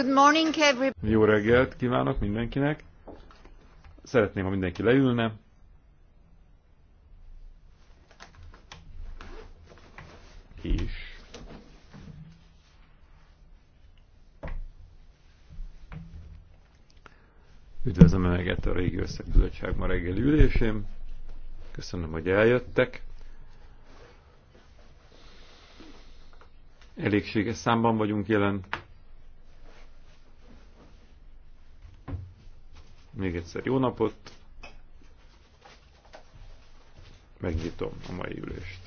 Good morning, everybody. Jó reggelt kívánok mindenkinek. Szeretném, ha mindenki leülne. És Üdvözlöm Önöket a Régi Összegbizottság ma reggel ülésén. Köszönöm, hogy eljöttek. Elégséges számban vagyunk jelen, Még egyszer jó napot. Megnyitom a mai ülést.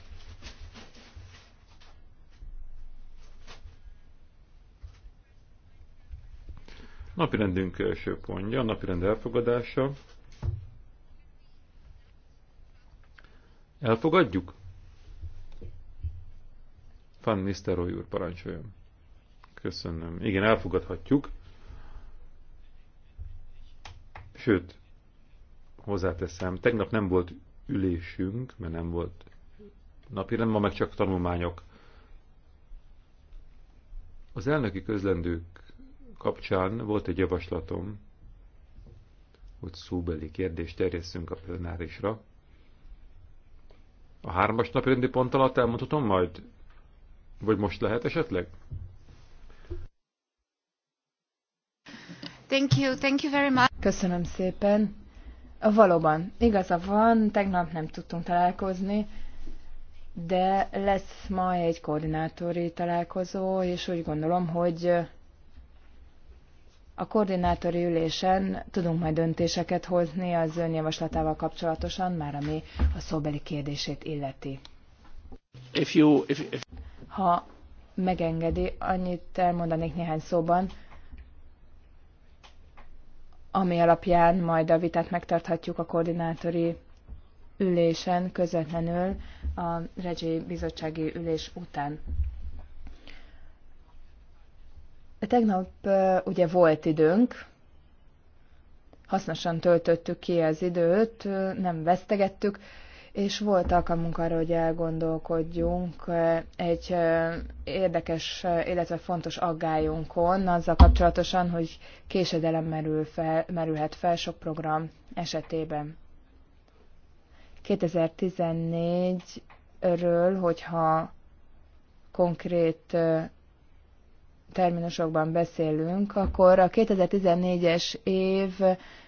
Napirendünk első pontja, a napirend elfogadása. Elfogadjuk? Van Nisztelrooy úr, parancsoljon. Köszönöm. Igen, elfogadhatjuk. Sőt, hozzáteszem, tegnap nem volt ülésünk, mert nem volt napirend, ma meg csak tanulmányok. Az elnöki közlendők kapcsán volt egy javaslatom, hogy szóbeli kérdést terjesszünk a plenárisra. A hármas napi rendi pont alatt elmondhatom majd? Vagy most lehet esetleg? Thank you, thank you very much. Köszönöm szépen. Valóban, igaza van, tegnap nem tudtunk találkozni, de lesz ma egy koordinátori találkozó, és úgy gondolom, hogy a koordinátori ülésen tudunk majd döntéseket hozni az Ön javaslatával kapcsolatosan, már ami a szóbeli kérdését illeti. If you, if, if... Ha megengedi, annyit elmondanék néhány szóban, ami alapján majd a vitát megtarthatjuk a koordinátori ülésen közvetlenül a Regi bizottsági ülés után. Tegnap ugye volt időnk, hasznosan töltöttük ki az időt, nem vesztegettük, és volt alkalmunk arra, hogy elgondolkodjunk egy érdekes, illetve fontos aggályunkon azzal kapcsolatosan, hogy késedelem merül fel, merülhet fel sok program esetében. 2014-ről, hogyha konkrét terminusokban beszélünk, akkor a 2014-es év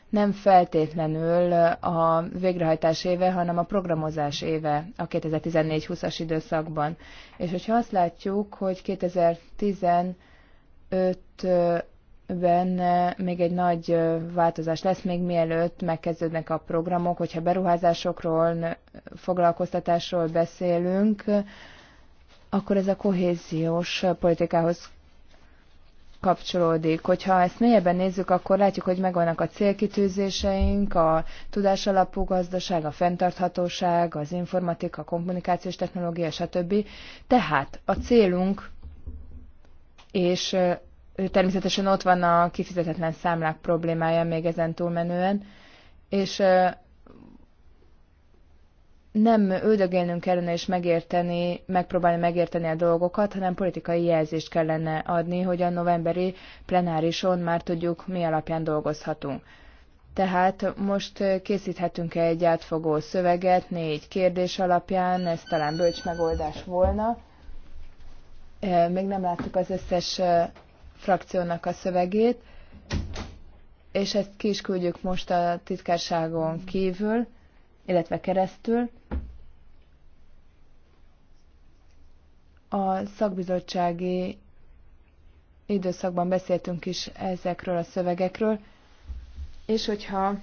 nem feltétlenül a végrehajtás éve, hanem a programozás éve a 2014-20-as időszakban. És hogyha azt látjuk, hogy 2015-ben még egy nagy változás lesz, még mielőtt megkezdődnek a programok, hogyha beruházásokról, foglalkoztatásról beszélünk, akkor ez a kohéziós politikához kapcsolódik. Hogyha ezt mélyebben nézzük, akkor látjuk, hogy megvannak a célkitűzéseink, a tudásalapú gazdaság, a fenntarthatóság, az informatika, a kommunikációs technológia, stb. Tehát a célunk, és természetesen ott van a kifizetetlen számlák problémája még ezen túlmenően, és nem öldögélnünk kellene és megérteni, megpróbálni megérteni a dolgokat, hanem politikai jelzést kellene adni, hogy a novemberi plenárison már tudjuk, mi alapján dolgozhatunk. Tehát most készíthetünk -e egy átfogó szöveget négy kérdés alapján, ez talán bölcs megoldás volna. E, még nem láttuk az összes e, frakciónak a szövegét, és ezt ki is küldjük most a titkárságon kívül, illetve keresztül. A szakbizottsági időszakban beszéltünk is ezekről a szövegekről, és hogyha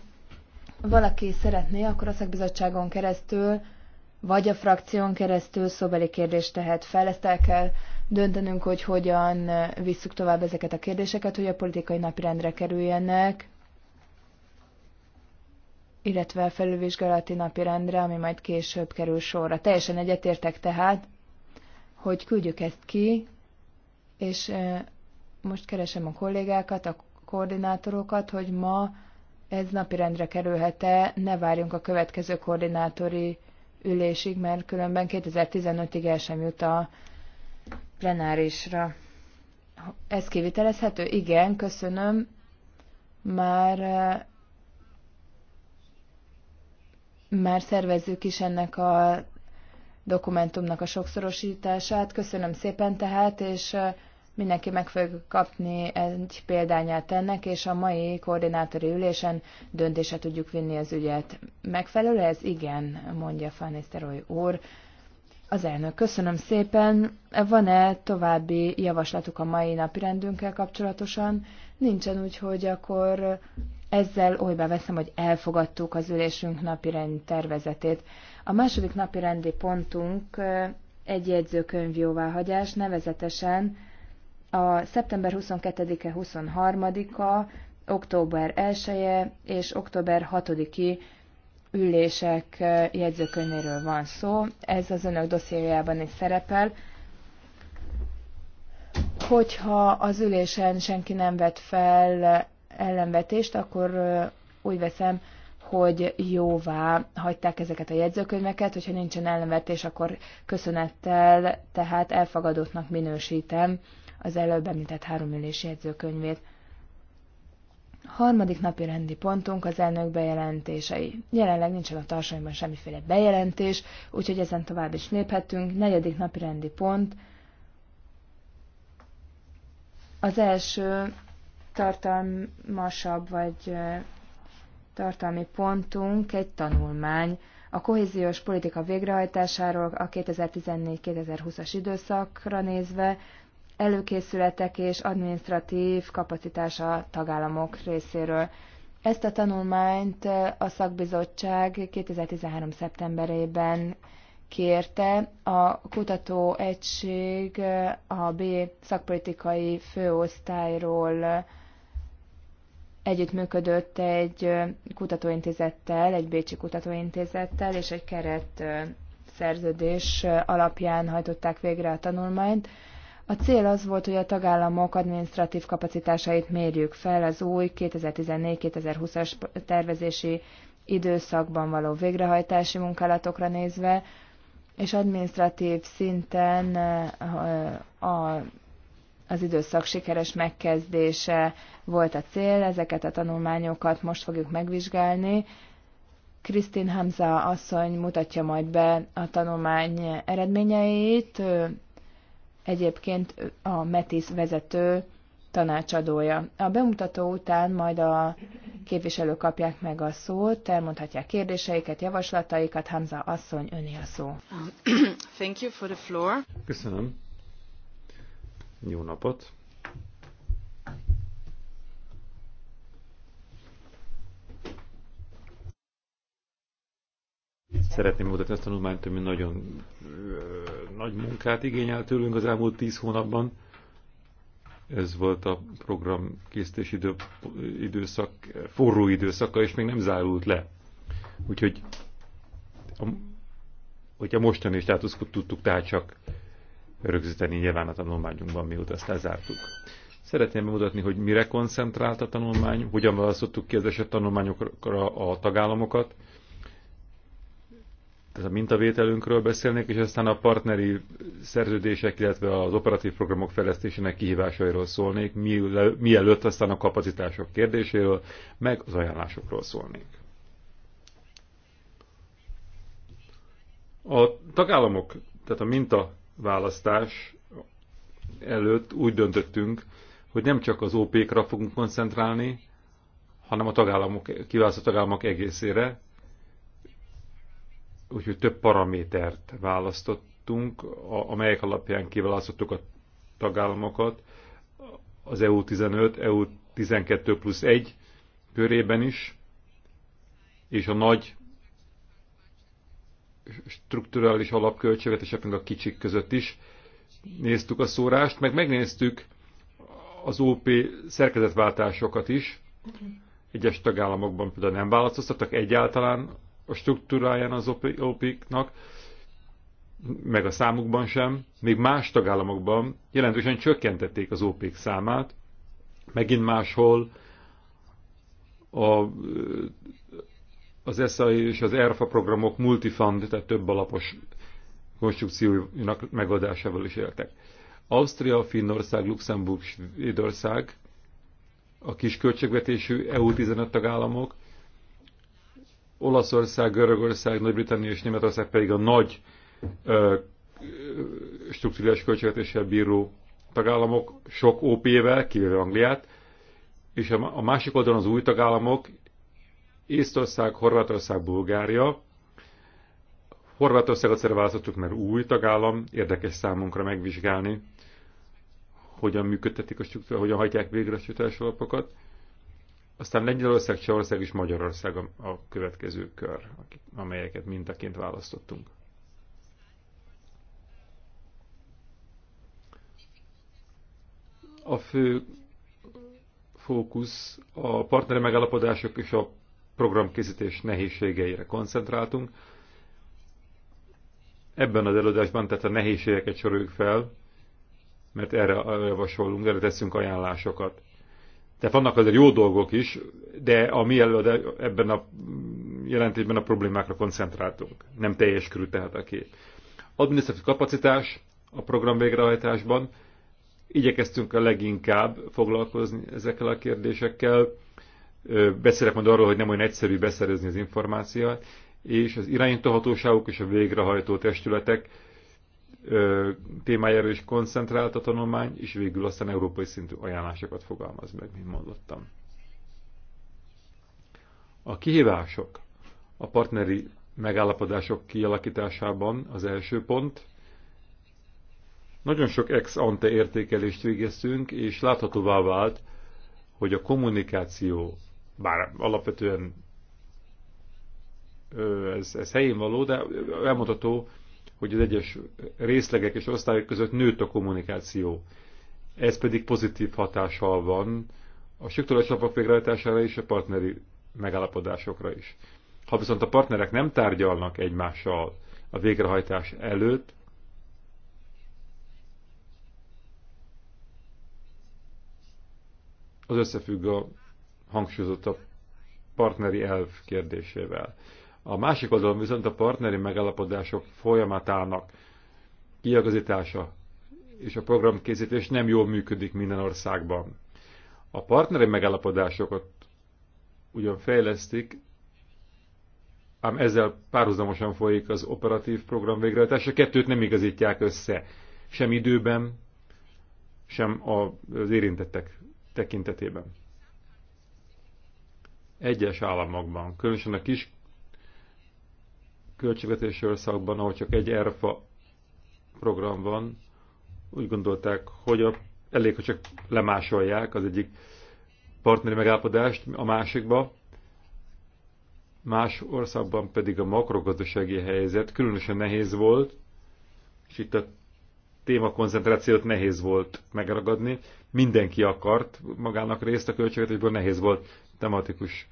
valaki szeretné, akkor a szakbizottságon keresztül, vagy a frakción keresztül szóbeli kérdést tehet fel. Ezt el kell döntenünk, hogy hogyan visszük tovább ezeket a kérdéseket, hogy a politikai napirendre kerüljenek, illetve a felülvizsgálati napirendre, ami majd később kerül sorra. Teljesen egyetértek tehát, hogy küldjük ezt ki, és e, most keresem a kollégákat, a koordinátorokat, hogy ma ez napirendre kerülhet-e, ne várjunk a következő koordinátori ülésig, mert különben 2015-ig el sem jut a plenárisra. Ez kivitelezhető? Igen, köszönöm. Már e, már szervezzük is ennek a dokumentumnak a sokszorosítását. Köszönöm szépen tehát, és mindenki meg fog kapni egy példányát ennek, és a mai koordinátori ülésen döntése tudjuk vinni az ügyet. Megfelelő ez? Igen, mondja Fanisteroy úr. Az elnök, köszönöm szépen. Van-e további javaslatuk a mai napi rendünkkel kapcsolatosan? Nincsen, úgy, hogy akkor ezzel olyba veszem, hogy elfogadtuk az ülésünk napirend tervezetét. A második napirendi pontunk egy jegyzőkönyv jóváhagyás, nevezetesen a szeptember 22-e, 23-a, október 1-e és október 6-i ülések jegyzőkönyvéről van szó. Ez az önök dossziéjában is szerepel. Hogyha az ülésen senki nem vett fel ellenvetést, akkor úgy veszem, hogy jóvá hagyták ezeket a jegyzőkönyveket, hogyha nincsen ellenvetés, akkor köszönettel, tehát elfogadottnak minősítem az előbb említett három ülés jegyzőkönyvét. Harmadik napi rendi pontunk az elnök bejelentései. Jelenleg nincsen a tartsonyban semmiféle bejelentés, úgyhogy ezen tovább is léphetünk. Negyedik napi rendi pont. Az első tartalmasabb vagy tartalmi pontunk egy tanulmány a kohéziós politika végrehajtásáról a 2014-2020-as időszakra nézve, előkészületek és administratív kapacitás a tagállamok részéről. Ezt a tanulmányt a szakbizottság 2013. szeptemberében kérte. A kutatóegység a B szakpolitikai főosztályról együttműködött egy kutatóintézettel, egy bécsi kutatóintézettel, és egy keret szerződés alapján hajtották végre a tanulmányt. A cél az volt, hogy a tagállamok adminisztratív kapacitásait mérjük fel az új 2014-2020-as tervezési időszakban való végrehajtási munkálatokra nézve, és adminisztratív szinten a az időszak sikeres megkezdése volt a cél, ezeket a tanulmányokat most fogjuk megvizsgálni. Krisztin Hamza asszony mutatja majd be a tanulmány eredményeit, egyébként a METIS vezető tanácsadója. A bemutató után majd a képviselők kapják meg a szót, elmondhatják kérdéseiket, javaslataikat. Hamza asszony, öné a szó. Thank you for the floor. Köszönöm jó napot! Szeretném mutatni ezt a tanulmányt, ami nagyon ö, nagy munkát igényelt tőlünk az elmúlt tíz hónapban. Ez volt a program készítési idő, időszak, forró időszaka, és még nem zárult le. Úgyhogy a, hogyha mostani státuszkot tudtuk, tehát csak rögzíteni nyilván a tanulmányunkban, mióta ezt lezártuk. Szeretném bemutatni, hogy mire koncentrált a tanulmány, hogyan választottuk ki az eset tanulmányokra a tagállamokat. Ez a mintavételünkről beszélnék, és aztán a partneri szerződések, illetve az operatív programok fejlesztésének kihívásairól szólnék, mielőtt aztán a kapacitások kérdéséről, meg az ajánlásokról szólnék. A tagállamok, tehát a minta választás előtt úgy döntöttünk, hogy nem csak az OP-kra fogunk koncentrálni, hanem a tagállamok, kiválasztott tagállamok egészére, úgyhogy több paramétert választottunk, amelyek alapján kiválasztottuk a tagállamokat, az EU15, EU12 plusz 1 körében is, és a nagy strukturális alapköltségvetés, a kicsik között is néztük a szórást, meg megnéztük az OP szerkezetváltásokat is. Egyes tagállamokban például nem változtattak egyáltalán a struktúráján az OP-nak, meg a számukban sem, még más tagállamokban jelentősen csökkentették az op számát, megint máshol a az ESA és az ERFA programok multifund, tehát több alapos konstrukcióinak megoldásával is éltek. Ausztria, Finnország, Luxemburg, Svédország, a kis költségvetésű EU 15 tagállamok, Olaszország, Görögország, Nagy-Britannia és Németország pedig a nagy ö, struktúrális költségvetéssel bíró tagállamok, sok OP-vel, kivéve Angliát, és a másik oldalon az új tagállamok, Észtország, Horvátország, Bulgária. Horvátországot választottuk, mert új tagállam, érdekes számunkra megvizsgálni, hogyan működtetik a struktúra, hogyan hajtják végre a struktúrás alapokat. Aztán Lengyelország, Csehország és Magyarország a, a következő kör, amelyeket mintaként választottunk. A fő fókusz a partneri megállapodások és a programkészítés nehézségeire koncentráltunk. Ebben az előadásban tehát a nehézségeket soroljuk fel, mert erre javasolunk, erre teszünk ajánlásokat. Tehát vannak azért jó dolgok is, de a mi előadás, ebben a jelentésben a problémákra koncentráltunk. Nem teljes körül tehát a kép. Adminisztratív kapacitás a program végrehajtásban. Igyekeztünk a leginkább foglalkozni ezekkel a kérdésekkel Beszélek majd arról, hogy nem olyan egyszerű beszerezni az információt, és az irányítóhatóságok és a végrehajtó testületek témájára is koncentrált a tanulmány, és végül aztán európai szintű ajánlásokat fogalmaz meg, mint mondottam. A kihívások a partneri megállapodások kialakításában az első pont. Nagyon sok ex-ante értékelést végeztünk, és láthatóvá vált, hogy a kommunikáció bár alapvetően ez, ez helyén való, de elmondható, hogy az egyes részlegek és osztályok között nőtt a kommunikáció. Ez pedig pozitív hatással van a struktúrás lapok végrehajtására és a partneri megállapodásokra is. Ha viszont a partnerek nem tárgyalnak egymással a végrehajtás előtt, az összefügg a hangsúlyozott a partneri elv kérdésével. A másik oldalon viszont a partneri megállapodások folyamatának kiagazítása és a programkészítés nem jól működik minden országban. A partneri megállapodásokat ugyan fejlesztik, ám ezzel párhuzamosan folyik az operatív program végrehajtása, kettőt nem igazítják össze, sem időben, sem az érintettek tekintetében egyes államokban, különösen a kis költségvetési országban, ahol csak egy ERFA program van, úgy gondolták, hogy a, elég, hogy csak lemásolják az egyik partneri megállapodást a másikba, más országban pedig a makrogazdasági helyzet különösen nehéz volt, és itt a témakoncentrációt nehéz volt megragadni. Mindenki akart magának részt a költségvetésből, nehéz volt tematikus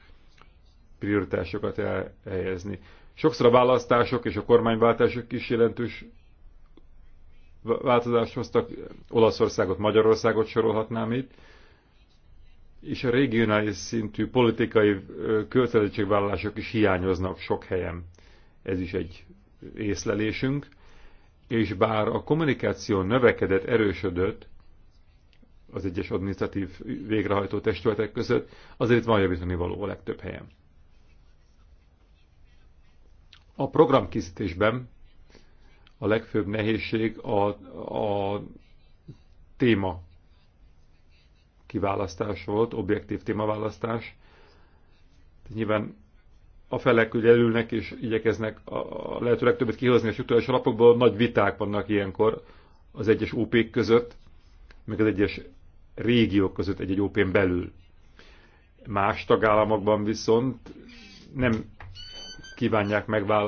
prioritásokat elhelyezni. Sokszor a választások és a kormányváltások is jelentős változást hoztak. Olaszországot, Magyarországot sorolhatnám itt. És a regionális szintű politikai kötelezettségvállalások is hiányoznak sok helyen. Ez is egy észlelésünk. És bár a kommunikáció növekedett, erősödött, az egyes adminisztratív végrehajtó testületek között, azért van javítani való a legtöbb helyen. A programkészítésben a legfőbb nehézség a, a téma kiválasztás volt, objektív témaválasztás. Nyilván a felek ugye elülnek és igyekeznek a, a lehető legtöbbet kihozni a struktúrális alapokból, nagy viták vannak ilyenkor az egyes op között, meg az egyes régiók között egy-egy ópén belül. Más tagállamokban viszont nem kívánják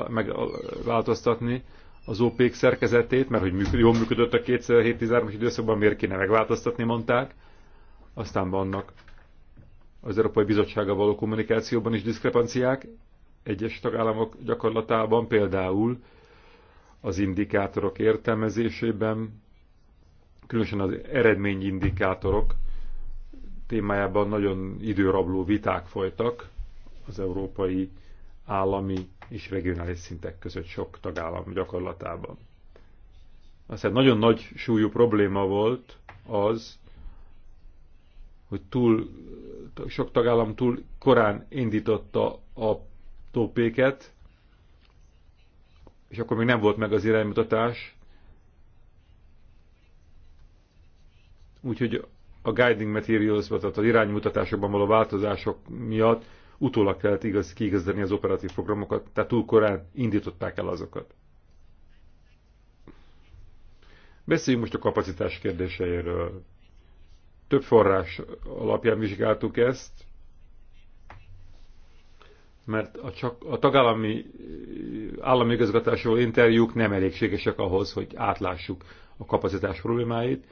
megváltoztatni az op szerkezetét, mert hogy működ, jól működött a 2007-13-as időszakban, miért kéne megváltoztatni, mondták. Aztán vannak az Európai Bizottsága való kommunikációban is diszkrepanciák, egyes tagállamok gyakorlatában, például az indikátorok értelmezésében, különösen az eredményindikátorok témájában nagyon időrabló viták folytak az európai állami és regionális szintek között sok tagállam gyakorlatában. Aztán nagyon nagy súlyú probléma volt az, hogy túl, sok tagállam túl korán indította a topéket, és akkor még nem volt meg az iránymutatás, úgyhogy a guiding materials, tehát az iránymutatásokban való változások miatt utólag kellett igaz, kiigazdani az operatív programokat, tehát túl korán indították el azokat. Beszéljünk most a kapacitás kérdéseiről. Több forrás alapján vizsgáltuk ezt, mert a, csak, a tagállami állami igazgatásról interjúk nem elégségesek ahhoz, hogy átlássuk a kapacitás problémáit,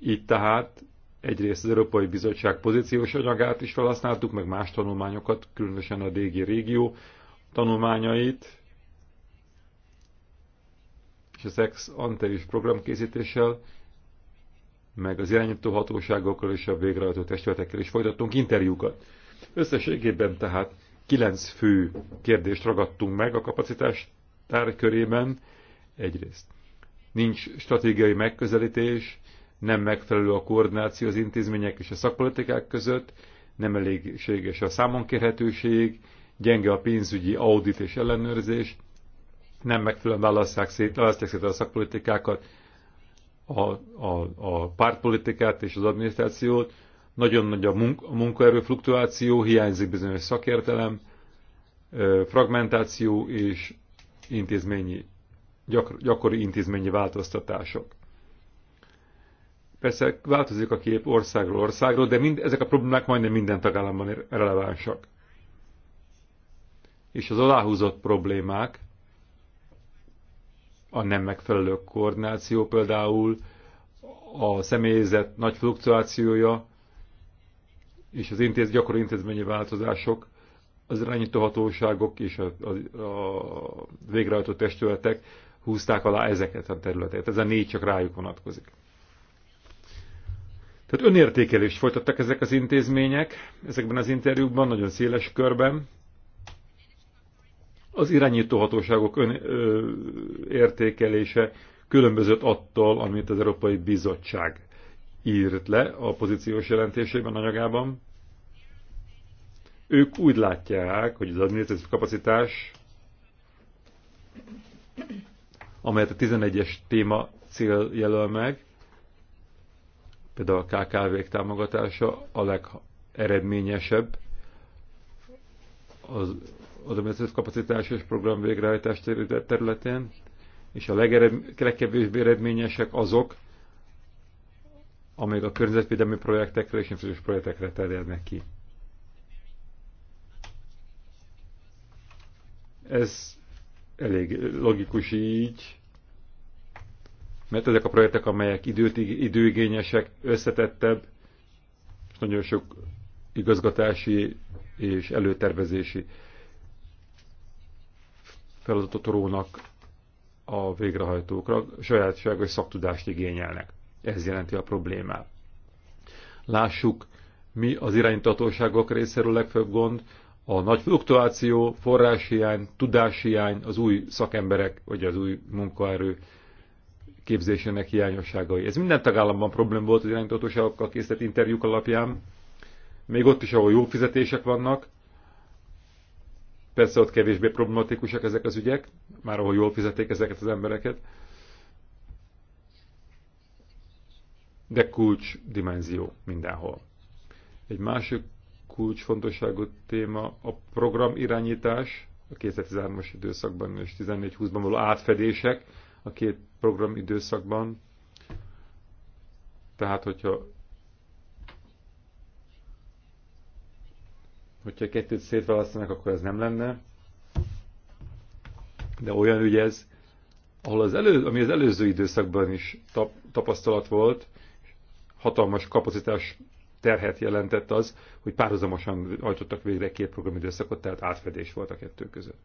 így tehát egyrészt az Európai Bizottság pozíciós anyagát is felhasználtuk, meg más tanulmányokat, különösen a DG régió tanulmányait, és az ex anteris program készítéssel, meg az irányító hatóságokkal és a végrehajtó testületekkel is folytattunk interjúkat. Összességében tehát kilenc fő kérdést ragadtunk meg a kapacitás tárkörében. Egyrészt nincs stratégiai megközelítés, nem megfelelő a koordináció az intézmények és a szakpolitikák között, nem elégséges a számonkérhetőség, gyenge a pénzügyi audit és ellenőrzés, nem megfelelően választják szét, választják szét a szakpolitikákat, a, a, a pártpolitikát és az adminisztrációt, nagyon nagy a, a munkaerő fluktuáció, hiányzik bizonyos szakértelem, fragmentáció és intézményi, gyakor, gyakori intézményi változtatások. Persze változik a kép országról országról, de mind, ezek a problémák majdnem minden tagállamban relevánsak. És az aláhúzott problémák, a nem megfelelő koordináció például, a személyzet nagy fluktuációja, és az intéz, gyakori intézményi változások, az hatóságok és a, a, a végrehajtó testületek húzták alá ezeket a területeket. Ez a négy csak rájuk vonatkozik. Tehát önértékelést folytattak ezek az intézmények, ezekben az interjúkban, nagyon széles körben. Az irányítóhatóságok önértékelése különbözött attól, amit az Európai Bizottság írt le a pozíciós jelentésében, anyagában. Ők úgy látják, hogy az adminisztratív kapacitás, amelyet a 11-es téma cél jelöl meg, Például a KKV-k támogatása a legeredményesebb az adományozás kapacitásos program végrehajtás területén, és a legered, legkevésbé eredményesek azok, amelyek a környezetvédelmi projektekre és infrastruktúrás projektekre terjednek ki. Ez elég logikus így, mert ezek a projektek, amelyek időt, időigényesek, összetettebb, és nagyon sok igazgatási és előtervezési feladatot rónak a végrehajtókra, sajátságos szaktudást igényelnek. Ez jelenti a problémát. Lássuk, mi az iránytatóságok részéről legfőbb gond, a nagy fluktuáció, forráshiány, tudáshiány, az új szakemberek, vagy az új munkaerő képzésének hiányosságai. Ez minden tagállamban problém volt az irányítótóságokkal készített interjúk alapján, még ott is, ahol jó fizetések vannak, persze ott kevésbé problematikusak ezek az ügyek, már ahol jól fizetik ezeket az embereket, de kulcs dimenzió mindenhol. Egy másik kulcsfontosságú téma a program irányítás, a 2013-as időszakban és 14-20-ban való átfedések a két program időszakban, Tehát, hogyha hogyha kettőt szétválasztanak, akkor ez nem lenne. De olyan ügy ez, ahol az elő, ami az előző időszakban is tap, tapasztalat volt, hatalmas kapacitás terhet jelentett az, hogy párhuzamosan hajtottak végre két programidőszakot, tehát átfedés volt a kettő között.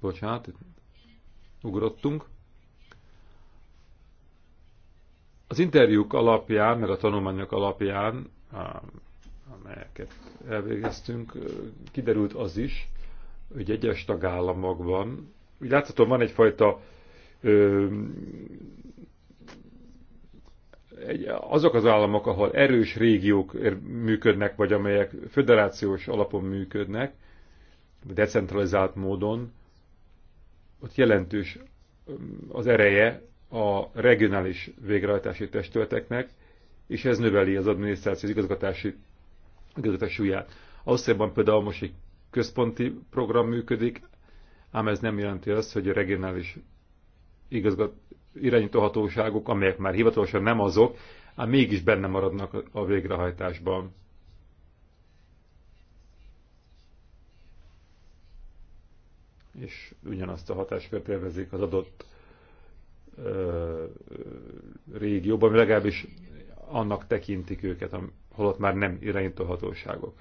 Bocsánat, ugrottunk. Az interjúk alapján, meg a tanulmányok alapján, amelyeket elvégeztünk, kiderült az is, hogy egyes tagállamokban, úgy látható van egyfajta ö, egy, azok az államok, ahol erős régiók működnek, vagy amelyek föderációs alapon működnek, decentralizált módon, ott jelentős az ereje a regionális végrehajtási testületeknek, és ez növeli az adminisztráció az igazgatási, igazgatási súlyát. Ausztriában például most egy központi program működik, ám ez nem jelenti azt, hogy a regionális igazgat, irányítóhatóságok, amelyek már hivatalosan nem azok, ám mégis benne maradnak a végrehajtásban. és ugyanazt a hatáskört élvezik az adott ö, régióban, legalábbis annak tekintik őket, holott már nem irányító hatóságok.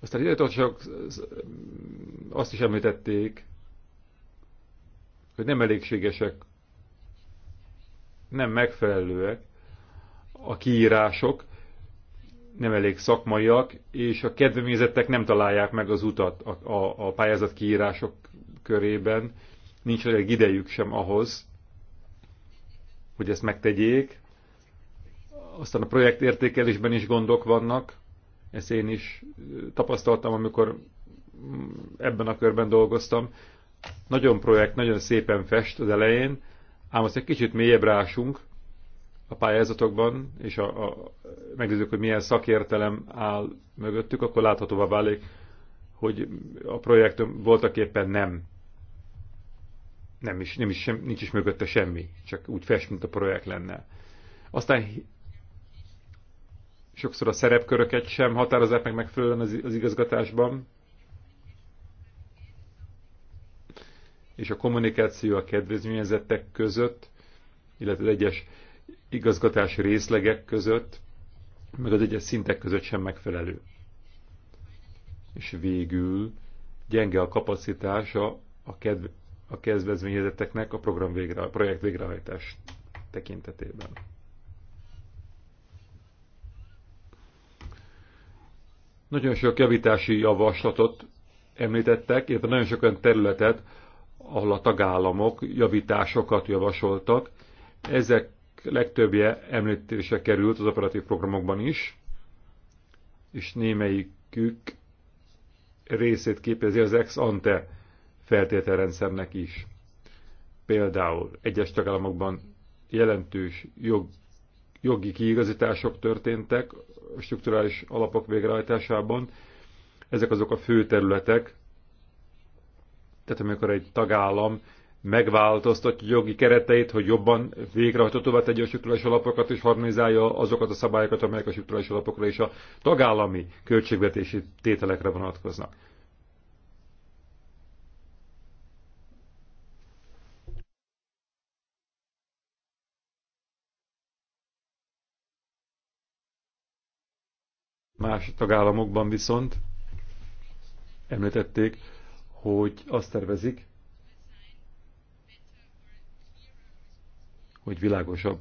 Aztán irányítóhatóságok azt is említették, hogy nem elégségesek, nem megfelelőek a kiírások, nem elég szakmaiak, és a kedveményezettek nem találják meg az utat a, a, a pályázat kiírások körében. Nincs elég idejük sem ahhoz, hogy ezt megtegyék. Aztán a projekt értékelésben is gondok vannak. Ezt én is tapasztaltam, amikor mm, ebben a körben dolgoztam. Nagyon projekt, nagyon szépen fest az elején, ám azt egy kicsit mélyebb rásunk, a pályázatokban, és a, a, megnézzük, hogy milyen szakértelem áll mögöttük, akkor láthatóvá válik, hogy a projekt voltak éppen nem. Nem is, nem is sem, nincs is mögötte semmi, csak úgy fest, mint a projekt lenne. Aztán sokszor a szerepköröket sem határozzák meg megfelelően az, az igazgatásban, és a kommunikáció a kedvezményezettek között, illetve az egyes igazgatási részlegek között, meg az egyes szintek között sem megfelelő. És végül gyenge a kapacitása a, kedv, a kezdvezményezeteknek a program végre, a projekt végrehajtás tekintetében. Nagyon sok javítási javaslatot említettek, illetve nagyon sok olyan területet, ahol a tagállamok javításokat javasoltak. Ezek legtöbbje említése került az operatív programokban is, és némelyikük részét képezi az ex-ante feltételrendszernek is. Például egyes tagállamokban jelentős jog, jogi kiigazítások történtek a strukturális alapok végrehajtásában. Ezek azok a fő területek, tehát amikor egy tagállam megváltoztatja jogi kereteit, hogy jobban végrehajtatóvá tegye a struktúrális alapokat és harmonizálja azokat a szabályokat, amelyek a struktúrális alapokra és a tagállami költségvetési tételekre vonatkoznak. Más tagállamokban viszont említették, hogy azt tervezik, hogy világosabb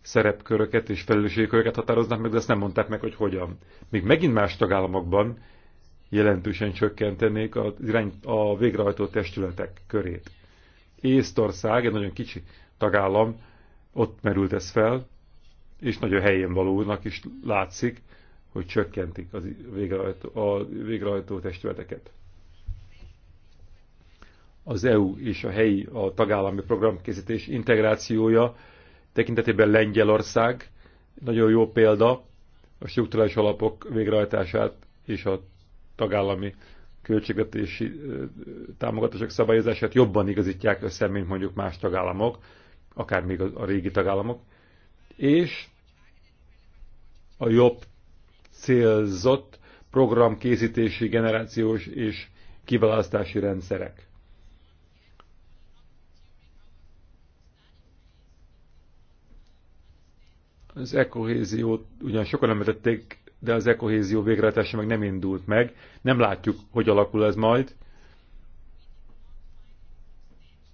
szerepköröket és felelősségköröket határoznak meg, de ezt nem mondták meg, hogy hogyan. Még megint más tagállamokban jelentősen csökkentenék a, irány, a végrehajtó testületek körét. Észtország, egy nagyon kicsi tagállam, ott merült ez fel, és nagyon helyén valónak is látszik, hogy csökkentik az végrehajtó, a végrehajtó testületeket az EU és a helyi, a tagállami programkészítés integrációja tekintetében Lengyelország nagyon jó példa a struktúrális alapok végrehajtását és a tagállami költségvetési támogatások szabályozását jobban igazítják össze, mint mondjuk más tagállamok, akár még a régi tagállamok, és a jobb célzott programkészítési, generációs és kiválasztási rendszerek Az ekohéziót ugyan sokan vetették, de az ekohézió végrehajtása meg nem indult meg. Nem látjuk, hogy alakul ez majd.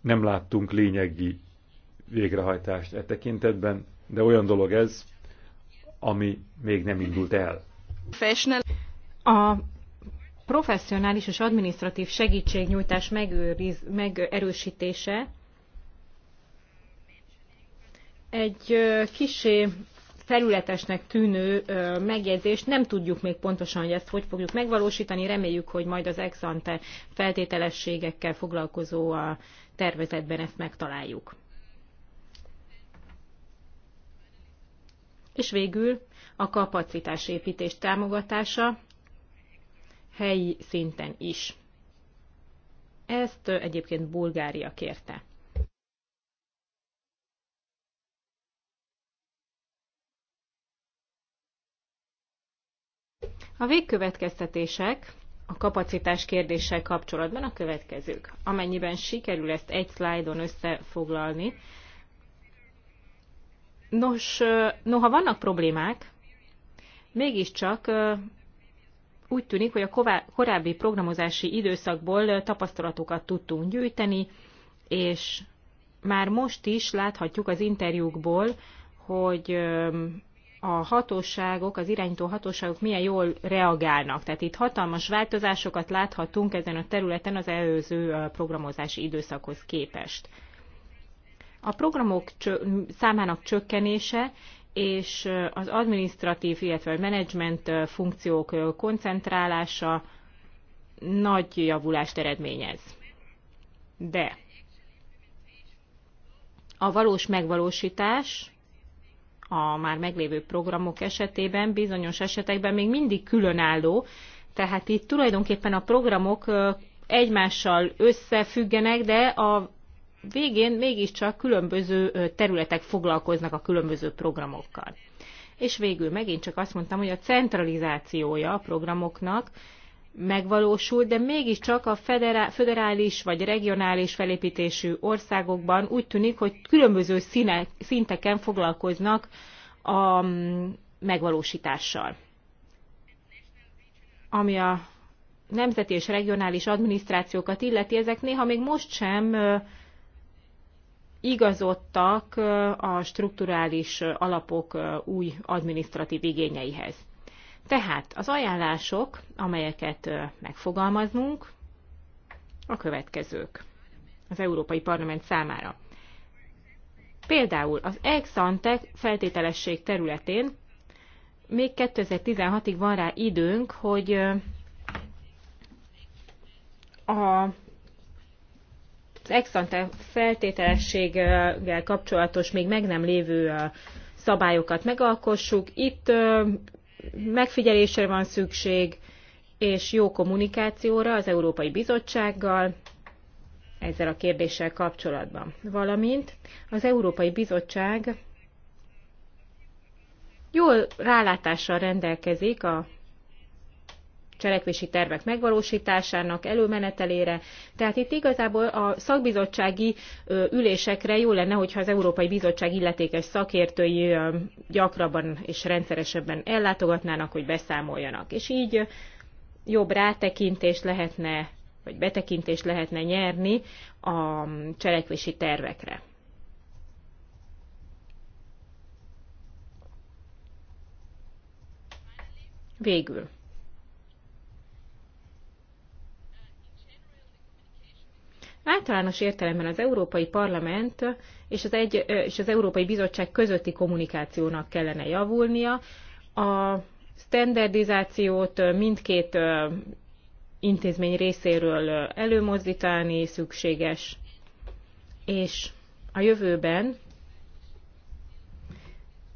Nem láttunk lényegi végrehajtást e tekintetben, de olyan dolog ez, ami még nem indult el. A professzionális és adminisztratív segítségnyújtás megőriz, megerősítése egy kisé felületesnek tűnő megjegyzést, nem tudjuk még pontosan, hogy ezt hogy fogjuk megvalósítani, reméljük, hogy majd az exante feltételességekkel foglalkozó a tervezetben ezt megtaláljuk. És végül a kapacitásépítés támogatása helyi szinten is. Ezt egyébként Bulgária kérte. A végkövetkeztetések a kapacitás kérdéssel kapcsolatban a következők. Amennyiben sikerül ezt egy szlájdon összefoglalni, Nos, noha vannak problémák, mégiscsak úgy tűnik, hogy a korábbi programozási időszakból tapasztalatokat tudtunk gyűjteni, és már most is láthatjuk az interjúkból, hogy a hatóságok, az irányító hatóságok milyen jól reagálnak. Tehát itt hatalmas változásokat láthatunk ezen a területen az előző programozási időszakhoz képest. A programok számának csökkenése és az administratív, illetve a menedzsment funkciók koncentrálása nagy javulást eredményez. De a valós megvalósítás a már meglévő programok esetében bizonyos esetekben még mindig különálló, tehát itt tulajdonképpen a programok egymással összefüggenek, de a végén mégiscsak különböző területek foglalkoznak a különböző programokkal. És végül megint csak azt mondtam, hogy a centralizációja a programoknak megvalósult, de mégiscsak a föderális vagy regionális felépítésű országokban úgy tűnik, hogy különböző színe, szinteken foglalkoznak a mm, megvalósítással. Ami a nemzeti és regionális adminisztrációkat illeti, ezek néha még most sem igazodtak a strukturális alapok új adminisztratív igényeihez. Tehát az ajánlások, amelyeket megfogalmaznunk, a következők az Európai Parlament számára. Például az ex ante feltételesség területén még 2016-ig van rá időnk, hogy a az ex ante feltételességgel kapcsolatos még meg nem lévő szabályokat megalkossuk. Itt megfigyelésre van szükség, és jó kommunikációra az Európai Bizottsággal ezzel a kérdéssel kapcsolatban. Valamint az Európai Bizottság jól rálátással rendelkezik a cselekvési tervek megvalósításának előmenetelére. Tehát itt igazából a szakbizottsági ülésekre jó lenne, hogyha az Európai Bizottság illetékes szakértői gyakrabban és rendszeresebben ellátogatnának, hogy beszámoljanak. És így jobb rátekintést lehetne, vagy betekintést lehetne nyerni a cselekvési tervekre. Végül. Általános értelemben az Európai Parlament és az, egy, és az Európai Bizottság közötti kommunikációnak kellene javulnia. A standardizációt mindkét intézmény részéről előmozdítani szükséges, és a jövőben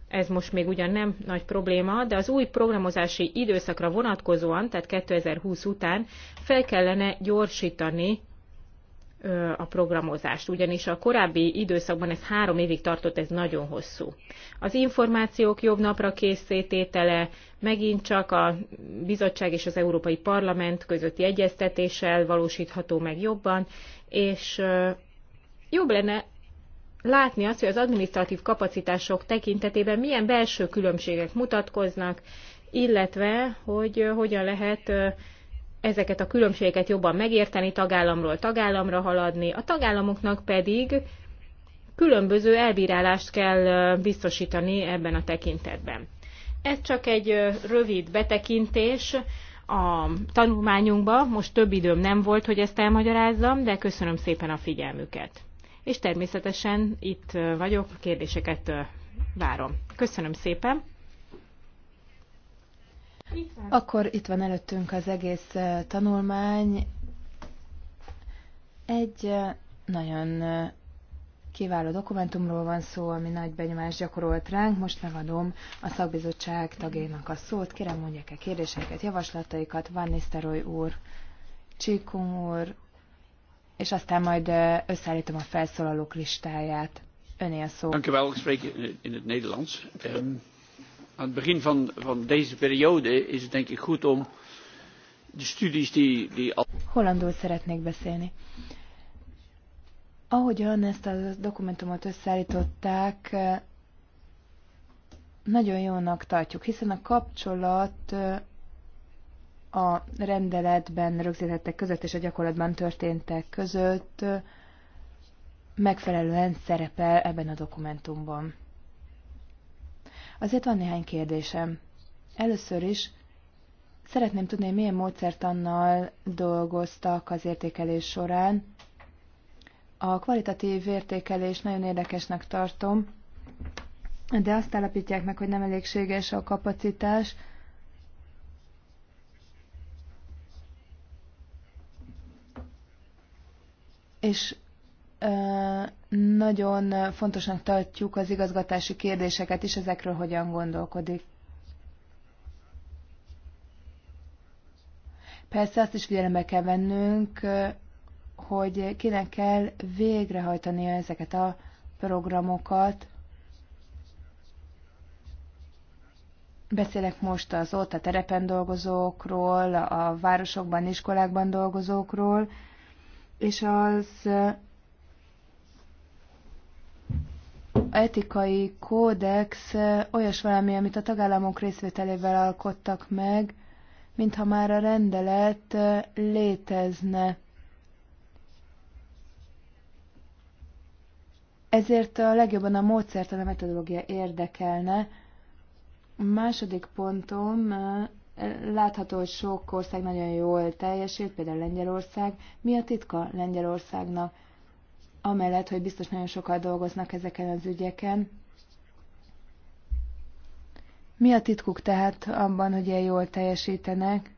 ez most még ugyan nem nagy probléma, de az új programozási időszakra vonatkozóan, tehát 2020 után fel kellene gyorsítani a programozást, ugyanis a korábbi időszakban ez három évig tartott, ez nagyon hosszú. Az információk jobb napra készítétele megint csak a bizottság és az Európai Parlament közötti egyeztetéssel valósítható meg jobban, és jobb lenne látni azt, hogy az administratív kapacitások tekintetében milyen belső különbségek mutatkoznak, illetve hogy hogyan lehet ezeket a különbségeket jobban megérteni, tagállamról tagállamra haladni, a tagállamoknak pedig különböző elbírálást kell biztosítani ebben a tekintetben. Ez csak egy rövid betekintés a tanulmányunkba, most több időm nem volt, hogy ezt elmagyarázzam, de köszönöm szépen a figyelmüket. És természetesen itt vagyok, kérdéseket várom. Köszönöm szépen! Akkor itt van előttünk az egész tanulmány. Egy nagyon kiváló dokumentumról van szó, ami nagy benyomást gyakorolt ránk. Most megadom a szakbizottság tagjainak a szót. Kérem, mondják e kérdéseiket, javaslataikat. Van Nisztaroly úr, Csíkum úr, és aztán majd összeállítom a felszólalók listáját. Öné a szó. Dank u wel aan het begin van, van deze periode is het denk ik goed om de studies die... die... Hollandul szeretnék beszélni. Ahogyan ezt a dokumentumot összeállították, eh, nagyon jónak tartjuk, hiszen a kapcsolat eh, a rendeletben rögzítettek között és a gyakorlatban történtek között eh, megfelelően szerepel ebben a dokumentumban. Azért van néhány kérdésem. Először is szeretném tudni, milyen módszertannal dolgoztak az értékelés során. A kvalitatív értékelés nagyon érdekesnek tartom, de azt állapítják meg, hogy nem elégséges a kapacitás, és nagyon fontosnak tartjuk az igazgatási kérdéseket is, ezekről hogyan gondolkodik. Persze azt is figyelembe kell vennünk, hogy kinek kell végrehajtania ezeket a programokat. Beszélek most az ott a terepen dolgozókról, a városokban, iskolákban dolgozókról, és az etikai kódex olyas valami, amit a tagállamok részvételével alkottak meg, mintha már a rendelet létezne. Ezért a legjobban a módszert, a metodológia érdekelne. A második pontom, látható, hogy sok ország nagyon jól teljesít, például Lengyelország. Mi a titka Lengyelországnak? amellett, hogy biztos nagyon sokat dolgoznak ezeken az ügyeken. Mi a titkuk tehát abban, hogy ilyen jól teljesítenek?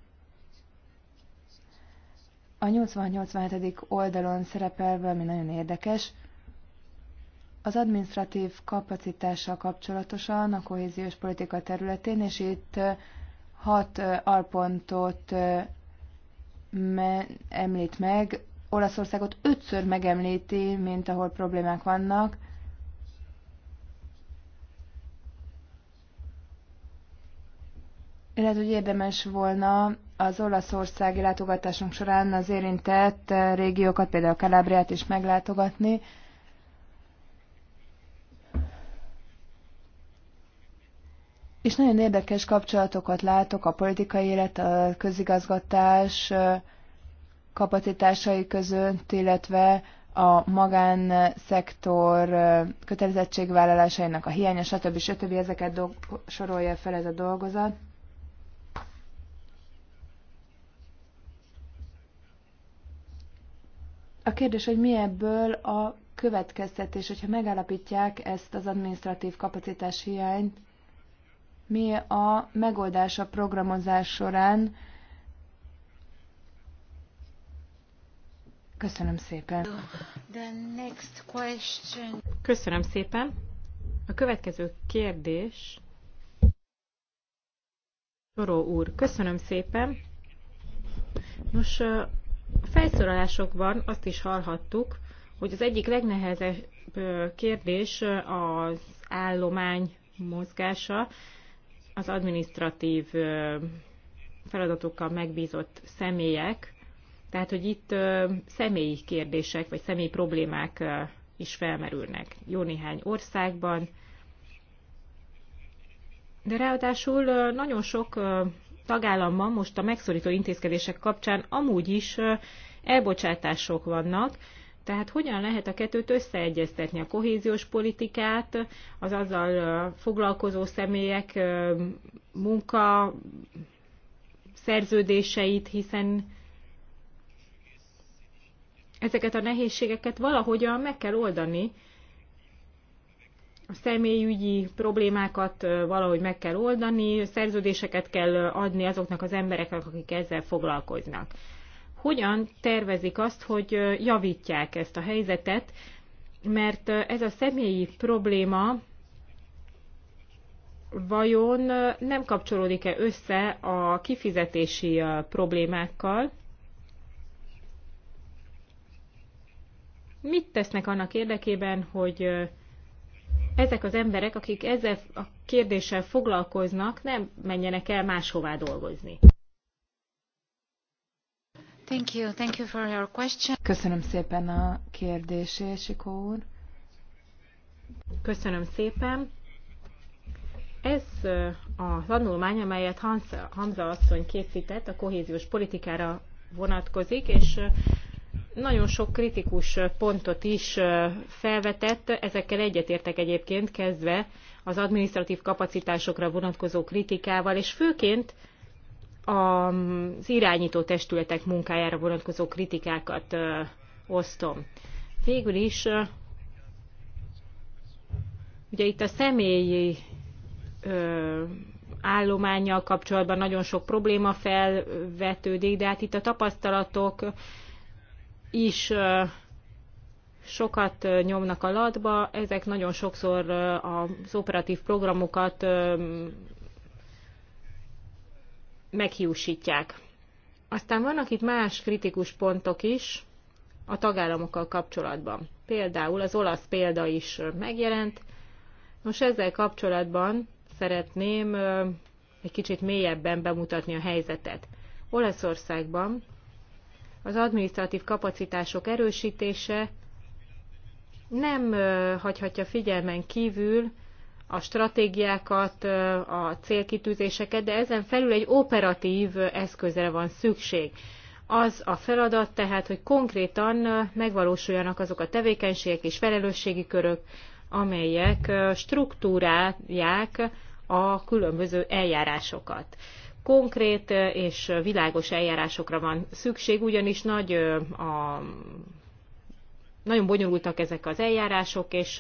A 80-87. oldalon szerepel valami nagyon érdekes. Az administratív kapacitással kapcsolatosan a kohéziós politika területén, és itt hat alpontot említ meg, Olaszországot ötször megemlíti, mint ahol problémák vannak. Lehet, hogy érdemes volna az olaszországi látogatásunk során az érintett régiókat, például Kalábriát is meglátogatni. És nagyon érdekes kapcsolatokat látok a politikai élet, a közigazgatás, kapacitásai között, illetve a magánszektor kötelezettségvállalásainak a hiánya, stb. stb. ezeket do- sorolja fel ez a dolgozat. A kérdés, hogy mi ebből a következtetés, hogyha megállapítják ezt az administratív kapacitás hiányt, mi a megoldás a programozás során, Köszönöm szépen. The next question. Köszönöm szépen. A következő kérdés. Soró úr, köszönöm szépen. Nos, a felszólalásokban azt is hallhattuk, hogy az egyik legnehezebb kérdés az állomány mozgása, az administratív feladatokkal megbízott személyek tehát, hogy itt személyi kérdések vagy személyi problémák is felmerülnek jó néhány országban. De ráadásul nagyon sok tagállamban most a megszorító intézkedések kapcsán amúgy is elbocsátások vannak, tehát hogyan lehet a kettőt összeegyeztetni, a kohéziós politikát, az azzal foglalkozó személyek munka szerződéseit, hiszen ezeket a nehézségeket valahogyan meg kell oldani. A személyügyi problémákat valahogy meg kell oldani, szerződéseket kell adni azoknak az embereknek, akik ezzel foglalkoznak. Hogyan tervezik azt, hogy javítják ezt a helyzetet, mert ez a személyi probléma vajon nem kapcsolódik-e össze a kifizetési problémákkal, mit tesznek annak érdekében, hogy ezek az emberek, akik ezzel a kérdéssel foglalkoznak, nem menjenek el máshová dolgozni. Thank you. Thank you for your question. Köszönöm szépen a kérdését, Sikó úr. Köszönöm szépen. Ez a tanulmány, amelyet Hamza asszony készített, a kohéziós politikára vonatkozik, és nagyon sok kritikus pontot is felvetett, ezekkel egyetértek egyébként kezdve az administratív kapacitásokra vonatkozó kritikával, és főként az irányító testületek munkájára vonatkozó kritikákat osztom. Végül is, ugye itt a személyi állományjal kapcsolatban nagyon sok probléma felvetődik, de hát itt a tapasztalatok is sokat nyomnak a latba, ezek nagyon sokszor az operatív programokat meghiúsítják. Aztán vannak itt más kritikus pontok is a tagállamokkal kapcsolatban. Például az olasz példa is megjelent. Most ezzel kapcsolatban szeretném egy kicsit mélyebben bemutatni a helyzetet. Olaszországban az adminisztratív kapacitások erősítése nem hagyhatja figyelmen kívül a stratégiákat, a célkitűzéseket, de ezen felül egy operatív eszközre van szükség. Az a feladat tehát, hogy konkrétan megvalósuljanak azok a tevékenységek és felelősségi körök, amelyek struktúrálják a különböző eljárásokat konkrét és világos eljárásokra van szükség, ugyanis nagy a, nagyon bonyolultak ezek az eljárások, és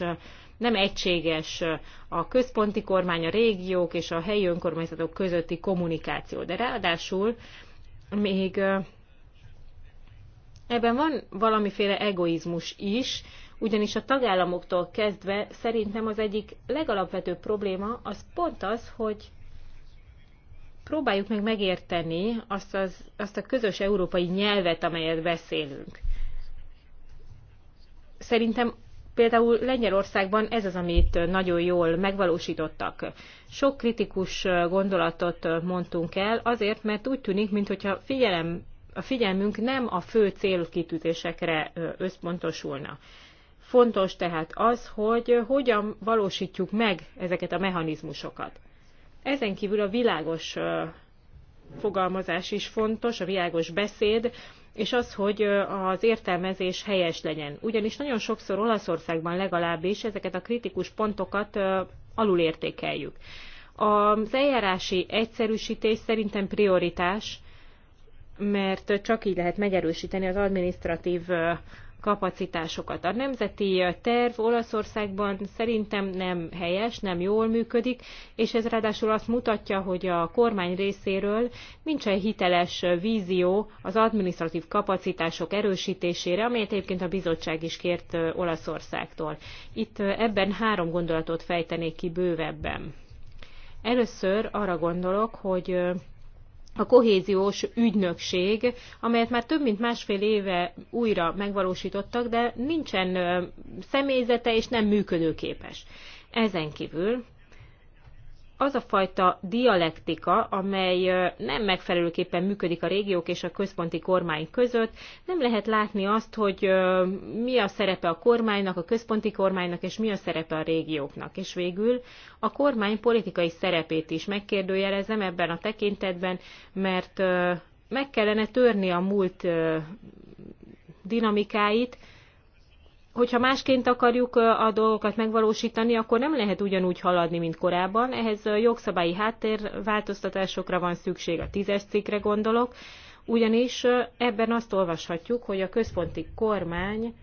nem egységes a központi kormány, a régiók és a helyi önkormányzatok közötti kommunikáció. De ráadásul még ebben van valamiféle egoizmus is, ugyanis a tagállamoktól kezdve szerintem az egyik legalapvetőbb probléma az pont az, hogy próbáljuk meg megérteni azt, az, azt a közös európai nyelvet, amelyet beszélünk. Szerintem például Lengyelországban ez az, amit nagyon jól megvalósítottak. Sok kritikus gondolatot mondtunk el, azért, mert úgy tűnik, mintha figyelem, a figyelmünk nem a fő célkitűzésekre összpontosulna. Fontos tehát az, hogy hogyan valósítjuk meg ezeket a mechanizmusokat. Ezen kívül a világos fogalmazás is fontos, a világos beszéd, és az, hogy az értelmezés helyes legyen. Ugyanis nagyon sokszor Olaszországban legalábbis ezeket a kritikus pontokat alulértékeljük. Az eljárási egyszerűsítés szerintem prioritás, mert csak így lehet megerősíteni az administratív kapacitásokat. A nemzeti terv Olaszországban szerintem nem helyes, nem jól működik, és ez ráadásul azt mutatja, hogy a kormány részéről nincsen hiteles vízió az administratív kapacitások erősítésére, amelyet egyébként a bizottság is kért Olaszországtól. Itt ebben három gondolatot fejtenék ki bővebben. Először arra gondolok, hogy a kohéziós ügynökség, amelyet már több mint másfél éve újra megvalósítottak, de nincsen személyzete és nem működőképes. Ezen kívül az a fajta dialektika, amely nem megfelelőképpen működik a régiók és a központi kormány között. Nem lehet látni azt, hogy mi a szerepe a kormánynak, a központi kormánynak, és mi a szerepe a régióknak. És végül a kormány politikai szerepét is megkérdőjelezem ebben a tekintetben, mert meg kellene törni a múlt dinamikáit, hogyha másként akarjuk a dolgokat megvalósítani, akkor nem lehet ugyanúgy haladni, mint korábban. Ehhez jogszabályi háttérváltoztatásokra van szükség, a tízes cikkre gondolok, ugyanis ebben azt olvashatjuk, hogy a központi kormány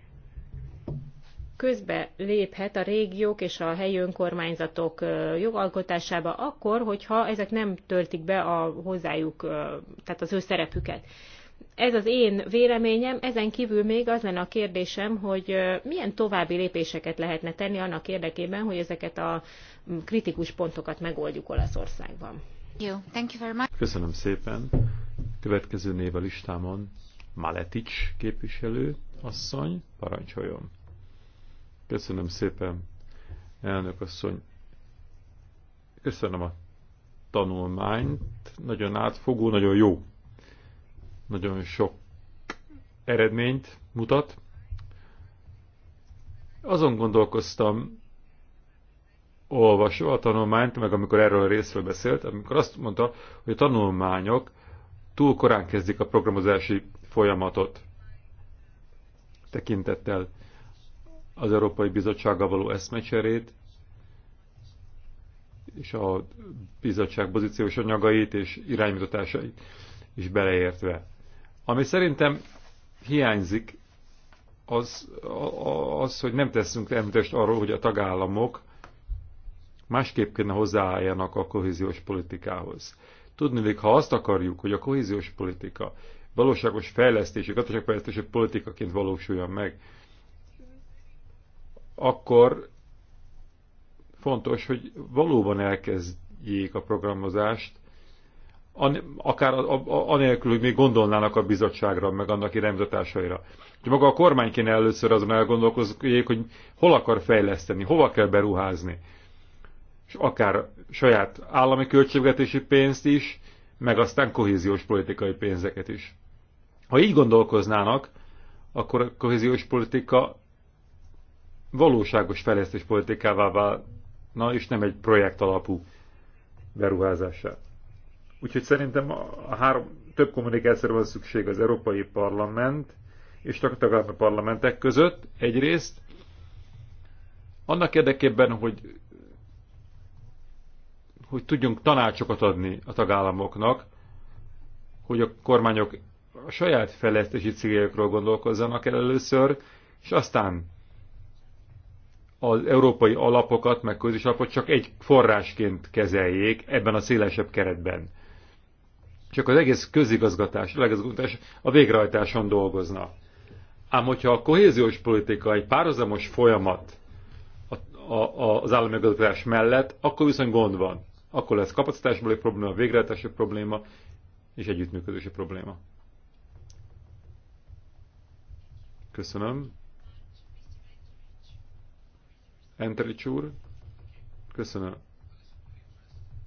közbe léphet a régiók és a helyi önkormányzatok jogalkotásába akkor, hogyha ezek nem töltik be a hozzájuk, tehát az ő szerepüket. Ez az én véleményem, ezen kívül még az lenne a kérdésem, hogy milyen további lépéseket lehetne tenni annak érdekében, hogy ezeket a kritikus pontokat megoldjuk Olaszországban. Jó, thank you very much. Köszönöm szépen. Következő név a listámon Maletic képviselő asszony, parancsoljon. Köszönöm szépen, elnök asszony. Köszönöm a tanulmányt, nagyon átfogó, nagyon jó nagyon sok eredményt mutat. Azon gondolkoztam, olvasva a tanulmányt, meg amikor erről a részről beszélt, amikor azt mondta, hogy a tanulmányok túl korán kezdik a programozási folyamatot tekintettel az Európai Bizottsággal való eszmecserét, és a bizottság pozíciós anyagait és iránymutatásait is beleértve. Ami szerintem hiányzik, az, az hogy nem teszünk említést arról, hogy a tagállamok másképp kéne hozzáálljanak a kohéziós politikához. Tudni, még ha azt akarjuk, hogy a kohéziós politika valóságos fejlesztési, gazdaságfejlesztési politikaként valósuljon meg, akkor fontos, hogy valóban elkezdjék a programozást akár anélkül, hogy még gondolnának a bizottságra, meg annak irányzatásaira. Úgyhogy maga a kormány kéne először azon elgondolkozik, hogy hol akar fejleszteni, hova kell beruházni. És akár saját állami költségvetési pénzt is, meg aztán kohéziós politikai pénzeket is. Ha így gondolkoznának, akkor a kohéziós politika valóságos fejlesztés politikává válna, és nem egy projekt alapú beruházását. Úgyhogy szerintem a három, több kommunikációra van szükség az Európai Parlament és a tagállami parlamentek között egyrészt, annak érdekében, hogy, hogy tudjunk tanácsokat adni a tagállamoknak, hogy a kormányok a saját fejlesztési céljaikról gondolkozzanak el először, és aztán az európai alapokat, meg közös alapot csak egy forrásként kezeljék ebben a szélesebb keretben csak az egész közigazgatás, a legazgatás a végrehajtáson dolgozna. Ám hogyha a kohéziós politika egy párhuzamos folyamat a, a, a, az állami mellett, akkor viszont gond van. Akkor lesz kapacitásból egy probléma, végrehajtási probléma és együttműködési probléma. Köszönöm. Enterics úr. Köszönöm.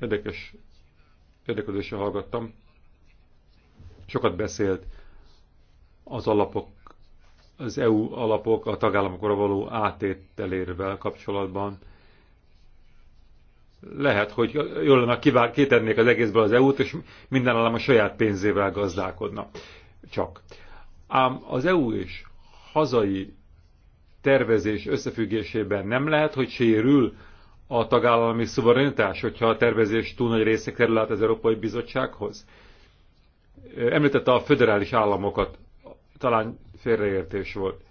Érdekes, érdeklődéssel hallgattam. Sokat beszélt az alapok, az EU alapok a tagállamokra való átételérvel kapcsolatban. Lehet, hogy jól lenne, kivár, kitennék az egészből az EU-t, és minden állam a saját pénzével gazdálkodna. Csak. Ám az EU és hazai tervezés összefüggésében nem lehet, hogy sérül a tagállami szuverenitás, hogyha a tervezés túl nagy része kerül át az Európai Bizottsághoz? Említette a föderális államokat, talán félreértés volt.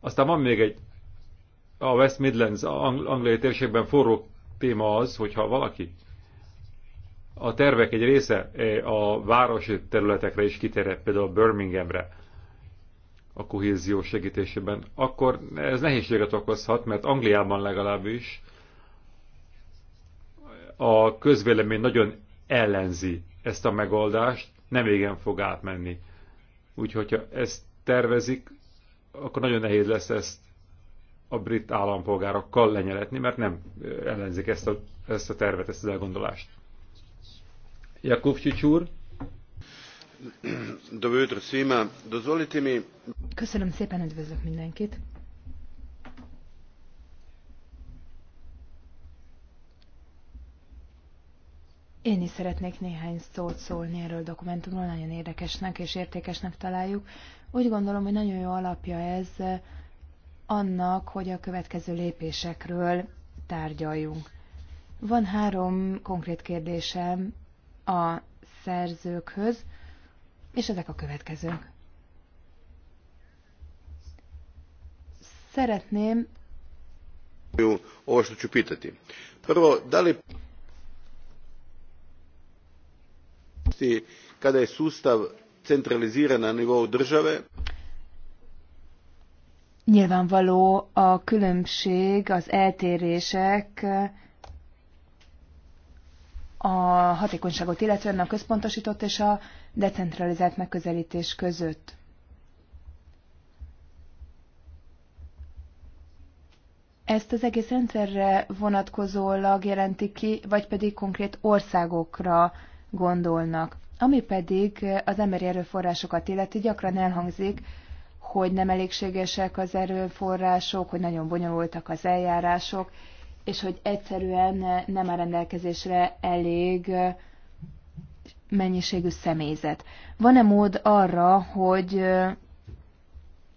Aztán van még egy, a West Midlands, angliai térségben forró téma az, hogyha valaki a tervek egy része eh, a városi területekre is kiterjed, például Birminghamre, a kohézió segítésében, akkor ez nehézséget okozhat, mert Angliában legalábbis a közvélemény nagyon ellenzi ezt a megoldást, nem igen fog átmenni. Úgyhogy ha ezt tervezik, akkor nagyon nehéz lesz ezt a brit állampolgárokkal lenyeletni, mert nem ellenzik ezt a, ezt a tervet, ezt az elgondolást. Jakub úr. Köszönöm szépen, üdvözlök mindenkit. Én is szeretnék néhány szót szólni erről a dokumentumról, nagyon érdekesnek és értékesnek találjuk. Úgy gondolom, hogy nagyon jó alapja ez eh, annak, hogy a következő lépésekről tárgyaljunk. Van három konkrét kérdésem a szerzőkhöz, és ezek a következők. Szeretném... Jó, što ću Prvo, da li budućnosti kada je sustav centraliziran na nivou države Nyilvánvaló a különbség, az eltérések a hatékonyságot, illetően a központosított és a decentralizált megközelítés között. Ezt az egész rendszerre vonatkozólag jelenti ki, vagy pedig konkrét országokra gondolnak. Ami pedig az emberi erőforrásokat illeti, gyakran elhangzik, hogy nem elégségesek az erőforrások, hogy nagyon bonyolultak az eljárások, és hogy egyszerűen nem a rendelkezésre elég mennyiségű személyzet. Van-e mód arra, hogy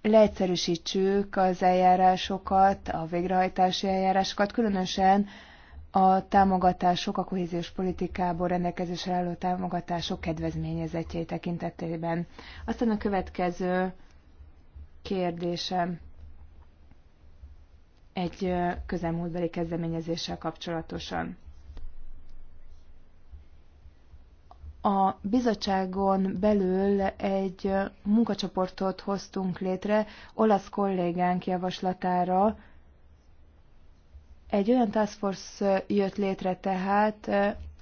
leegyszerűsítsük az eljárásokat, a végrehajtási eljárásokat, különösen a támogatások, a kohéziós politikából rendelkezésre álló támogatások kedvezményezetjei tekintetében. Aztán a következő kérdésem egy közelmúltbeli kezdeményezéssel kapcsolatosan. A bizottságon belül egy munkacsoportot hoztunk létre olasz kollégánk javaslatára, egy olyan task force jött létre tehát,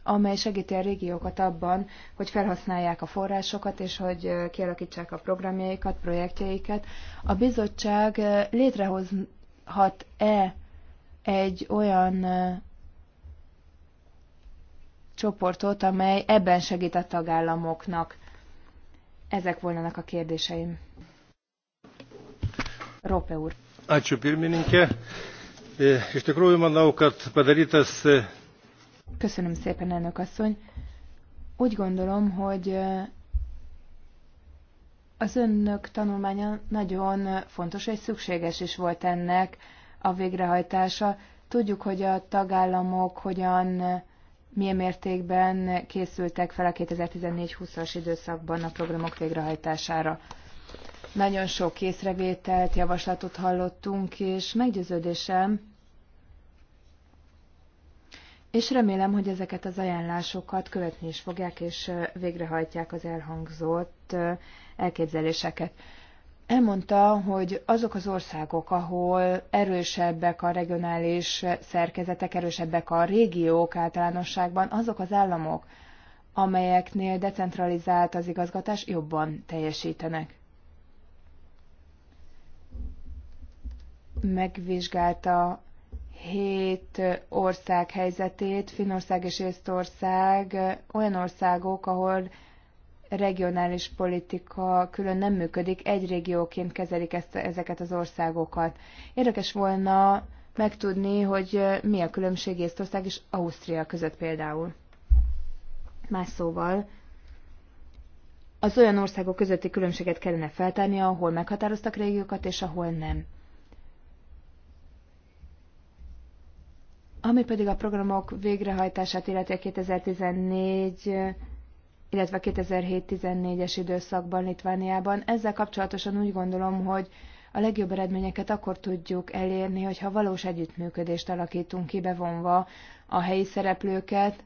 amely segíti a régiókat abban, hogy felhasználják a forrásokat, és hogy kialakítsák a programjaikat, projektjeiket. A bizottság létrehozhat-e egy olyan csoportot, amely ebben segít a tagállamoknak? Ezek volnának a kérdéseim. Rope úr. Ácsú pirmininke. E, iš tikrųjų, manau, kad padarytas... E, Köszönöm szépen, elnök asszony. Úgy gondolom, hogy e, az önök tanulmánya nagyon fontos és szükséges is volt ennek a végrehajtása. Tudjuk, hogy a tagállamok hogyan, milyen mértékben készültek fel a 2014-20-as időszakban a programok végrehajtására. Nagyon sok észrevételt, javaslatot hallottunk, és meggyőződésem, és remélem, hogy ezeket az ajánlásokat követni is fogják, és végrehajtják az elhangzott elképzeléseket. Elmondta, hogy azok az országok, ahol erősebbek a regionális szerkezetek, erősebbek a régiók általánosságban, azok az államok, amelyeknél decentralizált az igazgatás, jobban teljesítenek. megvizsgálta hét ország helyzetét, Finország és Észtország olyan országok, ahol regionális politika külön nem működik, egy régióként kezelik ezt, ezeket az országokat. Érdekes volna megtudni, hogy mi a különbség Észtország és Ausztria között például. Más szóval, az olyan országok közötti különbséget kellene feltárni, ahol meghatároztak régiókat, és ahol nem. Ami pedig a programok végrehajtását illeti a 2014 illetve 2007-14-es időszakban Litvániában. Ezzel kapcsolatosan úgy gondolom, hogy a legjobb eredményeket akkor tudjuk elérni, hogyha valós együttműködést alakítunk ki, bevonva a helyi szereplőket,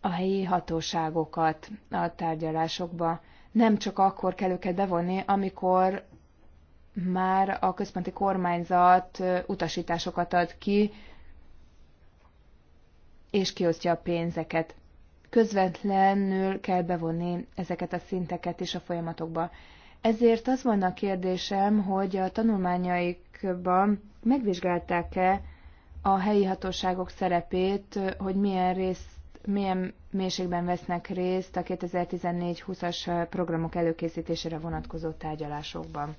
a helyi hatóságokat a tárgyalásokba. Nem csak akkor kell őket bevonni, amikor már a központi kormányzat utasításokat ad ki, és kiosztja a pénzeket. Közvetlenül kell bevonni ezeket a szinteket is a folyamatokba. Ezért az volna a kérdésem, hogy a tanulmányaikban megvizsgálták-e a helyi hatóságok szerepét, hogy milyen részt milyen mélységben vesznek részt a 2014-20-as programok előkészítésére vonatkozó tárgyalásokban.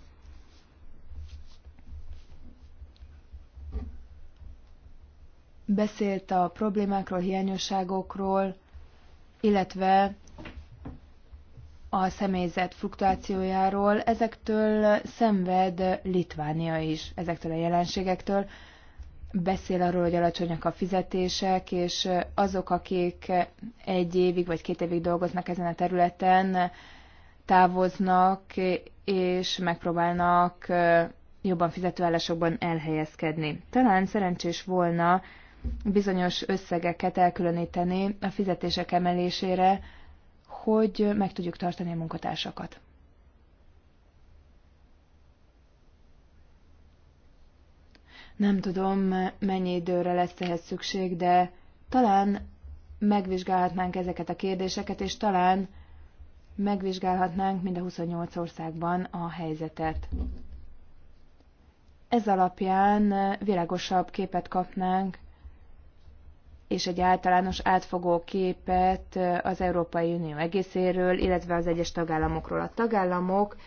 beszélt a problémákról, hiányosságokról, illetve a személyzet fluktuációjáról. Ezektől szenved Litvánia is, ezektől a jelenségektől. Beszél arról, hogy alacsonyak a fizetések, és azok, akik egy évig vagy két évig dolgoznak ezen a területen, távoznak, és megpróbálnak jobban fizető elhelyezkedni. Talán szerencsés volna bizonyos összegeket elkülöníteni a fizetések emelésére, hogy meg tudjuk tartani a munkatársakat. Nem tudom, mennyi időre lesz ehhez szükség, de talán megvizsgálhatnánk ezeket a kérdéseket, és talán megvizsgálhatnánk mind a 28 országban a helyzetet. Ez alapján világosabb képet kapnánk és egy általános átfogó képet az Európai Unió egészéről, illetve az egyes tagállamokról. A tagállamok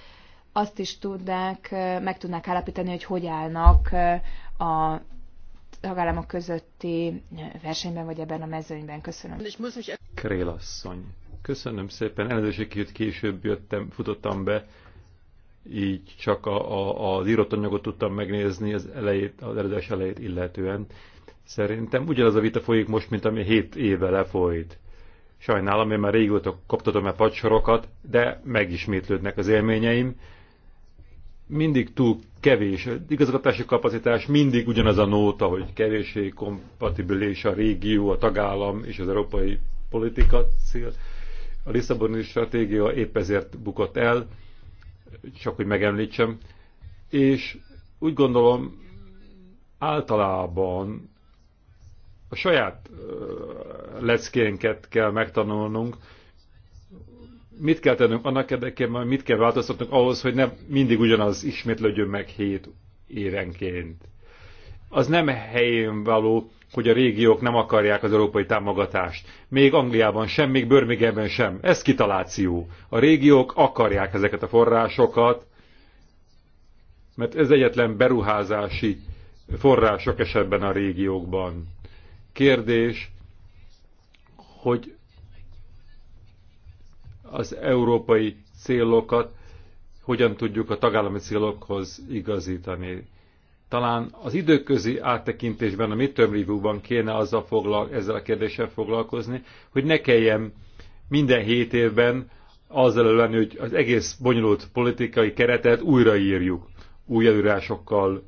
azt is tudnák, meg tudnák állapítani, hogy hogy állnak a tagállamok közötti versenyben, vagy ebben a mezőnyben. Köszönöm. Krélasszony. Köszönöm szépen. Elnézést később jöttem, futottam be, így csak a, a, az írott anyagot tudtam megnézni az, elejét, az eredés elejét illetően. Szerintem ugyanaz a vita folyik most, mint ami hét éve lefolyt. Sajnálom, én már régóta kaptatom a pacsorokat, de megismétlődnek az élményeim. Mindig túl kevés. A igazgatási kapacitás mindig ugyanaz a nóta, hogy kevéssé kompatibilis a régió, a tagállam és az európai politika cél. A Lisszaboni stratégia épp ezért bukott el, csak hogy megemlítsem. És úgy gondolom, általában a saját leckénket kell megtanulnunk, mit kell tennünk annak érdekében, mit kell változtatnunk ahhoz, hogy ne mindig ugyanaz ismétlődjön meg hét évenként. Az nem helyén való, hogy a régiók nem akarják az európai támogatást. Még Angliában sem, még Birminghamben sem. Ez kitaláció. A régiók akarják ezeket a forrásokat, mert ez egyetlen beruházási források esetben a régiókban kérdés, hogy az európai célokat hogyan tudjuk a tagállami célokhoz igazítani. Talán az időközi áttekintésben, a midterm review-ban kéne azzal foglal, ezzel a kérdéssel foglalkozni, hogy ne kelljen minden hét évben azzal lenni, hogy az egész bonyolult politikai keretet újraírjuk, új előrásokkal,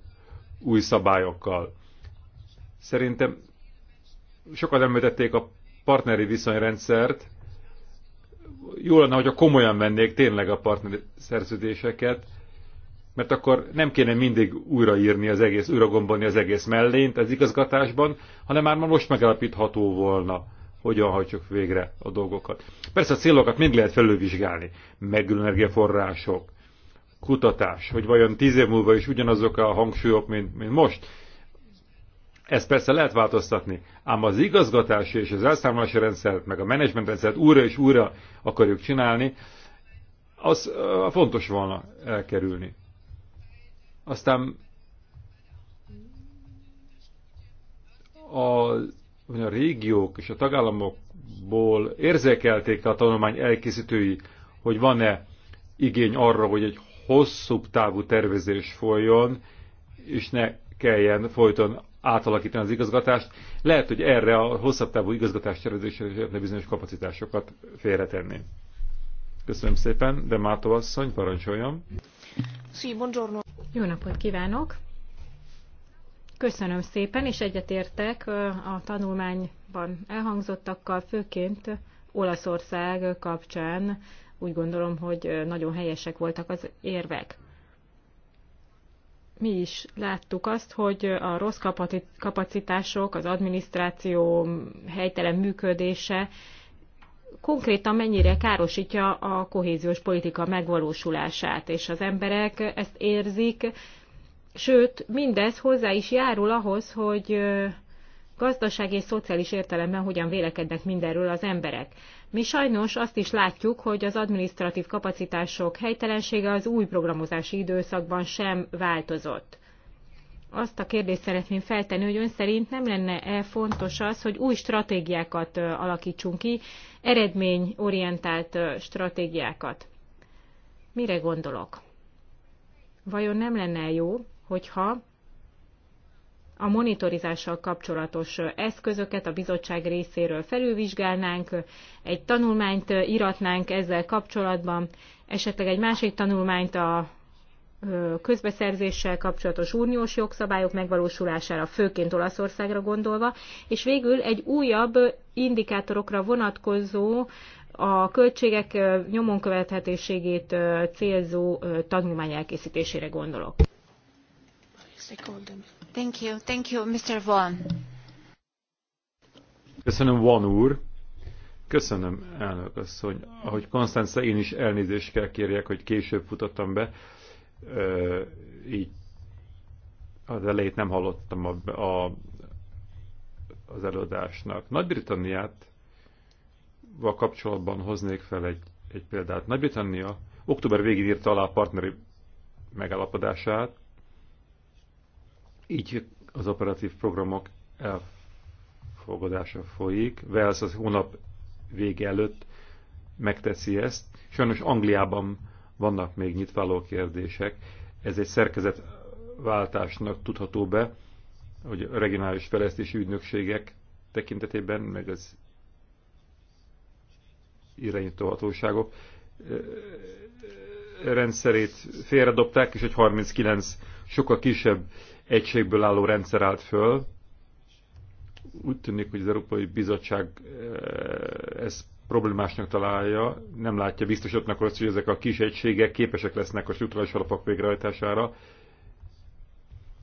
új szabályokkal. Szerintem sokat említették a partneri viszonyrendszert. Jó lenne, hogyha komolyan vennék tényleg a partneri szerződéseket, mert akkor nem kéne mindig újraírni az egész, újra az egész mellényt az igazgatásban, hanem már most megállapítható volna, hogyan hagyjuk végre a dolgokat. Persze a célokat mind lehet felülvizsgálni. Megülő energiaforrások, kutatás, hogy vajon tíz év múlva is ugyanazok a hangsúlyok, mint, mint most ezt persze lehet változtatni, ám az igazgatási és az elszámolási rendszert, meg a menedzsment rendszert újra és újra akarjuk csinálni, az fontos volna elkerülni. Aztán a, a régiók és a tagállamokból érzékelték a tanulmány elkészítői, hogy van-e igény arra, hogy egy hosszú távú tervezés folyjon, és ne kelljen folyton átalakítani az igazgatást. Lehet, hogy erre a hosszabb távú igazgatás tervezésre bizonyos kapacitásokat félretenni. Köszönöm szépen, de Mátó asszony, parancsoljon. Sí, buongiorno. Jó napot kívánok! Köszönöm szépen, és egyetértek a tanulmányban elhangzottakkal, főként Olaszország kapcsán úgy gondolom, hogy nagyon helyesek voltak az érvek mi is láttuk azt, hogy a rossz kapacitások, az adminisztráció helytelen működése konkrétan mennyire károsítja a kohéziós politika megvalósulását, és az emberek ezt érzik, sőt, mindez hozzá is járul ahhoz, hogy gazdasági és szociális értelemben hogyan vélekednek mindenről az emberek. Mi sajnos azt is látjuk, hogy az administratív kapacitások helytelensége az új programozási időszakban sem változott. Azt a kérdést szeretném feltenni, hogy ön szerint nem lenne-e fontos az, hogy új stratégiákat alakítsunk ki, eredményorientált stratégiákat? Mire gondolok? Vajon nem lenne jó, hogyha a monitorizással kapcsolatos eszközöket a bizottság részéről felülvizsgálnánk, egy tanulmányt íratnánk ezzel kapcsolatban, esetleg egy másik tanulmányt a közbeszerzéssel kapcsolatos uniós jogszabályok megvalósulására, főként Olaszországra gondolva, és végül egy újabb indikátorokra vonatkozó a költségek nyomon követhetőségét célzó tanulmány elkészítésére gondolok. Thank you, thank you, Mr. Vaughan. Köszönöm, Van úr. Köszönöm, elnök asszony. Ahogy Konstance, én is elnézést kell kérjek, hogy később futottam be. Ö, így az elejét nem hallottam a, a, az előadásnak. Nagy-Britanniát kapcsolatban hoznék fel egy, egy példát. Nagy-Britannia október végén írta alá a partneri megállapodását, így az operatív programok elfogadása folyik. Wales az hónap vége előtt megteszi ezt. Sajnos Angliában vannak még nyitváló kérdések. Ez egy szerkezetváltásnak tudható be, hogy a regionális fejlesztési ügynökségek tekintetében, meg az irányítóhatóságok eh, eh, eh, rendszerét félredobták, és egy 39 sokkal kisebb egységből álló rendszer állt föl. Úgy tűnik, hogy az Európai Bizottság eh, ezt problémásnak találja, nem látja biztosatnak azt, hogy ezek a kis egységek képesek lesznek a struktúrális alapok végrehajtására,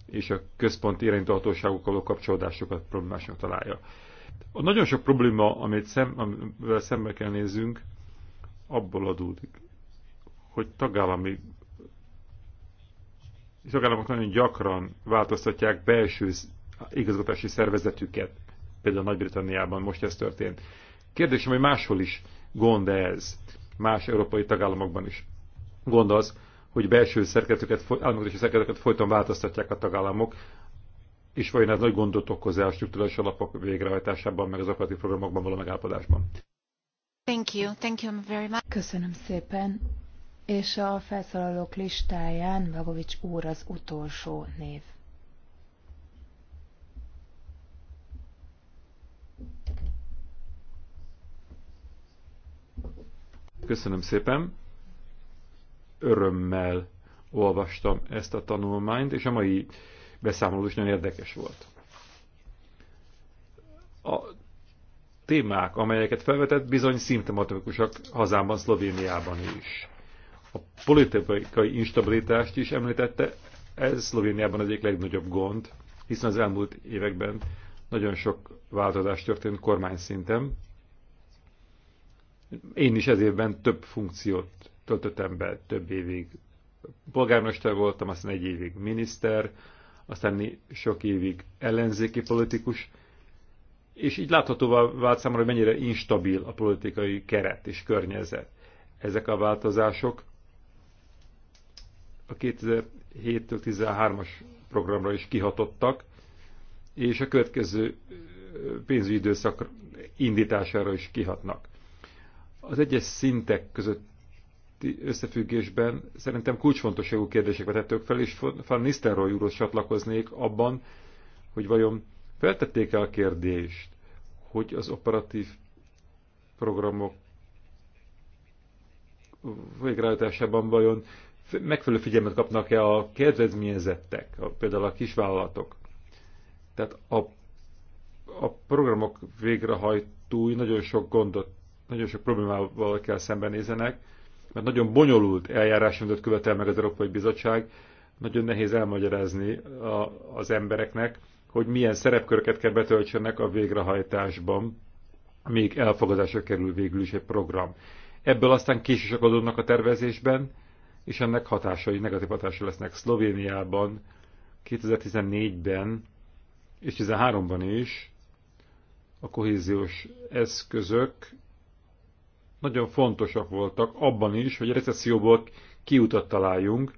és a központi irányítóhatóságok való kapcsolódásokat problémásnak találja. A nagyon sok probléma, amit szem, amivel szembe kell nézzünk, abból adódik, hogy tagállami a tagállamok nagyon gyakran változtatják belső igazgatási szervezetüket. Például Nagy-Britanniában most ez történt. Kérdésem, hogy máshol is gond -e ez, más európai tagállamokban is. Gond az, hogy belső szerkezeteket, államoktatási szerkezetüket folyton változtatják a tagállamok, és vajon ez nagy gondot okoz-e a struktúrális alapok végrehajtásában, meg az operatív programokban való megállapodásban? Thank you. Thank you very much. Köszönöm szépen és a felszólalók listáján Vagovics úr az utolsó név. Köszönöm szépen. Örömmel olvastam ezt a tanulmányt, és a mai beszámoló is nagyon érdekes volt. A témák, amelyeket felvetett, bizony szimptomatikusak hazámban, Szlovéniában is a politikai instabilitást is említette, ez Szlovéniában az egyik legnagyobb gond, hiszen az elmúlt években nagyon sok változás történt kormány szinten. Én is ez évben több funkciót töltöttem be, több évig polgármester voltam, aztán egy évig miniszter, aztán sok évig ellenzéki politikus, és így láthatóvá vált számomra, hogy mennyire instabil a politikai keret és környezet. Ezek a változások a 2007-13-as től programra is kihatottak, és a következő pénzügyi időszak indítására is kihatnak. Az egyes szintek közötti összefüggésben szerintem kulcsfontosságú kérdések vetettők fel, és Van Nistelrooy úrhoz csatlakoznék abban, hogy vajon feltették-e a kérdést, hogy az operatív programok végrehajtásában vajon megfelelő figyelmet kapnak-e a kedvezményezettek, például a kisvállalatok. Tehát a, a programok végrehajtói nagyon sok gondot, nagyon sok problémával kell szembenézenek, mert nagyon bonyolult eljárásrendet követel meg az Európai Bizottság, nagyon nehéz elmagyarázni a, az embereknek, hogy milyen szerepköröket kell betöltsenek a végrehajtásban, még elfogadásra kerül végül is egy program. Ebből aztán késések adódnak a tervezésben, és ennek hatásai, negatív hatásai lesznek Szlovéniában 2014-ben és 2013-ban is a kohéziós eszközök nagyon fontosak voltak abban is, hogy a recesszióból kiutat találjunk,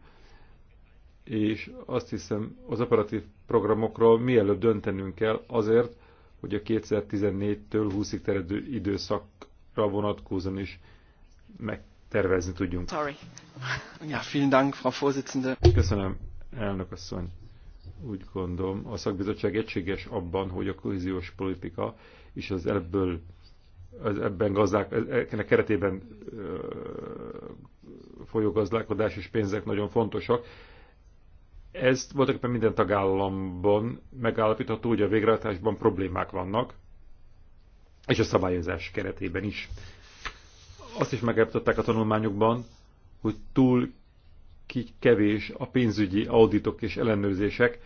és azt hiszem az operatív programokról mielőbb döntenünk kell azért, hogy a 2014-től 20-ig terjedő időszakra vonatkozóan is meg tervezni tudjunk. Sorry. Ja, vielen Dank, Frau Vorsitzende. Köszönöm, elnök asszony. Úgy gondolom, a szakbizottság egységes abban, hogy a kohéziós politika és az ebből az ebben gazdák, ennek keretében folyó gazdálkodás és pénzek nagyon fontosak. Ezt voltak éppen minden tagállamban megállapítható, hogy a végrehajtásban problémák vannak, és a szabályozás keretében is azt is megállapították a tanulmányokban, hogy túl kevés a pénzügyi auditok és ellenőrzések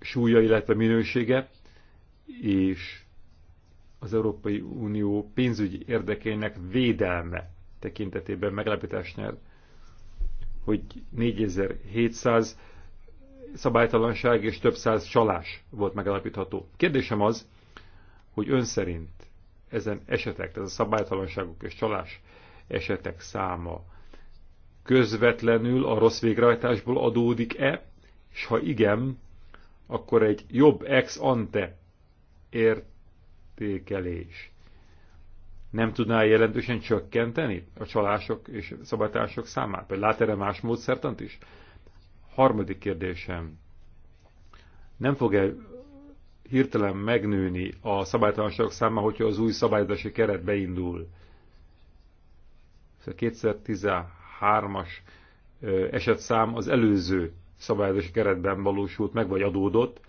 súlya, illetve minősége, és az Európai Unió pénzügyi érdekének védelme tekintetében meglepítás nyert, hogy 4700 szabálytalanság és több száz csalás volt megalapítható. Kérdésem az, hogy ön szerint ezen esetek, ez a szabálytalanságok és csalás esetek száma közvetlenül a rossz végrehajtásból adódik-e, és ha igen, akkor egy jobb ex ante értékelés nem tudná jelentősen csökkenteni a csalások és szabálytalanságok számát? Például lát erre más módszertant is? Harmadik kérdésem. Nem fog-e hirtelen megnőni a szabálytalanságok száma, hogyha az új szabályozási keret beindul. A szóval 2013-as esetszám az előző szabályozási keretben valósult meg, vagy adódott.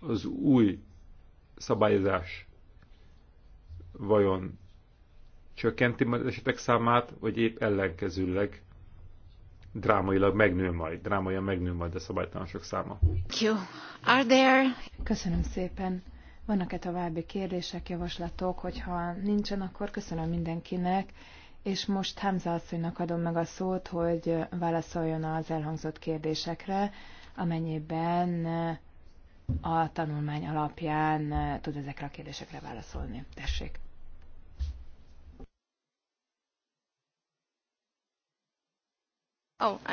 Az új szabályozás vajon csökkenti az esetek számát, vagy épp ellenkezőleg drámailag megnő majd, drámaian megnő majd a szabálytalanok száma. Köszönöm szépen. Vannak-e további kérdések, javaslatok? Hogyha nincsen, akkor köszönöm mindenkinek, és most Hamza asszonynak adom meg a szót, hogy válaszoljon az elhangzott kérdésekre, amennyiben a tanulmány alapján tud ezekre a kérdésekre válaszolni. Tessék! Oh,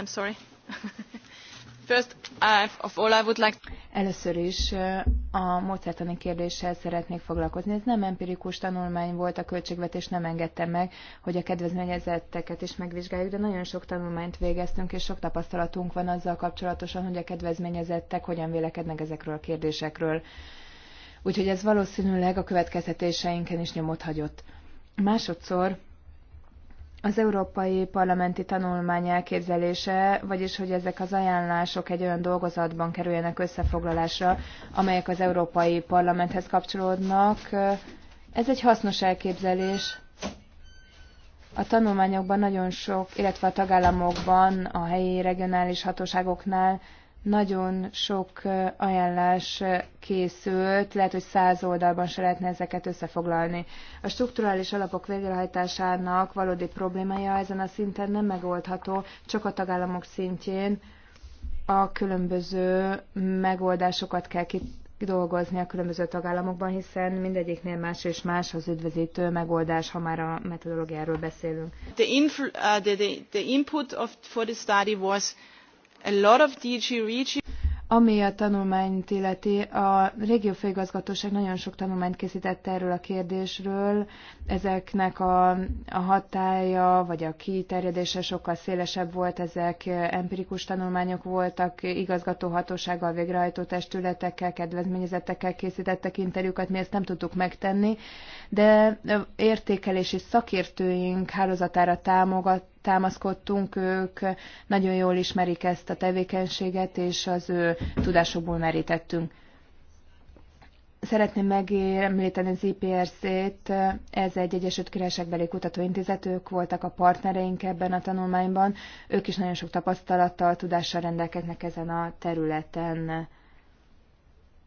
Először is eh, a módszertani kérdéssel szeretnék foglalkozni. Ez nem empirikus tanulmány volt, a költségvetés nem engedte meg, hogy a kedvezményezetteket is megvizsgáljuk, de nagyon sok tanulmányt végeztünk, és sok tapasztalatunk van azzal kapcsolatosan, hogy a kedvezményezettek hogyan vélekednek ezekről a kérdésekről. Úgyhogy ez valószínűleg a következtetéseinken is nyomot hagyott. Másodszor az Európai Parlamenti Tanulmány elképzelése, vagyis hogy ezek az ajánlások egy olyan dolgozatban kerüljenek összefoglalásra, amelyek az Európai Parlamenthez kapcsolódnak, ez egy hasznos elképzelés. A tanulmányokban nagyon sok, illetve a tagállamokban, a helyi regionális hatóságoknál nagyon sok ajánlás készült, lehet, hogy száz oldalban se lehetne ezeket összefoglalni. A strukturális alapok végrehajtásának valódi problémája ezen a szinten nem megoldható, csak a tagállamok szintjén a különböző megoldásokat kell kidolgozni a különböző tagállamokban, hiszen mindegyiknél más és más az üdvözítő megoldás, ha már a metodológiáról beszélünk. The, uh, the, the, the input of, for the study was a lot of DG Regi ami a tanulmányt illeti, a régiófőigazgatóság nagyon sok tanulmányt készített erről a kérdésről, ezeknek a, a hatája, vagy a kiterjedése sokkal szélesebb volt, ezek empirikus tanulmányok voltak, igazgatóhatósággal, végrehajtó testületekkel, kedvezményezettekkel készítettek interjúkat, mi ezt nem tudtuk megtenni, de értékelési szakértőink hálózatára támogat, támaszkodtunk, ők nagyon jól ismerik ezt a tevékenységet, és az ő tudásokból merítettünk. Szeretném megemlíteni az IPRC-t, ez egy Egyesült Királyságbeli Kutatóintézet, ők voltak a partnereink ebben a tanulmányban, ők is nagyon sok tapasztalattal, tudással rendelkeznek ezen a területen.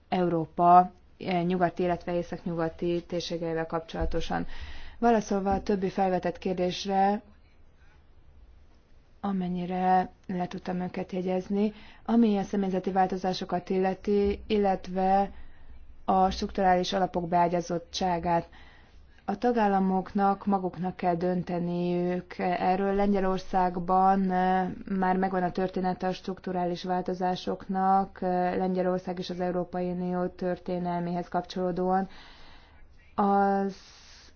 Európa e, nyugati, illetve észak-nyugati térségeivel kapcsolatosan. Válaszolva a többi felvetett kérdésre, amennyire le tudtam őket jegyezni, ami a személyzeti változásokat illeti, illetve a strukturális alapok beágyazottságát. A tagállamoknak maguknak kell dönteniük erről. Lengyelországban eh, már megvan a története a strukturális változásoknak, eh, Lengyelország és az Európai Unió történelméhez kapcsolódóan. Az,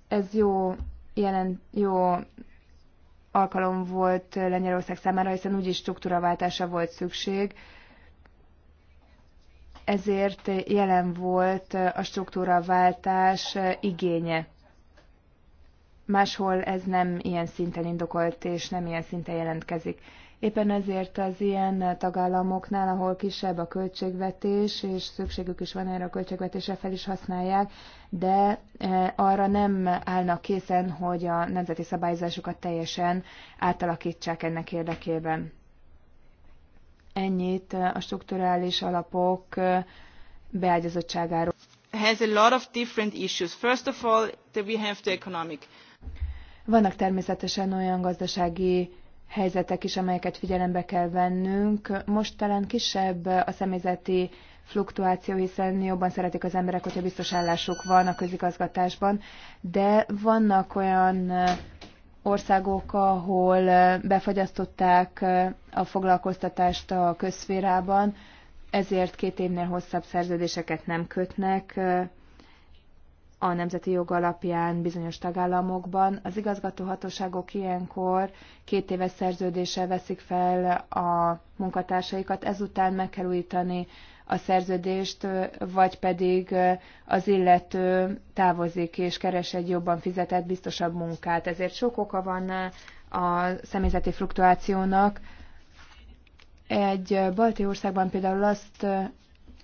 ez jó, jelent, jó alkalom volt Lengyelország számára, hiszen úgyis struktúraváltásra volt szükség ezért jelen volt a struktúraváltás igénye. Máshol ez nem ilyen szinten indokolt, és nem ilyen szinten jelentkezik. Éppen ezért az ilyen tagállamoknál, ahol kisebb a költségvetés, és szükségük is van erre a költségvetésre, fel is használják, de eh, arra nem állnak készen, hogy a nemzeti szabályzásokat teljesen átalakítsák ennek érdekében. Ennyit eh, a strukturális alapok eh, beágyazottságáról. Has a lot of different issues. First of all, we have the economic. Vannak természetesen olyan gazdasági helyzetek is, amelyeket figyelembe kell vennünk. Most talán kisebb eh, a személyzeti fluktuáció, hiszen jobban szeretik az emberek, hogyha biztos állásuk van a közigazgatásban, de vannak olyan országok, ahol eh, befagyasztották eh, a foglalkoztatást a közszférában, ezért két évnél hosszabb szerződéseket nem kötnek, eh, a nemzeti jog alapján bizonyos tagállamokban. Az igazgatóhatóságok ilyenkor két éves szerződéssel veszik fel a munkatársaikat, ezután meg kell újítani a szerződést, vagy pedig az illető távozik és keres egy jobban fizetett, biztosabb munkát. Ezért sok oka van a személyzeti fluktuációnak. Egy balti országban például azt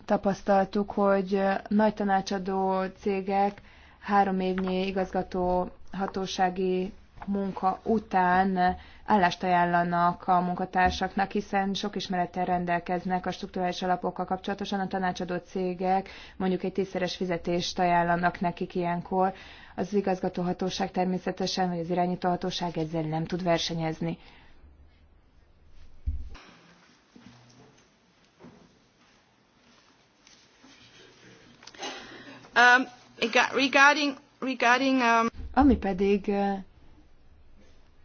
tapasztaltuk, hogy nagy tanácsadó cégek három évnyi igazgató hatósági munka után állást ajánlanak a munkatársaknak, hiszen sok ismerettel rendelkeznek a struktúrális alapokkal kapcsolatosan, a tanácsadó cégek mondjuk egy tízszeres fizetést ajánlanak nekik ilyenkor. Az igazgatóhatóság természetesen, vagy az irányítóhatóság ezzel nem tud versenyezni. Um, regarding, regarding, um... Ami pedig uh,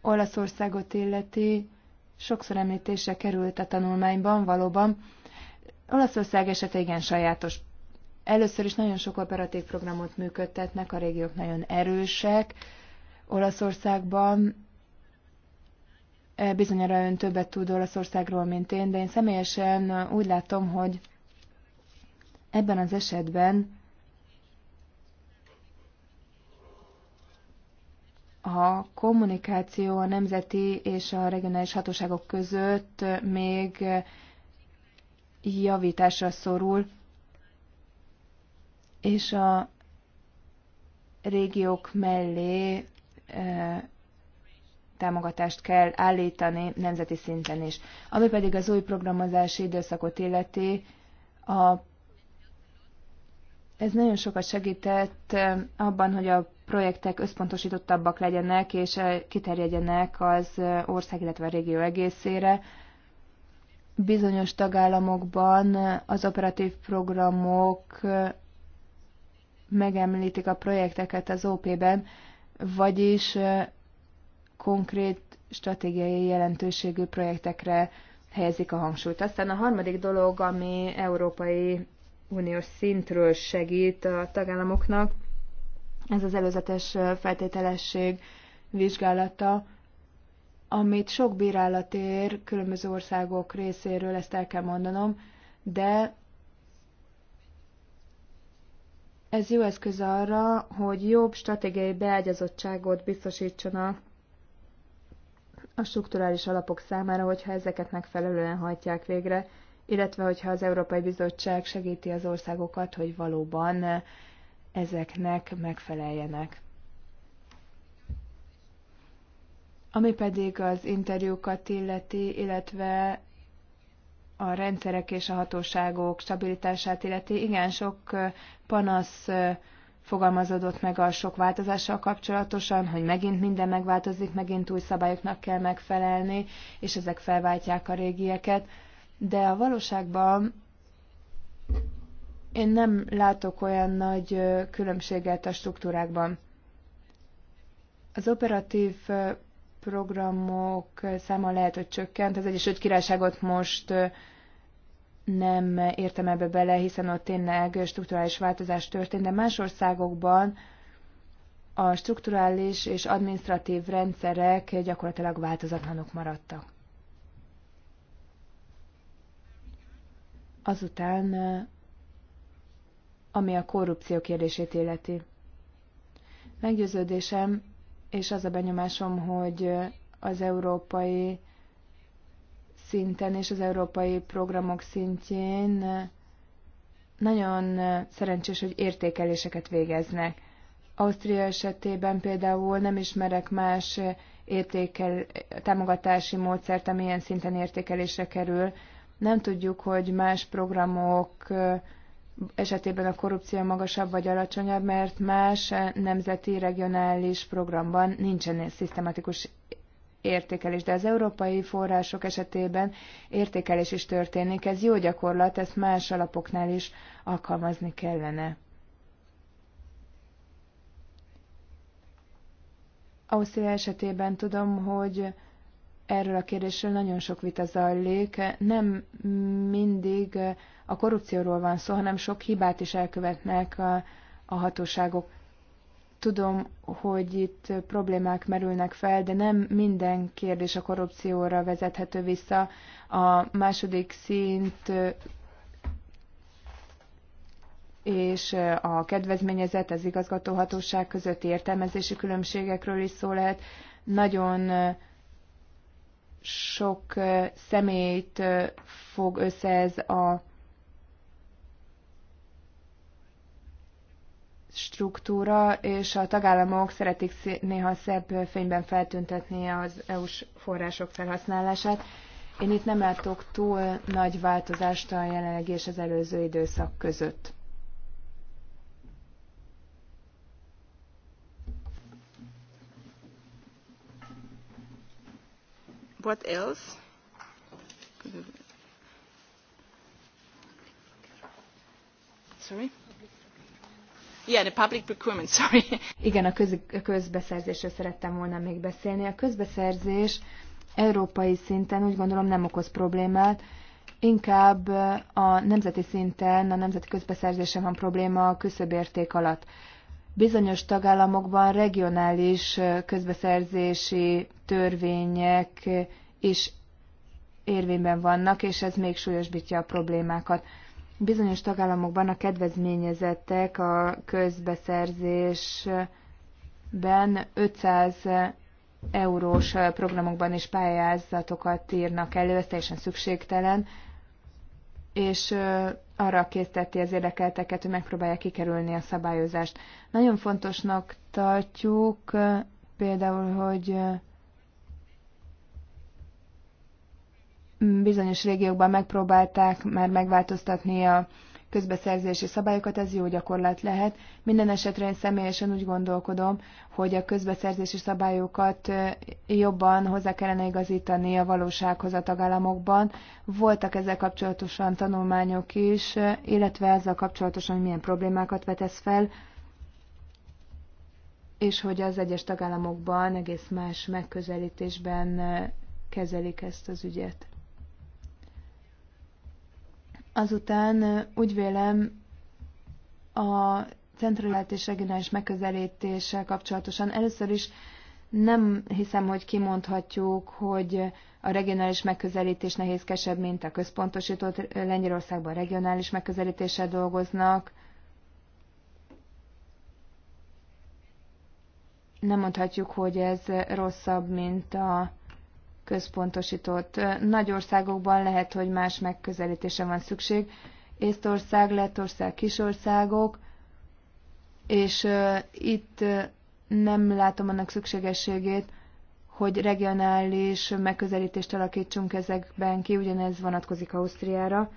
Olaszországot illeti, sokszor említése került a tanulmányban, valóban. Olaszország esete igen sajátos. Először is nagyon sok operatív programot működtetnek, a régiók nagyon erősek. Olaszországban eh, bizonyára ön többet tud Olaszországról, mint én, de én személyesen úgy látom, hogy ebben az esetben a kommunikáció a nemzeti és a regionális hatóságok között még javításra szorul, és a régiók mellé e, támogatást kell állítani nemzeti szinten is. Ami pedig az új programozási időszakot illeti, a, ez nagyon sokat segített e, abban, hogy a projektek összpontosítottabbak legyenek és eh, kiterjedjenek az eh, ország, illetve a régió egészére. Bizonyos tagállamokban eh, az operatív programok megemlítik a projekteket az OP-ben, vagyis konkrét stratégiai jelentőségű projektekre helyezik a hangsúlyt. Aztán a harmadik dolog, ami Európai Uniós szintről segít a tagállamoknak, ez az előzetes feltételesség vizsgálata, amit sok bírálat ér különböző országok részéről, ezt el kell mondanom, de ez jó eszköz arra, hogy jobb stratégiai beágyazottságot biztosítson a strukturális alapok számára, hogyha ezeket megfelelően hajtják végre, illetve hogyha az Európai Bizottság segíti az országokat, hogy valóban ezeknek megfeleljenek. Ami pedig az interjúkat illeti, illetve a rendszerek és a hatóságok stabilitását illeti, igen, sok panasz fogalmazódott meg a sok változással kapcsolatosan, hogy megint minden megváltozik, megint új szabályoknak kell megfelelni, és ezek felváltják a régieket. De a valóságban én nem látok olyan nagy különbséget a struktúrákban. Az operatív programok száma lehet, hogy csökkent. Az Egyesült Királyságot most nem értem ebbe bele, hiszen ott tényleg strukturális változás történt, de más országokban a strukturális és administratív rendszerek gyakorlatilag változatlanok maradtak. Azután ami a korrupció kérdését illeti. Meggyőződésem, és az a benyomásom, hogy az európai szinten és az európai programok szintjén nagyon szerencsés, hogy értékeléseket végeznek. Ausztria esetében például nem ismerek más értékel, támogatási módszert, amilyen szinten értékelésre kerül. Nem tudjuk, hogy más programok esetében a korrupció magasabb vagy alacsonyabb, mert más nemzeti, regionális programban nincsen szisztematikus értékelés, de az európai források esetében értékelés is történik. Ez jó gyakorlat, ezt más alapoknál is alkalmazni kellene. Ausztria esetében tudom, hogy erről a kérdésről nagyon sok vita zajlik. Nem mindig a korrupcióról van szó, hanem sok hibát is elkövetnek a, a hatóságok. Tudom, hogy itt problémák merülnek fel, de nem minden kérdés a korrupcióra vezethető vissza. A második szint és a kedvezményezett, az igazgatóhatóság közötti értelmezési különbségekről is szó lehet. Nagyon sok személyt fog össze ez a struktúra, és a tagállamok szeretik néha szebb fényben feltüntetni az EU-s források felhasználását. Én itt nem látok túl nagy változást a jelenlegi és az előző időszak között. What else? Sorry? Yeah, the public procurement, sorry. Igen, a, köz, a közbeszerzésről szerettem volna még beszélni. A közbeszerzés európai szinten úgy gondolom nem okoz problémát, inkább a nemzeti szinten, a nemzeti közbeszerzésen van probléma a küszöbérték alatt. Bizonyos tagállamokban regionális közbeszerzési törvények is érvényben vannak, és ez még súlyosbítja a problémákat. Bizonyos tagállamokban a kedvezményezettek a közbeszerzésben 500 eurós programokban is pályázatokat írnak elő, ez teljesen szükségtelen és arra készteti az érdekelteket, hogy megpróbálják kikerülni a szabályozást. Nagyon fontosnak tartjuk például, hogy bizonyos régiókban megpróbálták már megváltoztatni a közbeszerzési szabályokat, ez jó gyakorlat lehet. Minden esetre én személyesen úgy gondolkodom, hogy a közbeszerzési szabályokat jobban hozzá kellene igazítani a valósághoz a tagállamokban. Voltak ezzel kapcsolatosan tanulmányok is, illetve ezzel kapcsolatosan, hogy milyen problémákat vetesz fel, és hogy az egyes tagállamokban egész más megközelítésben kezelik ezt az ügyet. Azután úgy vélem, a centralizált és regionális megközelítéssel kapcsolatosan először is nem hiszem, hogy kimondhatjuk, hogy a regionális megközelítés nehézkesebb, mint a központosított Lengyelországban regionális megközelítéssel dolgoznak. Nem mondhatjuk, hogy ez rosszabb, mint a központosított. Nagy országokban lehet, hogy más megközelítése van szükség. Észtország, Lettország, kisországok, és itt nem látom annak szükségességét, hogy regionális megközelítést alakítsunk ezekben ki, ugyanez vonatkozik Ausztriára.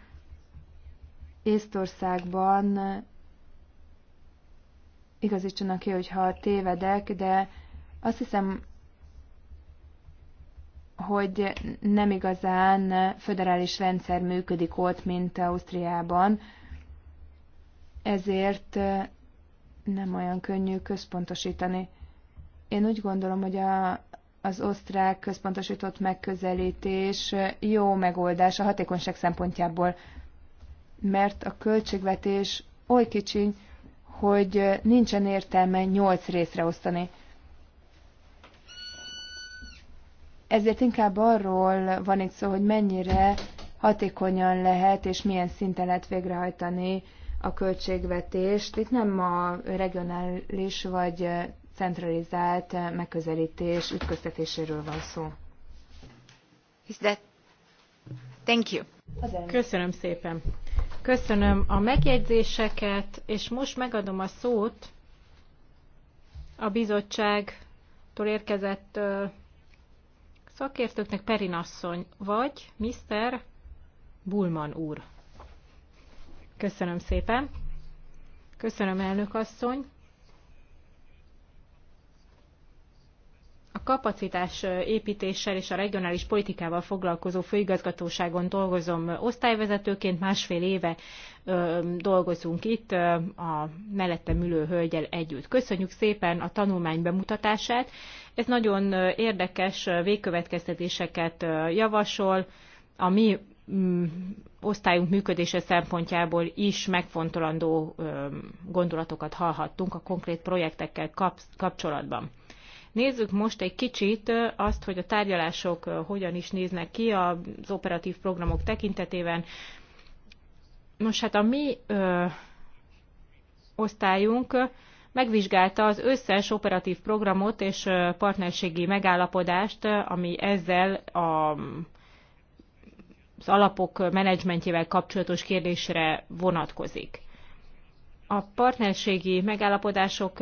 Észtországban igazítsanak ki, hogyha tévedek, de azt hiszem hogy nem igazán föderális rendszer működik ott, mint Ausztriában, ezért nem olyan könnyű központosítani. Én úgy gondolom, hogy a, az osztrák központosított megközelítés jó megoldás a hatékonyság szempontjából, mert a költségvetés oly kicsiny, hogy nincsen értelme nyolc részre osztani. Ezért inkább arról van itt szó, hogy mennyire hatékonyan lehet és milyen szinten lehet végrehajtani a költségvetést. Itt nem a regionális vagy centralizált megközelítés ütköztetéséről van szó. Is that... Thank you. Köszönöm szépen. Köszönöm a megjegyzéseket, és most megadom a szót a bizottságtól érkezett szakértőknek Perin asszony, vagy Mr. Bulman úr. Köszönöm szépen. Köszönöm, elnök asszony. kapacitás építéssel és a regionális politikával foglalkozó főigazgatóságon dolgozom osztályvezetőként. Másfél éve dolgozunk itt a mellettem ülő hölgyel együtt. Köszönjük szépen a tanulmány bemutatását. Ez nagyon érdekes végkövetkeztetéseket javasol. A mi mm, osztályunk működése szempontjából is megfontolandó gondolatokat hallhattunk a konkrét projektekkel kapcsolatban. Nézzük most egy kicsit azt, hogy a tárgyalások hogyan is néznek ki az operatív programok tekintetében. Nos, hát a mi ö, osztályunk megvizsgálta az összes operatív programot és partnerségi megállapodást, ami ezzel a az alapok menedzsmentjével kapcsolatos kérdésre vonatkozik. A partnerségi megállapodások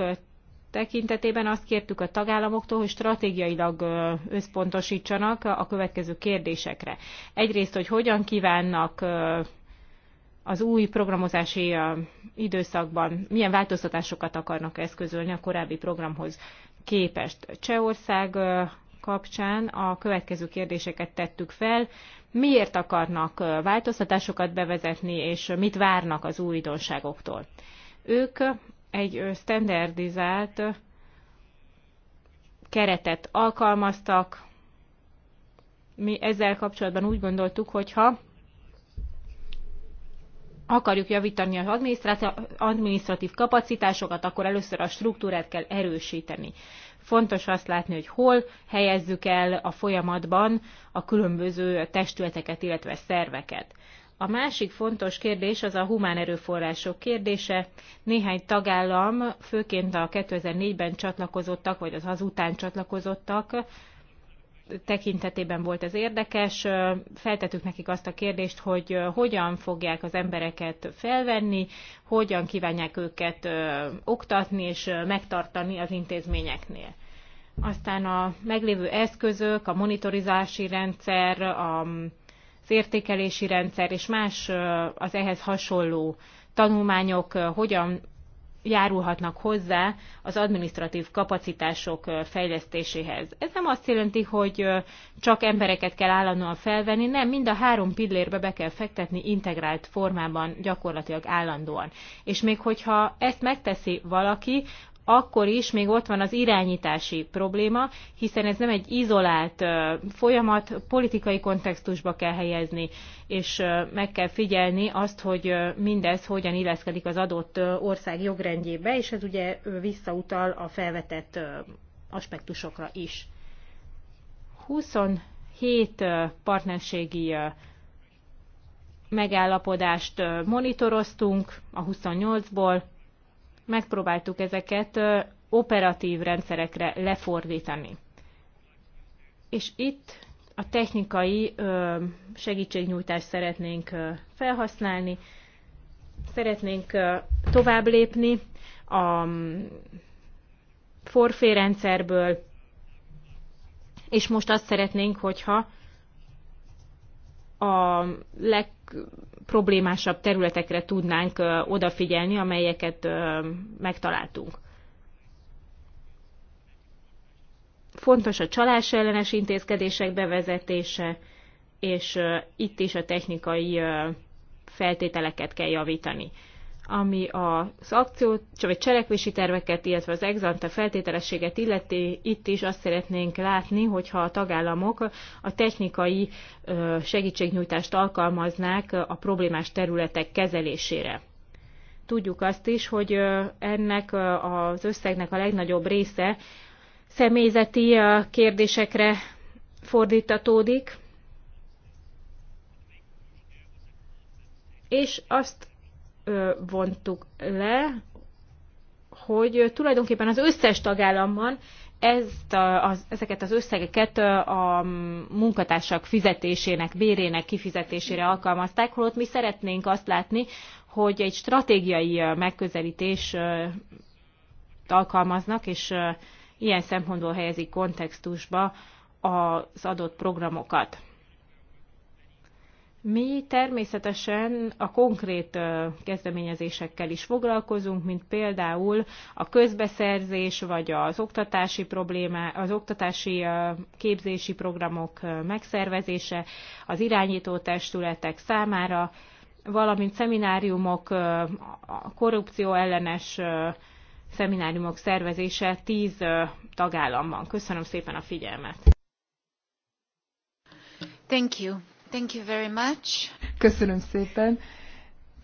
tekintetében azt kértük a tagállamoktól, hogy stratégiailag összpontosítsanak a következő kérdésekre. Egyrészt, hogy hogyan kívánnak az új programozási időszakban milyen változtatásokat akarnak eszközölni a korábbi programhoz képest. Csehország kapcsán a következő kérdéseket tettük fel. Miért akarnak változtatásokat bevezetni, és mit várnak az újdonságoktól? Ők egy standardizált keretet alkalmaztak. Mi ezzel kapcsolatban úgy gondoltuk, hogyha akarjuk javítani az adminisztratív kapacitásokat, akkor először a struktúrát kell erősíteni. Fontos azt látni, hogy hol helyezzük el a folyamatban a különböző testületeket, illetve szerveket. A másik fontos kérdés az a humán erőforrások kérdése. Néhány tagállam, főként a 2004-ben csatlakozottak, vagy az azután csatlakozottak, tekintetében volt ez érdekes. Feltettük nekik azt a kérdést, hogy hogyan fogják az embereket felvenni, hogyan kívánják őket oktatni és megtartani az intézményeknél. Aztán a meglévő eszközök, a monitorizási rendszer, a az értékelési rendszer és más az ehhez hasonló tanulmányok hogyan járulhatnak hozzá az administratív kapacitások fejlesztéséhez. Ez nem azt jelenti, hogy csak embereket kell állandóan felvenni, nem, mind a három pillérbe be kell fektetni integrált formában, gyakorlatilag állandóan. És még hogyha ezt megteszi valaki, akkor is még ott van az irányítási probléma, hiszen ez nem egy izolált folyamat, politikai kontextusba kell helyezni, és meg kell figyelni azt, hogy mindez hogyan illeszkedik az adott ország jogrendjébe, és ez ugye visszautal a felvetett aspektusokra is. 27 partnerségi megállapodást monitoroztunk a 28-ból, megpróbáltuk ezeket operatív rendszerekre lefordítani. És itt a technikai segítségnyújtást szeretnénk felhasználni, szeretnénk tovább lépni a mm, forfé rendszerből, és most azt szeretnénk, hogyha a leg problémásabb területekre tudnánk odafigyelni, amelyeket megtaláltunk. Fontos a csalás ellenes intézkedések bevezetése, és itt is a technikai feltételeket kell javítani ami az akciót, vagy cselekvési terveket, illetve az exante feltételességet illeti, itt is azt szeretnénk látni, hogyha a tagállamok a technikai segítségnyújtást alkalmaznák a problémás területek kezelésére. Tudjuk azt is, hogy ennek az összegnek a legnagyobb része személyzeti kérdésekre fordítatódik, és azt vontuk le, hogy tulajdonképpen az összes tagállamban ezt a, az, ezeket az összegeket a munkatársak fizetésének, bérének kifizetésére alkalmazták, holott mi szeretnénk azt látni, hogy egy stratégiai megközelítés alkalmaznak, és ilyen szempontból helyezik kontextusba az adott programokat. Mi természetesen a konkrét kezdeményezésekkel is foglalkozunk, mint például a közbeszerzés vagy az oktatási probléma, az oktatási képzési programok megszervezése az irányító testületek számára, valamint szemináriumok, a korrupció ellenes szemináriumok szervezése tíz tagállamban. Köszönöm szépen a figyelmet! Thank you. Thank you very much. Köszönöm szépen.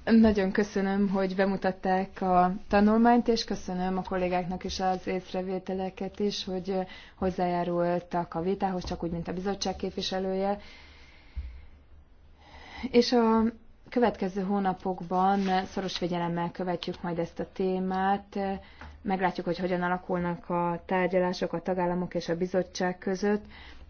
Nagyon köszönöm, hogy bemutatták a tanulmányt, és köszönöm a kollégáknak is az észrevételeket is, hogy hozzájárultak a vitához, csak úgy, mint a bizottság képviselője. És a következő hónapokban szoros figyelemmel követjük majd ezt a témát, meglátjuk, hogy hogyan alakulnak a tárgyalások a tagállamok és a bizottság között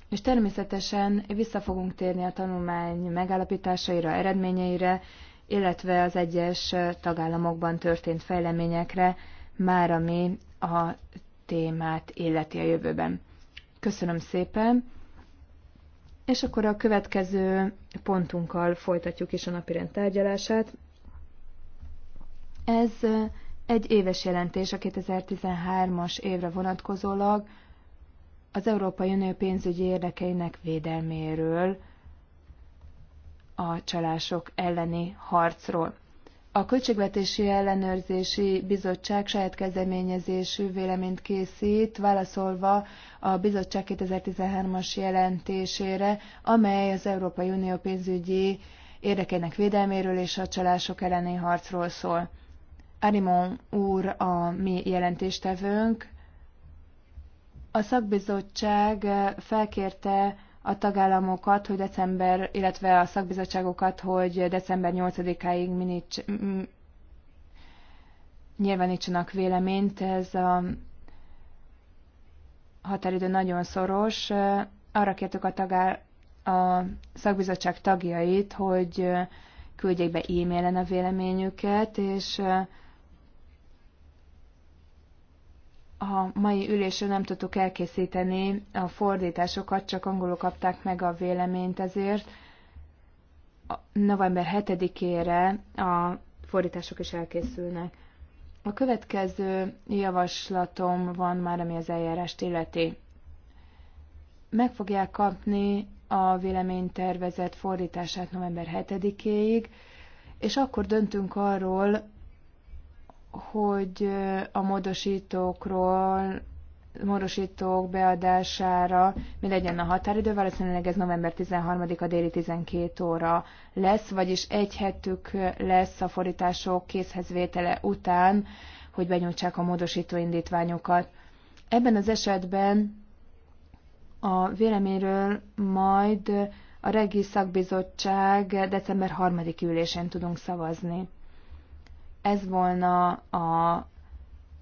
és természetesen vissza fogunk térni a tanulmány megállapításaira, eredményeire, illetve az egyes tagállamokban történt fejleményekre, már ami a témát illeti a jövőben. Köszönöm szépen, és akkor a következő pontunkkal folytatjuk is a napirend tárgyalását. Ez egy éves jelentés a 2013-as évre vonatkozólag, az Európai Unió pénzügyi érdekeinek védelméről, a csalások elleni harcról. A Költségvetési Ellenőrzési Bizottság saját kezdeményezésű véleményt készít, válaszolva a bizottság 2013-as jelentésére, amely az Európai Unió pénzügyi érdekének védelméről és a csalások elleni harcról szól. Arimon úr a mi jelentéstevőnk, a szakbizottság eh, felkérte a tagállamokat, hogy december, illetve a szakbizottságokat, hogy december 8-áig minics, nyilvánítsanak véleményt. Ez a határidő nagyon szoros. Eh, arra kértük a, tagá, a szakbizottság tagjait, hogy eh, küldjék be e-mailen a véleményüket, és a mai ülésre nem tudtuk elkészíteni a fordításokat, csak angolul kapták meg a véleményt ezért. A november 7-ére a fordítások is elkészülnek. A következő javaslatom van már, ami az eljárást illeti. Meg fogják kapni a véleménytervezet fordítását november 7-éig, és akkor döntünk arról, hogy a módosítókról, módosítók beadására mi legyen a határidő, valószínűleg ez november 13-a déli 12 óra lesz, vagyis egy hetük lesz a fordítások készhezvétele után, hogy benyújtsák a módosító indítványokat. Ebben az esetben a véleményről majd a Regi Szakbizottság december 3. ülésén tudunk szavazni. Ez volna a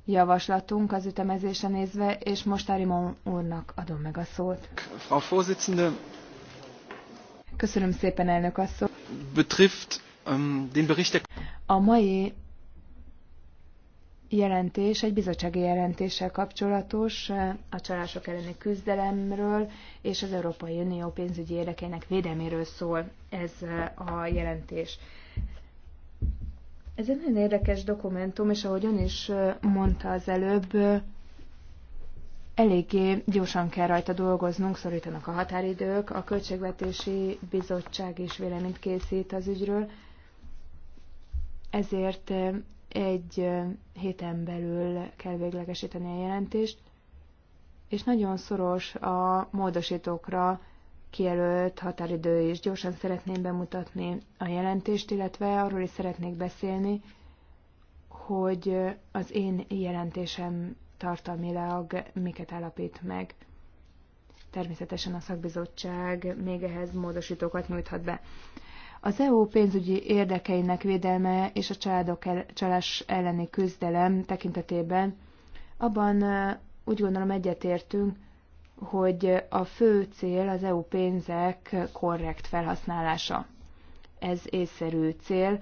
javaslatunk az ütemezésre nézve, és most Arimon úrnak adom meg a szót. Frau Vorsitzende, Köszönöm szépen, elnök asszony. Betrifft um, den Bericht A mai jelentés egy bizottsági jelentéssel kapcsolatos a csalások elleni küzdelemről és az Európai Unió pénzügyi érdekének védelméről szól ez a jelentés. Ez egy nagyon érdekes dokumentum, és ahogy ön is mondta az előbb, eléggé gyorsan kell rajta dolgoznunk, szorítanak a határidők, a Költségvetési Bizottság is véleményt készít az ügyről, ezért egy héten belül kell véglegesíteni a jelentést, és nagyon szoros a módosítókra kijelölt határidő is. Gyorsan szeretném bemutatni a jelentést, illetve arról is szeretnék beszélni, hogy az én jelentésem tartalmilag miket állapít meg. Természetesen a szakbizottság még ehhez módosítókat nyújthat be. Az EU pénzügyi érdekeinek védelme és a családok el, csalás elleni küzdelem tekintetében abban eh, úgy gondolom egyetértünk, hogy a fő cél az EU pénzek korrekt felhasználása. Ez észszerű cél.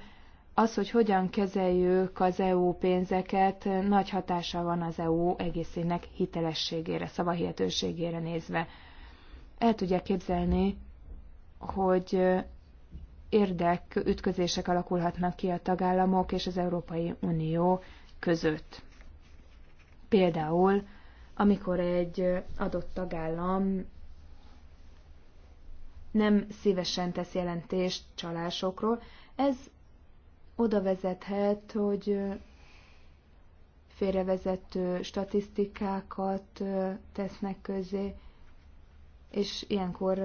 Az, hogy hogyan kezeljük az EU pénzeket, nagy hatása van az EU egészének hitelességére, szavahihetőségére nézve. El tudják képzelni, hogy érdek ütközések alakulhatnak ki a tagállamok és az Európai Unió között. Például amikor egy adott tagállam nem szívesen tesz jelentést csalásokról, ez oda vezethet, hogy félrevezető statisztikákat tesznek közé, és ilyenkor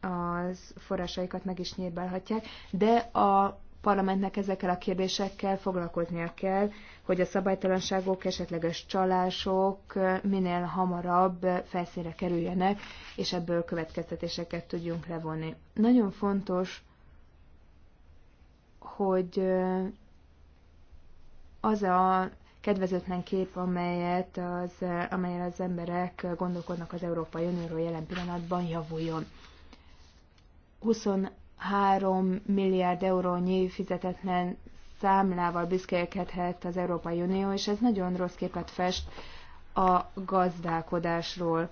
az forrásaikat meg is nyírbálhatják, de a parlamentnek ezekkel a kérdésekkel foglalkoznia kell, hogy a szabálytalanságok, esetleges csalások minél hamarabb felszínre kerüljenek, és ebből következtetéseket tudjunk levonni. Nagyon fontos, hogy az a kedvezőtlen kép, amelyet az, amelyre az emberek gondolkodnak az Európai Unióról jelen pillanatban javuljon. 3 milliárd eurónyi fizetetlen számlával büszkélkedhet az Európai Unió, és ez nagyon rossz képet fest a gazdálkodásról,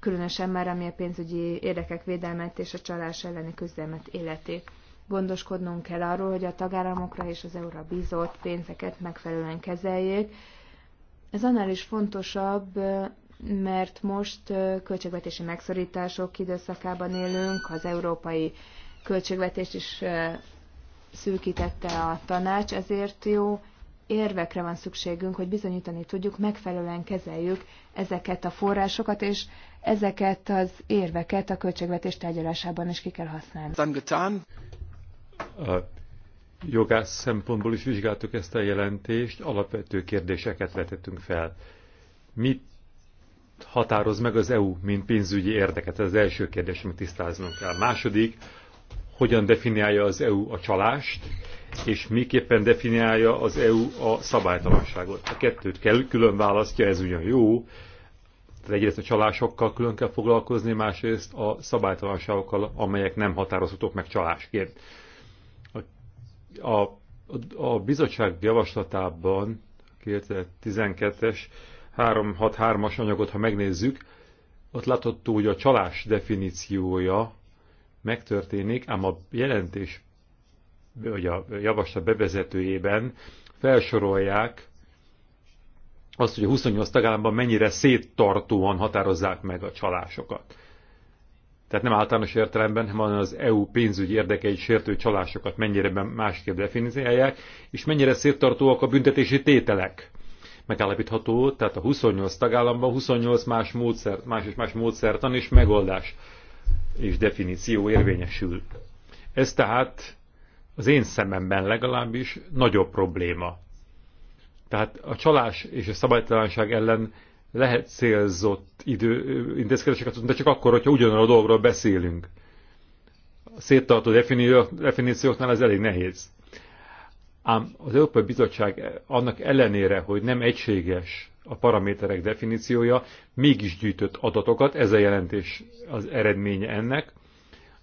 különösen már ami a pénzügyi érdekek védelmet és a csalás elleni küzdelmet életi. Gondoskodnunk kell arról, hogy a tagállamokra és az euróra bízott pénzeket megfelelően kezeljék. Ez annál is fontosabb, mert most költségvetési megszorítások időszakában élünk, az európai költségvetést is szűkítette a tanács, ezért jó érvekre van szükségünk, hogy bizonyítani tudjuk, megfelelően kezeljük ezeket a forrásokat, és ezeket az érveket a költségvetés tárgyalásában is ki kell használni. A jogász szempontból is vizsgáltuk ezt a jelentést, alapvető kérdéseket vetettünk fel. Mit határoz meg az EU, mint pénzügyi érdeket? Ez az első kérdés, amit tisztáznunk kell. Második, hogyan definiálja az EU a csalást, és miképpen definiálja az EU a szabálytalanságot. A kettőt kell, külön választja, ez ugyan jó, tehát egyrészt a csalásokkal külön kell foglalkozni, másrészt a szabálytalanságokkal, amelyek nem határozhatók meg csalásként. A, a, a bizottság javaslatában 2012-es 363-as anyagot, ha megnézzük, ott látható, hogy a csalás definíciója megtörténik, ám a jelentés, vagy a javaslat bevezetőjében felsorolják azt, hogy a 28 tagállamban mennyire széttartóan határozzák meg a csalásokat. Tehát nem általános értelemben, hanem az EU pénzügyi érdekeit sértő csalásokat mennyire másképp definiálják, és mennyire széttartóak a büntetési tételek. Megállapítható, tehát a 28 tagállamban 28 más módszer, más és más módszertan és megoldás és definíció érvényesül. Ez tehát az én szememben legalábbis nagyobb probléma. Tehát a csalás és a szabálytalanság ellen lehet célzott idő, intézkedéseket, de csak akkor, hogyha ugyanarra a dolgról beszélünk. A széttartó definícióknál ez elég nehéz. Ám az Európai Bizottság annak ellenére, hogy nem egységes a paraméterek definíciója mégis gyűjtött adatokat, ez a jelentés az eredménye ennek.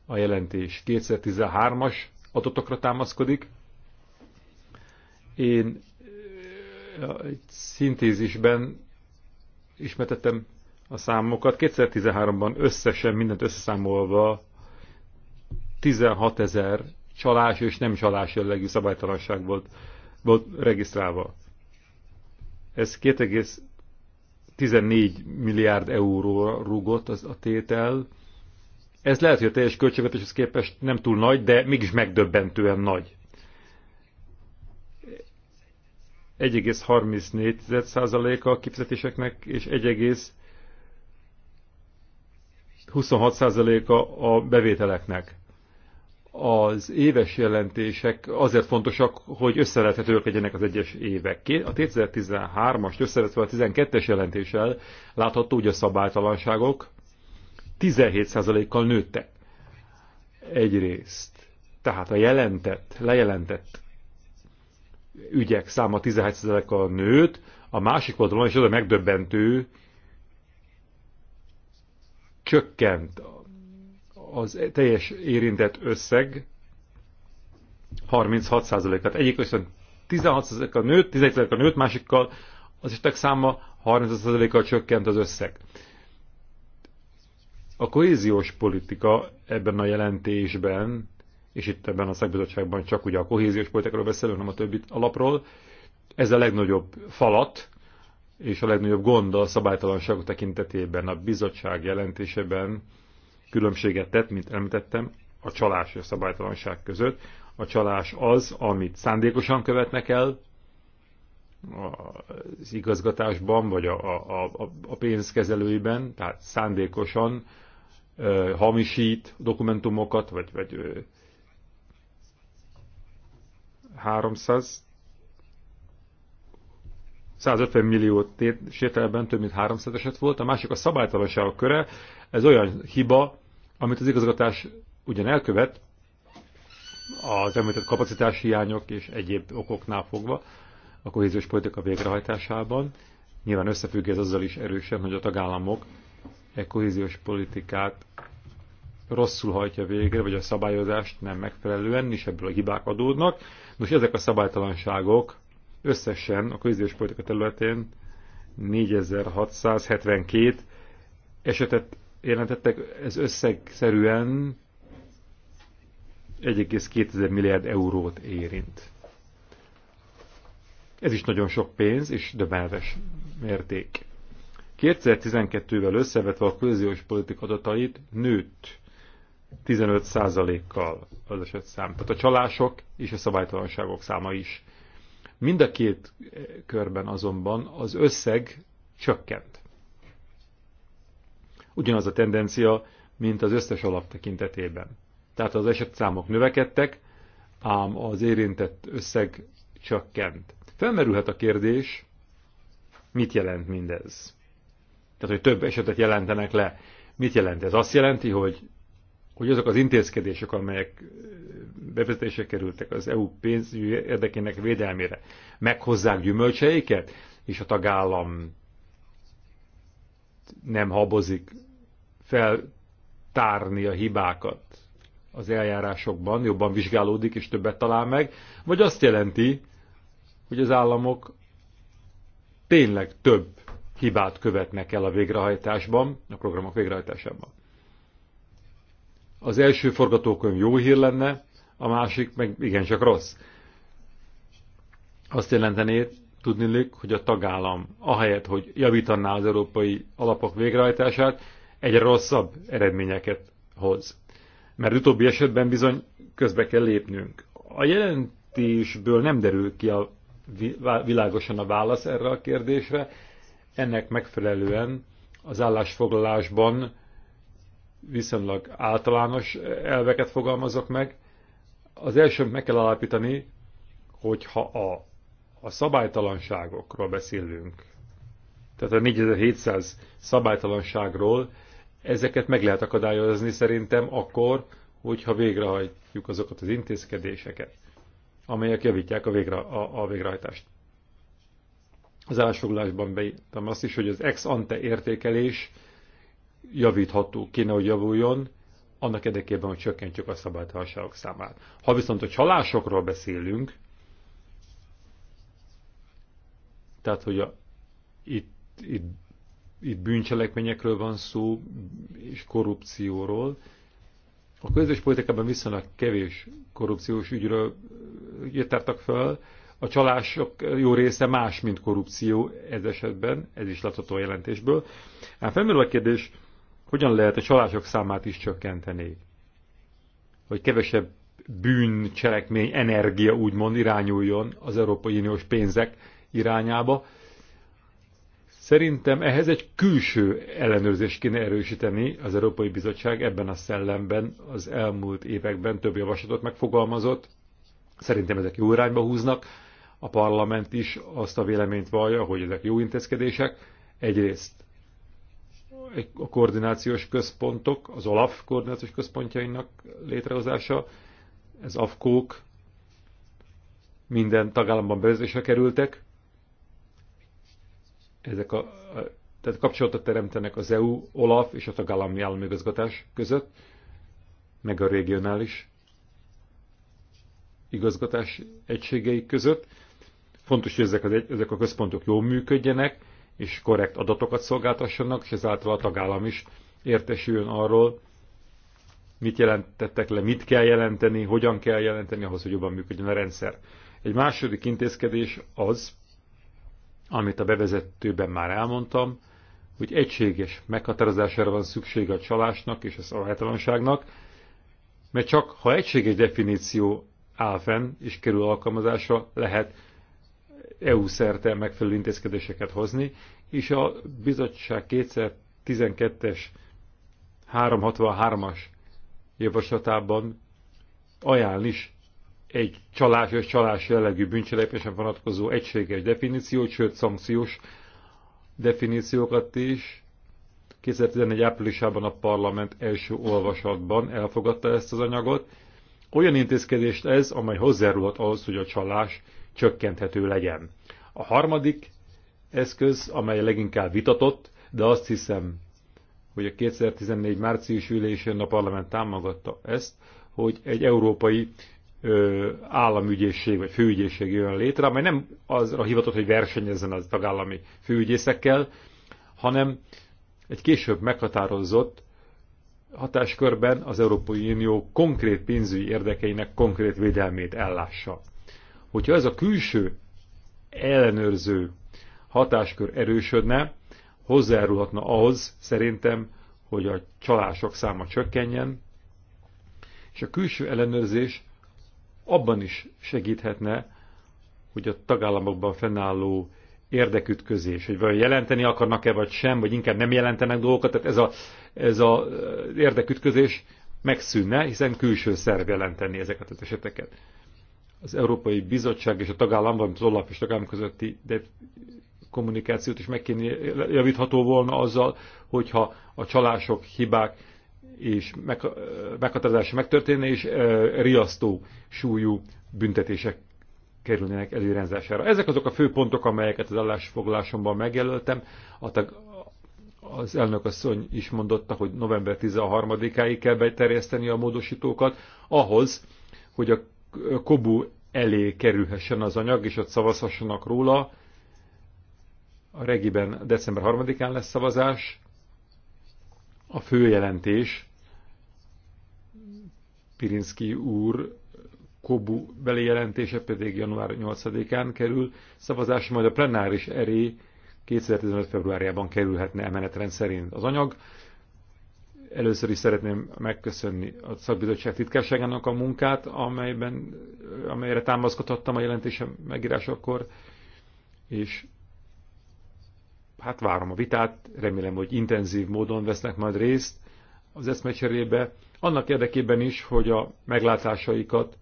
A jelentés 2013-as adatokra támaszkodik. Én egy szintézisben ismertettem a számokat. 2013-ban összesen mindent összeszámolva 16 ezer csalás és nem csalás jellegű szabálytalanság volt, volt regisztrálva. Ez 2,14 milliárd euróra rúgott az a tétel. Ez lehet, hogy a teljes költségvetéshez képest nem túl nagy, de mégis megdöbbentően nagy. 1,34%-a a kifizetéseknek, és 1,26%-a a bevételeknek az éves jelentések azért fontosak, hogy összelethetőek legyenek az egyes évek. A 2013-as összevetve a 12-es jelentéssel látható, hogy a szabálytalanságok 17%-kal nőttek. Egyrészt. Tehát a jelentett, lejelentett ügyek száma 17%-kal nőtt, a másik oldalon, is az a megdöbbentő, csökkent az teljes érintett összeg 36%-át. Egyik viszont 16%-a nőtt, 11%-a nőtt, másikkal az istek száma 36 kal csökkent az összeg. A kohéziós politika ebben a jelentésben, és itt ebben a szakbizottságban csak ugye a kohéziós politikáról beszélünk, nem a többi alapról, ez a legnagyobb falat, és a legnagyobb gond a szabálytalanságok tekintetében. A bizottság jelentéseben különbséget tett, mint említettem, a csalás és a szabálytalanság között. A csalás az, amit szándékosan követnek el az igazgatásban, vagy a, a, a, a pénzkezelőiben, tehát szándékosan ö, hamisít dokumentumokat, vagy, vagy ö, 300 150 millió sételben több mint 300 eset volt, a másik a szabálytalanság köre, ez olyan hiba, amit az igazgatás ugyan elkövet, az említett kapacitás hiányok és egyéb okoknál fogva a kohéziós politika végrehajtásában. Nyilván összefügg ez azzal is erősen, hogy a tagállamok e kohéziós politikát rosszul hajtja végre, vagy a szabályozást nem megfelelően, és ebből a hibák adódnak. Nos, ezek a szabálytalanságok összesen a kohéziós politika területén 4672 esetet jelentettek, ez összegszerűen 1,2 milliárd eurót érint. Ez is nagyon sok pénz és döbelves mérték. 2012-vel összevetve a kohéziós politika adatait nőtt 15%-kal az szám. Tehát a csalások és a szabálytalanságok száma is. Mind a két körben azonban az összeg csökkent. Ugyanaz a tendencia, mint az összes alap tekintetében. Tehát az esetszámok növekedtek, ám az érintett összeg csökkent. Felmerülhet a kérdés, mit jelent mindez? Tehát, hogy több esetet jelentenek le. Mit jelent ez? Azt jelenti, hogy, hogy azok az intézkedések, amelyek bevezetésre kerültek az EU pénzügyi érdekének védelmére, meghozzák gyümölcseiket, és a tagállam nem habozik feltárni a hibákat az eljárásokban, jobban vizsgálódik és többet talál meg, vagy azt jelenti, hogy az államok tényleg több hibát követnek el a végrehajtásban, a programok végrehajtásában. Az első forgatókönyv jó hír lenne, a másik meg igencsak rossz. Azt jelentené, tudnilik, hogy a tagállam, ahelyett, hogy javítaná az európai alapok végrehajtását, egyre rosszabb eredményeket hoz. Mert utóbbi esetben bizony közbe kell lépnünk. A jelentésből nem derül ki a világosan a válasz erre a kérdésre, ennek megfelelően az állásfoglalásban viszonylag általános elveket fogalmazok meg. Az első meg kell alapítani, hogyha a, a szabálytalanságokról beszélünk, tehát a 4700 szabálytalanságról Ezeket meg lehet akadályozni szerintem akkor, hogyha végrehajtjuk azokat az intézkedéseket, amelyek javítják a, végre, a, a végrehajtást. Az állásfoglalásban beírtam azt is, hogy az ex-ante értékelés javítható, kéne, hogy javuljon, annak érdekében, hogy csökkentjük a szabálytalanságok számát. Ha viszont a csalásokról beszélünk, tehát hogy a, itt, itt itt bűncselekményekről van szó, és korrupcióról. A közös politikában viszonylag kevés korrupciós ügyről jöttek fel. A csalások jó része más, mint korrupció ez esetben, ez is látható a jelentésből. Ám felmerül a kérdés, hogyan lehet a csalások számát is csökkenteni? Hogy kevesebb bűncselekmény energia úgymond irányuljon az Európai Uniós pénzek irányába, Szerintem ehhez egy külső ellenőrzést kéne erősíteni az Európai Bizottság ebben a szellemben az elmúlt években több javaslatot megfogalmazott. Szerintem ezek jó irányba húznak. A parlament is azt a véleményt vallja, hogy ezek jó intézkedések. Egyrészt a koordinációs központok, az OLAF koordinációs központjainak létrehozása, ez afkók minden tagállamban bevezetésre kerültek, ezek a, a tehát kapcsolatot teremtenek az EU, OLAF és a tagállami igazgatás között, meg a regionális igazgatás egységei között. Fontos, hogy ezek, az, ezek a központok jól működjenek, és korrekt adatokat szolgáltassanak, és ezáltal a tagállam is értesüljön arról, mit jelentettek le, mit kell jelenteni, hogyan kell jelenteni ahhoz, hogy jobban működjön a rendszer. Egy második intézkedés az, amit a bevezetőben már elmondtam, hogy egységes meghatározására van szükség a csalásnak és a szabálytalanságnak, mert csak ha egységes definíció áll fenn és kerül alkalmazásra, lehet EU szerte megfelelő intézkedéseket hozni, és a bizottság 2012-es 363-as javaslatában ajánl is egy csalásos, csalás jellegű bűncselekményen vonatkozó egységes definíciót, sőt szankciós definíciókat is. 2011 áprilisában a parlament első olvasatban elfogadta ezt az anyagot. Olyan intézkedést ez, amely hozzárulhat ahhoz, hogy a csalás csökkenthető legyen. A harmadik eszköz, amely leginkább vitatott, de azt hiszem, hogy a 2014 március ülésén a parlament támogatta ezt, hogy egy európai államügyészség vagy főügyészség jön létre, amely nem azra hivatott, hogy versenyezzen az tagállami főügyészekkel, hanem egy később meghatározott hatáskörben az Európai Unió konkrét pénzügyi érdekeinek konkrét védelmét ellássa. Hogyha ez a külső ellenőrző hatáskör erősödne, hozzájárulhatna ahhoz szerintem, hogy a csalások száma csökkenjen, és a külső ellenőrzés abban is segíthetne, hogy a tagállamokban fennálló érdekütközés, hogy vagy jelenteni akarnak-e, vagy sem, vagy inkább nem jelentenek dolgokat, tehát ez az ez a érdekütközés megszűnne, hiszen külső szerv jelenteni ezeket az eseteket. Az Európai Bizottság és a tagállam, valamint az OLAP és tagállam közötti de kommunikációt is meg kéne javítható volna azzal, hogyha a csalások, hibák és meghatározása megtörténne, és riasztó súlyú büntetések kerülnének előrendzására. Ezek azok a fő pontok, amelyeket az állásfoglalásomban megjelöltem. A tag, az elnök asszony is mondotta, hogy november 13-áig kell beterjeszteni a módosítókat, ahhoz, hogy a kobu elé kerülhessen az anyag, és ott szavazhassanak róla. A regiben december 3-án lesz szavazás, a főjelentés Pirinski úr Kobu belejelentése pedig január 8-án kerül, szavazás majd a plenáris eré 2015. februárjában kerülhetne emenetrend szerint. Az anyag először is szeretném megköszönni a szakbizottság titkárságának a munkát, amelyben, amelyre támaszkodhattam a jelentésem megírásakor, és hát várom a vitát, remélem, hogy intenzív módon vesznek majd részt az eszmecserébe, annak érdekében is, hogy a meglátásaikat,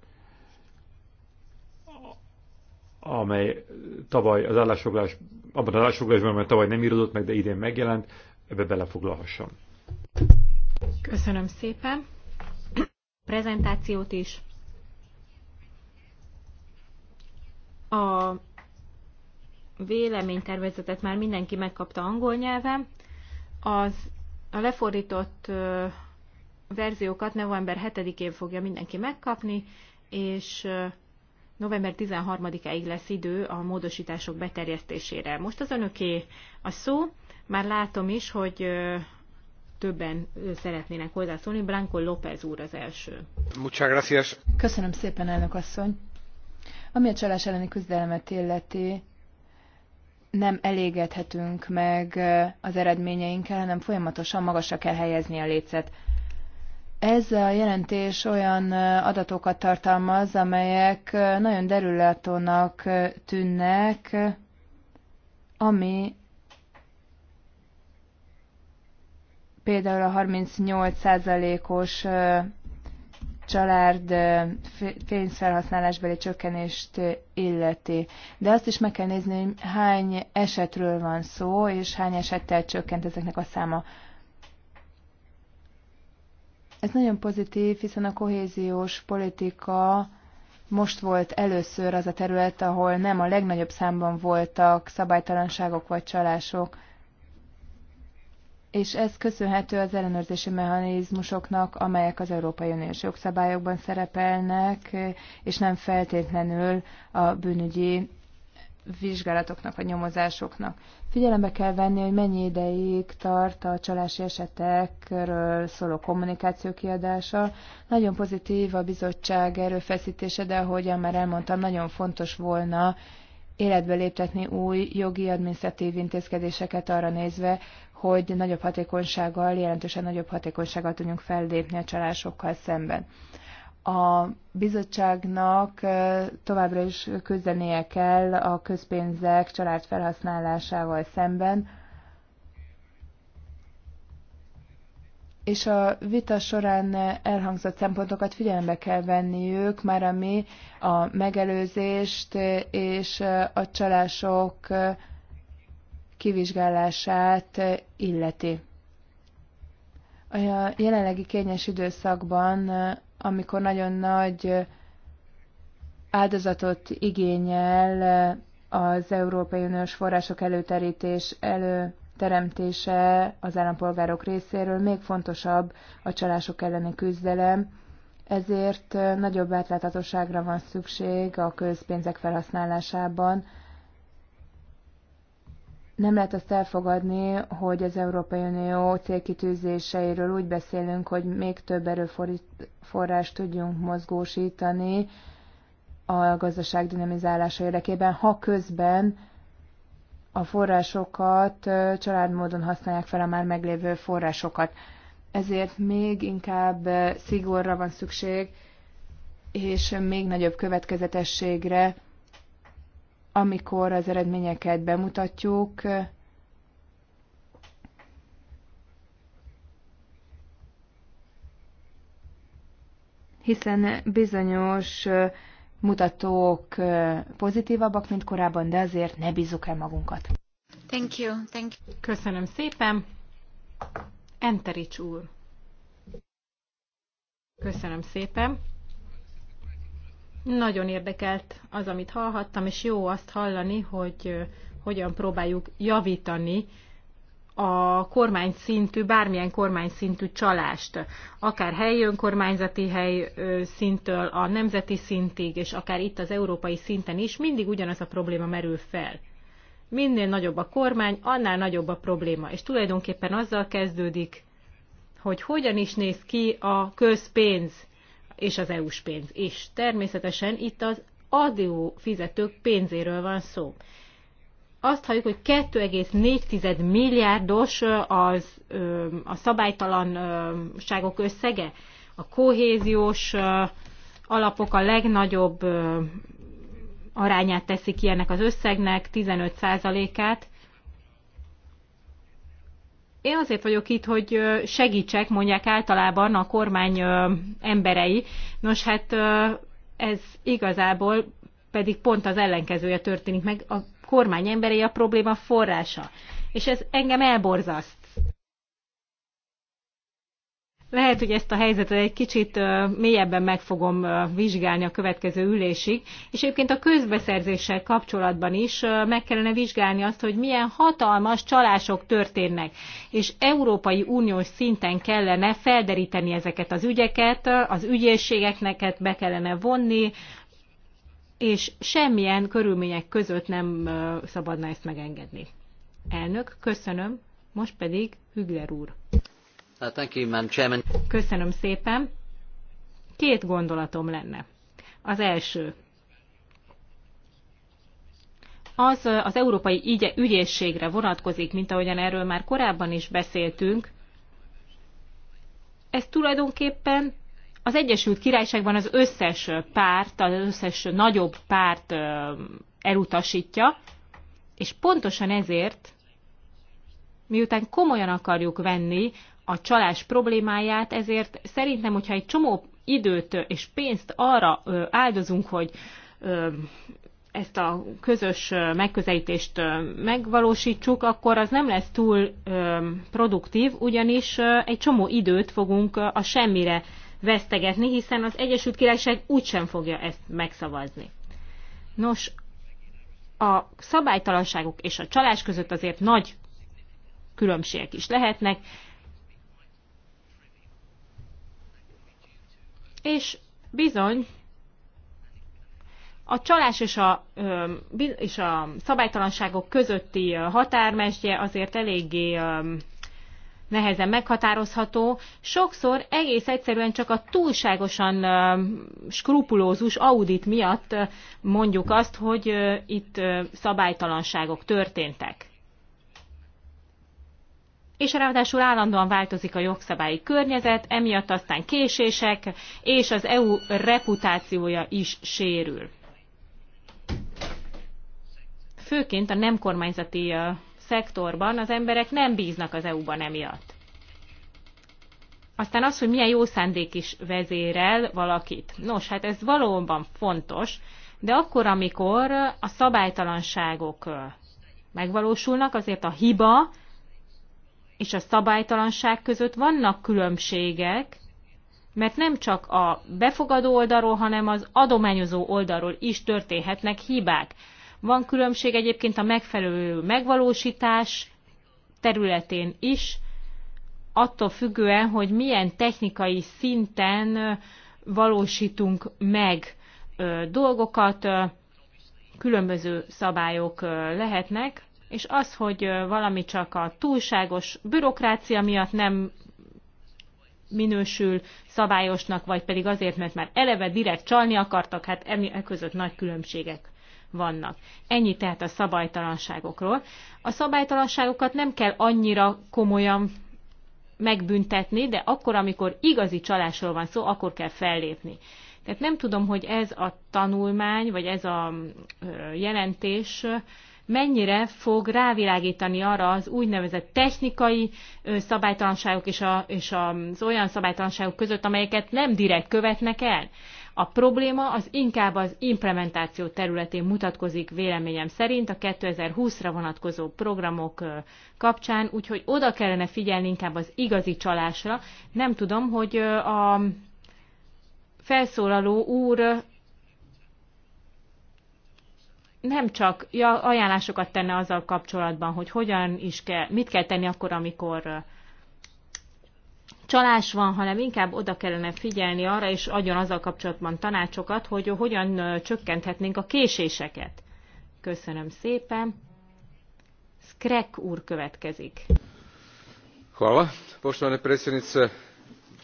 amely tavaly az állásfoglás, abban az állásfoglásban, amely tavaly nem írodott meg, de idén megjelent, ebbe belefoglalhassam. Köszönöm szépen. A prezentációt is. A véleménytervezetet már mindenki megkapta angol nyelven. Az a lefordított verziókat november 7-én fogja mindenki megkapni, és november 13-áig lesz idő a módosítások beterjesztésére. Most az önöké a szó, már látom is, hogy többen szeretnének hozzászólni. Blanco López úr az első. Muchas gracias. Köszönöm szépen, elnök asszony. Ami a csalás elleni küzdelemet illeti, nem elégedhetünk meg az eredményeinkkel, hanem folyamatosan magasra kell helyezni a lécet. Ez a jelentés olyan adatokat tartalmaz, amelyek nagyon derülátónak tűnnek, ami például a 38%-os család pénzfelhasználásbeli csökkenést illeti. De azt is meg kell nézni, hogy hány esetről van szó, és hány esettel csökkent ezeknek a száma. Ez nagyon pozitív, hiszen a kohéziós politika most volt először az a terület, ahol nem a legnagyobb számban voltak szabálytalanságok vagy csalások, és ez köszönhető az ellenőrzési mechanizmusoknak, amelyek az Európai Uniós jogszabályokban szerepelnek, és nem feltétlenül a bűnügyi vizsgálatoknak, a nyomozásoknak. Figyelembe kell venni, hogy mennyi ideig tart a csalási esetekről szóló kommunikáció kiadása. Nagyon pozitív a bizottság erőfeszítése, de ahogyan már elmondtam, nagyon fontos volna életbe léptetni új jogi adminisztratív intézkedéseket arra nézve, hogy nagyobb hatékonysággal, jelentősen nagyobb hatékonysággal tudjunk fellépni a csalásokkal szemben. A bizottságnak továbbra is küzdenie kell a közpénzek család felhasználásával szemben, és a vita során elhangzott szempontokat figyelembe kell venniük, már ami a megelőzést és a csalások kivizsgálását illeti. A jelenlegi kényes időszakban, amikor nagyon nagy áldozatot igényel az Európai Uniós források előterítés elő teremtése az állampolgárok részéről, még fontosabb a csalások elleni küzdelem, ezért nagyobb átláthatóságra van szükség a közpénzek felhasználásában, nem lehet azt elfogadni, hogy az Európai Unió célkitűzéseiről úgy beszélünk, hogy még több erőforrás tudjunk mozgósítani a gazdaság dinamizálása érdekében, ha közben a forrásokat családmódon használják fel a már meglévő forrásokat. Ezért még inkább szigorra van szükség, és még nagyobb következetességre amikor az eredményeket bemutatjuk, hiszen bizonyos mutatók pozitívabbak, mint korábban, de azért ne bízzuk el magunkat. Thank you. Thank you. Köszönöm szépen. Enterics úr. Köszönöm szépen. Nagyon érdekelt az, amit hallhattam, és jó azt hallani, hogy hogyan próbáljuk javítani a kormány szintű, bármilyen kormány szintű csalást, akár helyi önkormányzati hely szintől a nemzeti szintig, és akár itt az európai szinten is, mindig ugyanaz a probléma merül fel. Minél nagyobb a kormány, annál nagyobb a probléma. És tulajdonképpen azzal kezdődik, hogy hogyan is néz ki a közpénz és az EU-s pénz is. Természetesen itt az adó fizetők pénzéről van szó. Azt halljuk, hogy 2,4 milliárdos az, a szabálytalanságok összege. A kohéziós alapok a legnagyobb arányát teszik ki ennek az összegnek, 15%-át. Én azért vagyok itt, hogy segítsek, mondják általában a kormány emberei. Nos, hát ez igazából pedig pont az ellenkezője történik meg. A kormány emberei a probléma forrása. És ez engem elborzaszt. Lehet, hogy ezt a helyzetet egy kicsit mélyebben meg fogom vizsgálni a következő ülésig, és egyébként a közbeszerzéssel kapcsolatban is meg kellene vizsgálni azt, hogy milyen hatalmas csalások történnek, és Európai Uniós szinten kellene felderíteni ezeket az ügyeket, az ügyészségeknek be kellene vonni, és semmilyen körülmények között nem szabadna ezt megengedni. Elnök, köszönöm, most pedig Hügler úr. Uh, Köszönöm szépen. Két gondolatom lenne. Az első. Az uh, az Európai ügy Ügyészségre vonatkozik, mint ahogyan erről már korábban is beszéltünk. Ez tulajdonképpen az Egyesült Királyságban az összes párt, az összes nagyobb párt uh, elutasítja, és pontosan ezért, miután komolyan akarjuk venni a csalás problémáját, ezért szerintem, hogyha egy csomó időt és pénzt arra áldozunk, hogy ezt a közös megközelítést megvalósítsuk, akkor az nem lesz túl produktív, ugyanis egy csomó időt fogunk a semmire vesztegetni, hiszen az Egyesült Királyság úgysem fogja ezt megszavazni. Nos, a szabálytalanságok és a csalás között azért nagy különbségek is lehetnek, És bizony, a csalás és a, és a szabálytalanságok közötti határmesdje azért eléggé nehezen meghatározható, sokszor egész egyszerűen csak a túlságosan skrupulózus audit miatt mondjuk azt, hogy itt szabálytalanságok történtek és ráadásul állandóan változik a jogszabályi környezet, emiatt aztán késések, és az EU reputációja is sérül. Főként a nem kormányzati szektorban az emberek nem bíznak az EU-ban emiatt. Aztán az, hogy milyen jó szándék is vezérel valakit. Nos, hát ez valóban fontos, de akkor, amikor a szabálytalanságok megvalósulnak, azért a hiba és a szabálytalanság között vannak különbségek, mert nem csak a befogadó oldalról, hanem az adományozó oldalról is történhetnek hibák. Van különbség egyébként a megfelelő megvalósítás területén is, attól függően, hogy milyen technikai szinten valósítunk meg dolgokat, különböző szabályok lehetnek, és az, hogy valami csak a túlságos bürokrácia miatt nem minősül szabályosnak, vagy pedig azért, mert már eleve direkt csalni akartak, hát e között nagy különbségek vannak. Ennyi tehát a szabálytalanságokról. A szabálytalanságokat nem kell annyira komolyan megbüntetni, de akkor, amikor igazi csalásról van szó, akkor kell fellépni. Tehát nem tudom, hogy ez a tanulmány, vagy ez a jelentés mennyire fog rávilágítani arra az úgynevezett technikai szabálytalanságok és, a, és az olyan szabálytalanságok között, amelyeket nem direkt követnek el. A probléma az inkább az implementáció területén mutatkozik véleményem szerint a 2020-ra vonatkozó programok kapcsán, úgyhogy oda kellene figyelni inkább az igazi csalásra. Nem tudom, hogy a felszólaló úr nem csak ajánlásokat tenne azzal kapcsolatban, hogy hogyan is kell, mit kell tenni akkor, amikor csalás van, hanem inkább oda kellene figyelni arra, és adjon azzal kapcsolatban tanácsokat, hogy hogyan csökkenthetnénk a késéseket. Köszönöm szépen. Skrek úr következik. Hvala, poštovane predsjednice,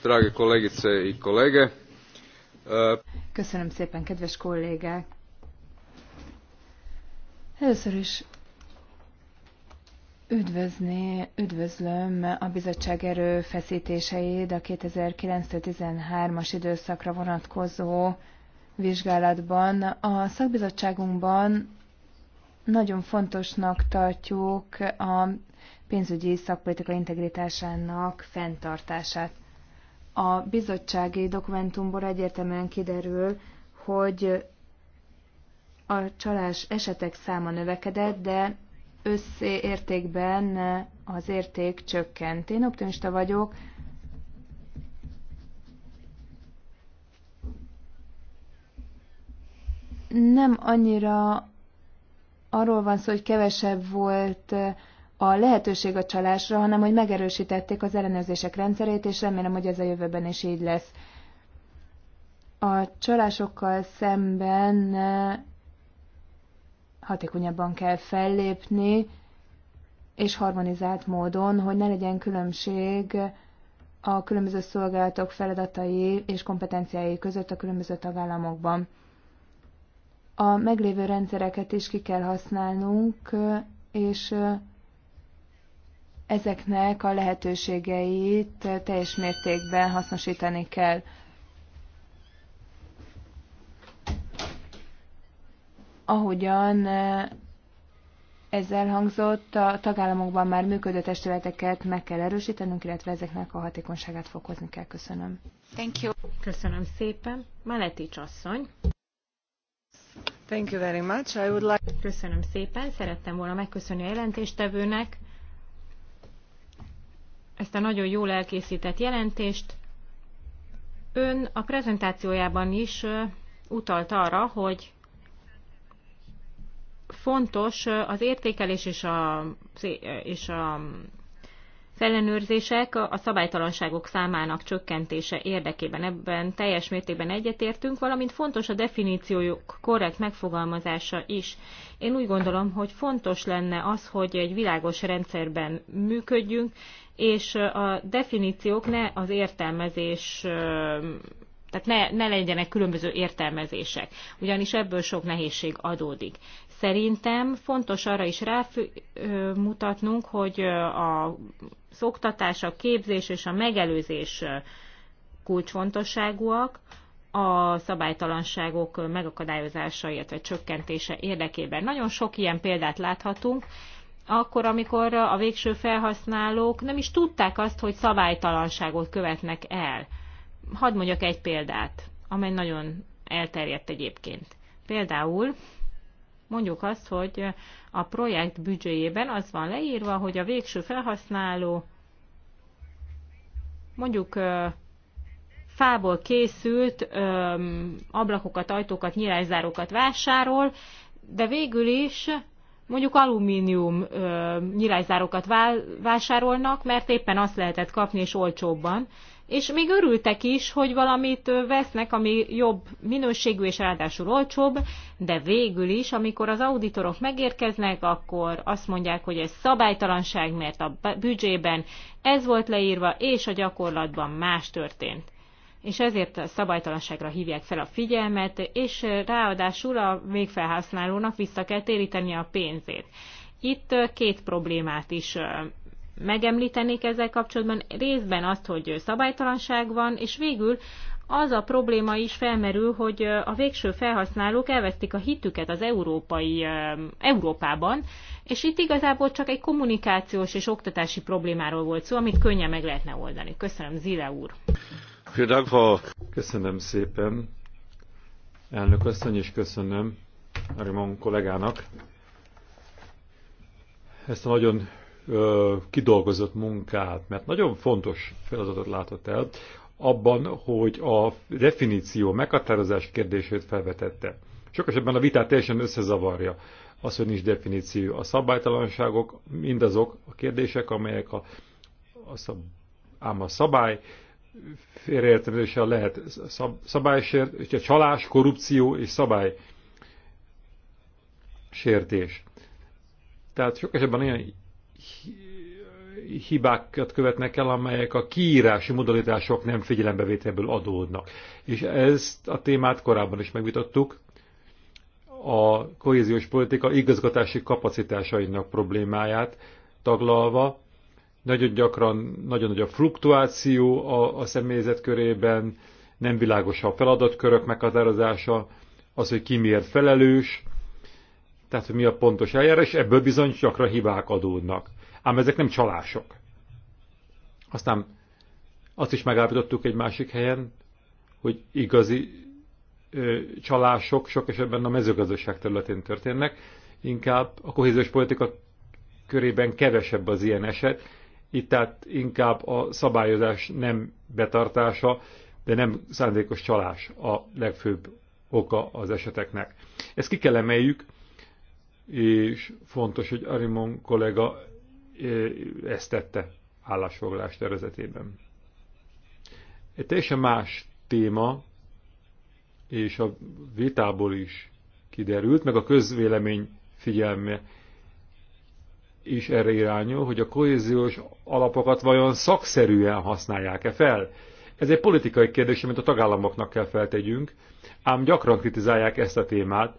drage kolegice i kolege. Köszönöm szépen, kedves kollégák! Először is üdvözni, üdvözlöm a bizottság feszítéseid a 2009-13-as időszakra vonatkozó vizsgálatban. A szakbizottságunkban nagyon fontosnak tartjuk a pénzügyi szakpolitika integritásának fenntartását. A bizottsági dokumentumból egyértelműen kiderül, hogy a csalás esetek száma növekedett, de összértékben az érték csökkent. Én optimista vagyok. Nem annyira arról van szó, hogy kevesebb volt a lehetőség a csalásra, hanem hogy megerősítették az ellenőrzések rendszerét, és remélem, hogy ez a jövőben is így lesz. A csalásokkal szemben hatékonyabban kell fellépni, és harmonizált módon, hogy ne legyen különbség a különböző szolgálatok feladatai és kompetenciái között a különböző tagállamokban. A meglévő rendszereket is ki kell használnunk, és ezeknek a lehetőségeit teljes mértékben hasznosítani kell. ahogyan eh, ezzel hangzott, a tagállamokban már működő testületeket meg kell erősítenünk, illetve ezeknek a hatékonyságát fokozni kell. Köszönöm. Thank you. Köszönöm szépen. Maletics asszony. Thank you very much. I would like... Köszönöm szépen. Szerettem volna megköszönni a jelentéstevőnek ezt a nagyon jól elkészített jelentést. Ön a prezentációjában is eh, utalt arra, hogy fontos az értékelés és a, és a ellenőrzések a szabálytalanságok számának csökkentése érdekében. Ebben teljes mértékben egyetértünk, valamint fontos a definíciójuk korrekt megfogalmazása is. Én úgy gondolom, hogy fontos lenne az, hogy egy világos rendszerben működjünk, és a definíciók ne az értelmezés tehát ne, ne legyenek különböző értelmezések, ugyanis ebből sok nehézség adódik. Szerintem fontos arra is rámutatnunk, hogy a szoktatás, a képzés és a megelőzés kulcsfontosságúak a szabálytalanságok megakadályozása, illetve csökkentése érdekében. Nagyon sok ilyen példát láthatunk, akkor, amikor a végső felhasználók nem is tudták azt, hogy szabálytalanságot követnek el. Hadd mondjak egy példát, amely nagyon elterjedt egyébként. Például mondjuk azt, hogy a projekt büdzséjében az van leírva, hogy a végső felhasználó mondjuk fából készült ablakokat, ajtókat, nyilászárókat vásárol, de végül is mondjuk alumínium nyilászárókat vásárolnak, mert éppen azt lehetett kapni és olcsóbban és még örültek is, hogy valamit vesznek, ami jobb minőségű és ráadásul olcsóbb, de végül is, amikor az auditorok megérkeznek, akkor azt mondják, hogy ez szabálytalanság, mert a büdzsében ez volt leírva, és a gyakorlatban más történt. És ezért a szabálytalanságra hívják fel a figyelmet, és ráadásul a végfelhasználónak vissza kell téríteni a pénzét. Itt két problémát is megemlítenék ezzel kapcsolatban, részben azt, hogy szabálytalanság van, és végül az a probléma is felmerül, hogy a végső felhasználók elvesztik a hitüket az európai, Európában, és itt igazából csak egy kommunikációs és oktatási problémáról volt szó, amit könnyen meg lehetne oldani. Köszönöm, Zile úr! Köszönöm szépen, elnök asszony, és köszönöm Arimon kollégának ezt a nagyon kidolgozott munkát, mert nagyon fontos feladatot látott el, abban, hogy a definíció, meghatározás kérdését felvetette. Sok esetben a vitát teljesen összezavarja az, hogy nincs definíció. A szabálytalanságok mindazok a kérdések, amelyek a, a szab, ám a szabály félreértelmezése lehet szab, szabálysért, és a csalás, korrupció és szabály sértés. Tehát sok esetben olyan hibákat követnek el, amelyek a kiírási modalitások nem figyelembevételből adódnak. És ezt a témát korábban is megvitattuk, a kohéziós politika igazgatási kapacitásainak problémáját taglalva. Nagyon gyakran nagyon nagy a fluktuáció a, a személyzet körében, nem világos a feladatkörök meghatározása, az, hogy ki miért felelős, tehát hogy mi a pontos eljárás, ebből bizony csakra hibák adódnak. Ám ezek nem csalások. Aztán azt is megállapítottuk egy másik helyen, hogy igazi ö, csalások sok esetben a mezőgazdaság területén történnek, inkább a kohéziós politika körében kevesebb az ilyen eset, itt tehát inkább a szabályozás nem betartása, de nem szándékos csalás a legfőbb oka az eseteknek. Ezt ki kell emeljük, és fontos, hogy Arimon kollega eh, ezt tette állásfoglalás tervezetében. Egy teljesen más téma, és a vitából is kiderült, meg a közvélemény figyelme is erre irányul, hogy a kohéziós alapokat vajon szakszerűen használják-e fel. Ez egy politikai kérdés, amit a tagállamoknak kell feltegyünk, ám gyakran kritizálják ezt a témát,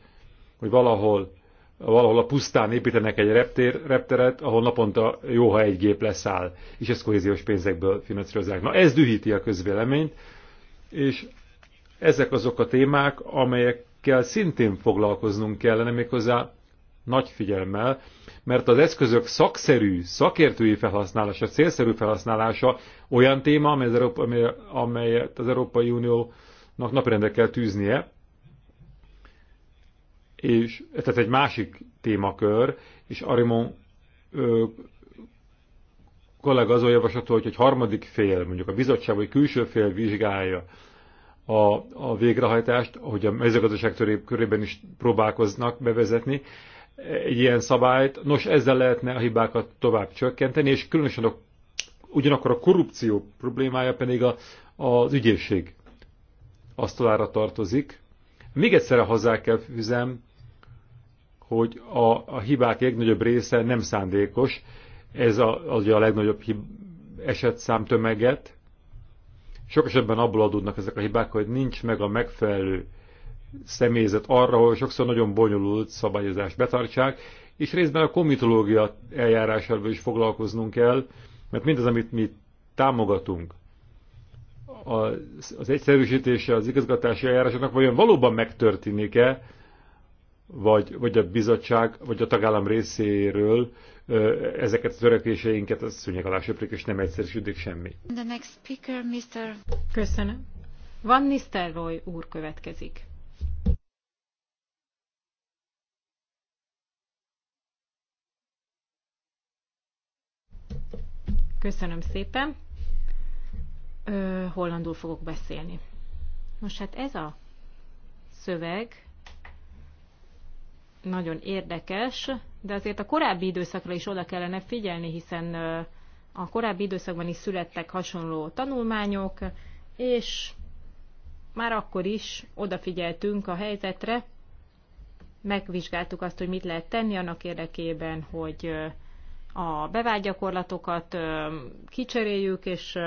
hogy valahol valahol a pusztán építenek egy reptér, repteret, ahol naponta jó, ha egy gép leszáll, és ezt kohéziós pénzekből finanszírozzák. Na ez dühíti a közvéleményt, és ezek azok a témák, amelyekkel szintén foglalkoznunk kellene méghozzá nagy figyelemmel, mert az eszközök szakszerű, szakértői felhasználása, célszerű felhasználása olyan téma, amely amelyet az Európai Uniónak napirendre kell tűznie, és tehát egy másik témakör, és Arimon ö, kollega azon javaslata, hogy egy harmadik fél, mondjuk a bizottság vagy külső fél vizsgálja a, a végrehajtást, ahogy a mezőgazdaság körében is próbálkoznak bevezetni egy ilyen szabályt. Nos, ezzel lehetne a hibákat tovább csökkenteni, és különösen a, ugyanakkor a korrupció problémája pedig a, az ügyészség asztalára tartozik. Még egyszerre hozzá kell fűzem, hogy a, a hibák legnagyobb része nem szándékos, ez a, az a legnagyobb hib, esetszám tömeget. Sok esetben abból adódnak ezek a hibák, hogy nincs meg a megfelelő személyzet arra, hogy sokszor nagyon bonyolult szabályozást betartsák, és részben a komitológia eljárásával is foglalkoznunk kell, mert mindaz, amit mi támogatunk, az, az egyszerűsítése az igazgatási eljárásoknak vajon valóban megtörténik-e, vagy, vagy a bizottság, vagy a tagállam részéről ezeket a törekvéseinket a szőnyeg alá söprik, és nem egyszerűsödik semmi. The next speaker, Mr. Köszönöm. Van Nisztelrooy úr következik. Köszönöm szépen. Ö, hollandul fogok beszélni. Most hát ez a szöveg nagyon érdekes, de azért a korábbi időszakra is oda kellene figyelni, hiszen a korábbi időszakban is születtek hasonló tanulmányok, és már akkor is odafigyeltünk a helyzetre, megvizsgáltuk azt, hogy mit lehet tenni annak érdekében, hogy a bevágyakorlatokat kicseréljük, és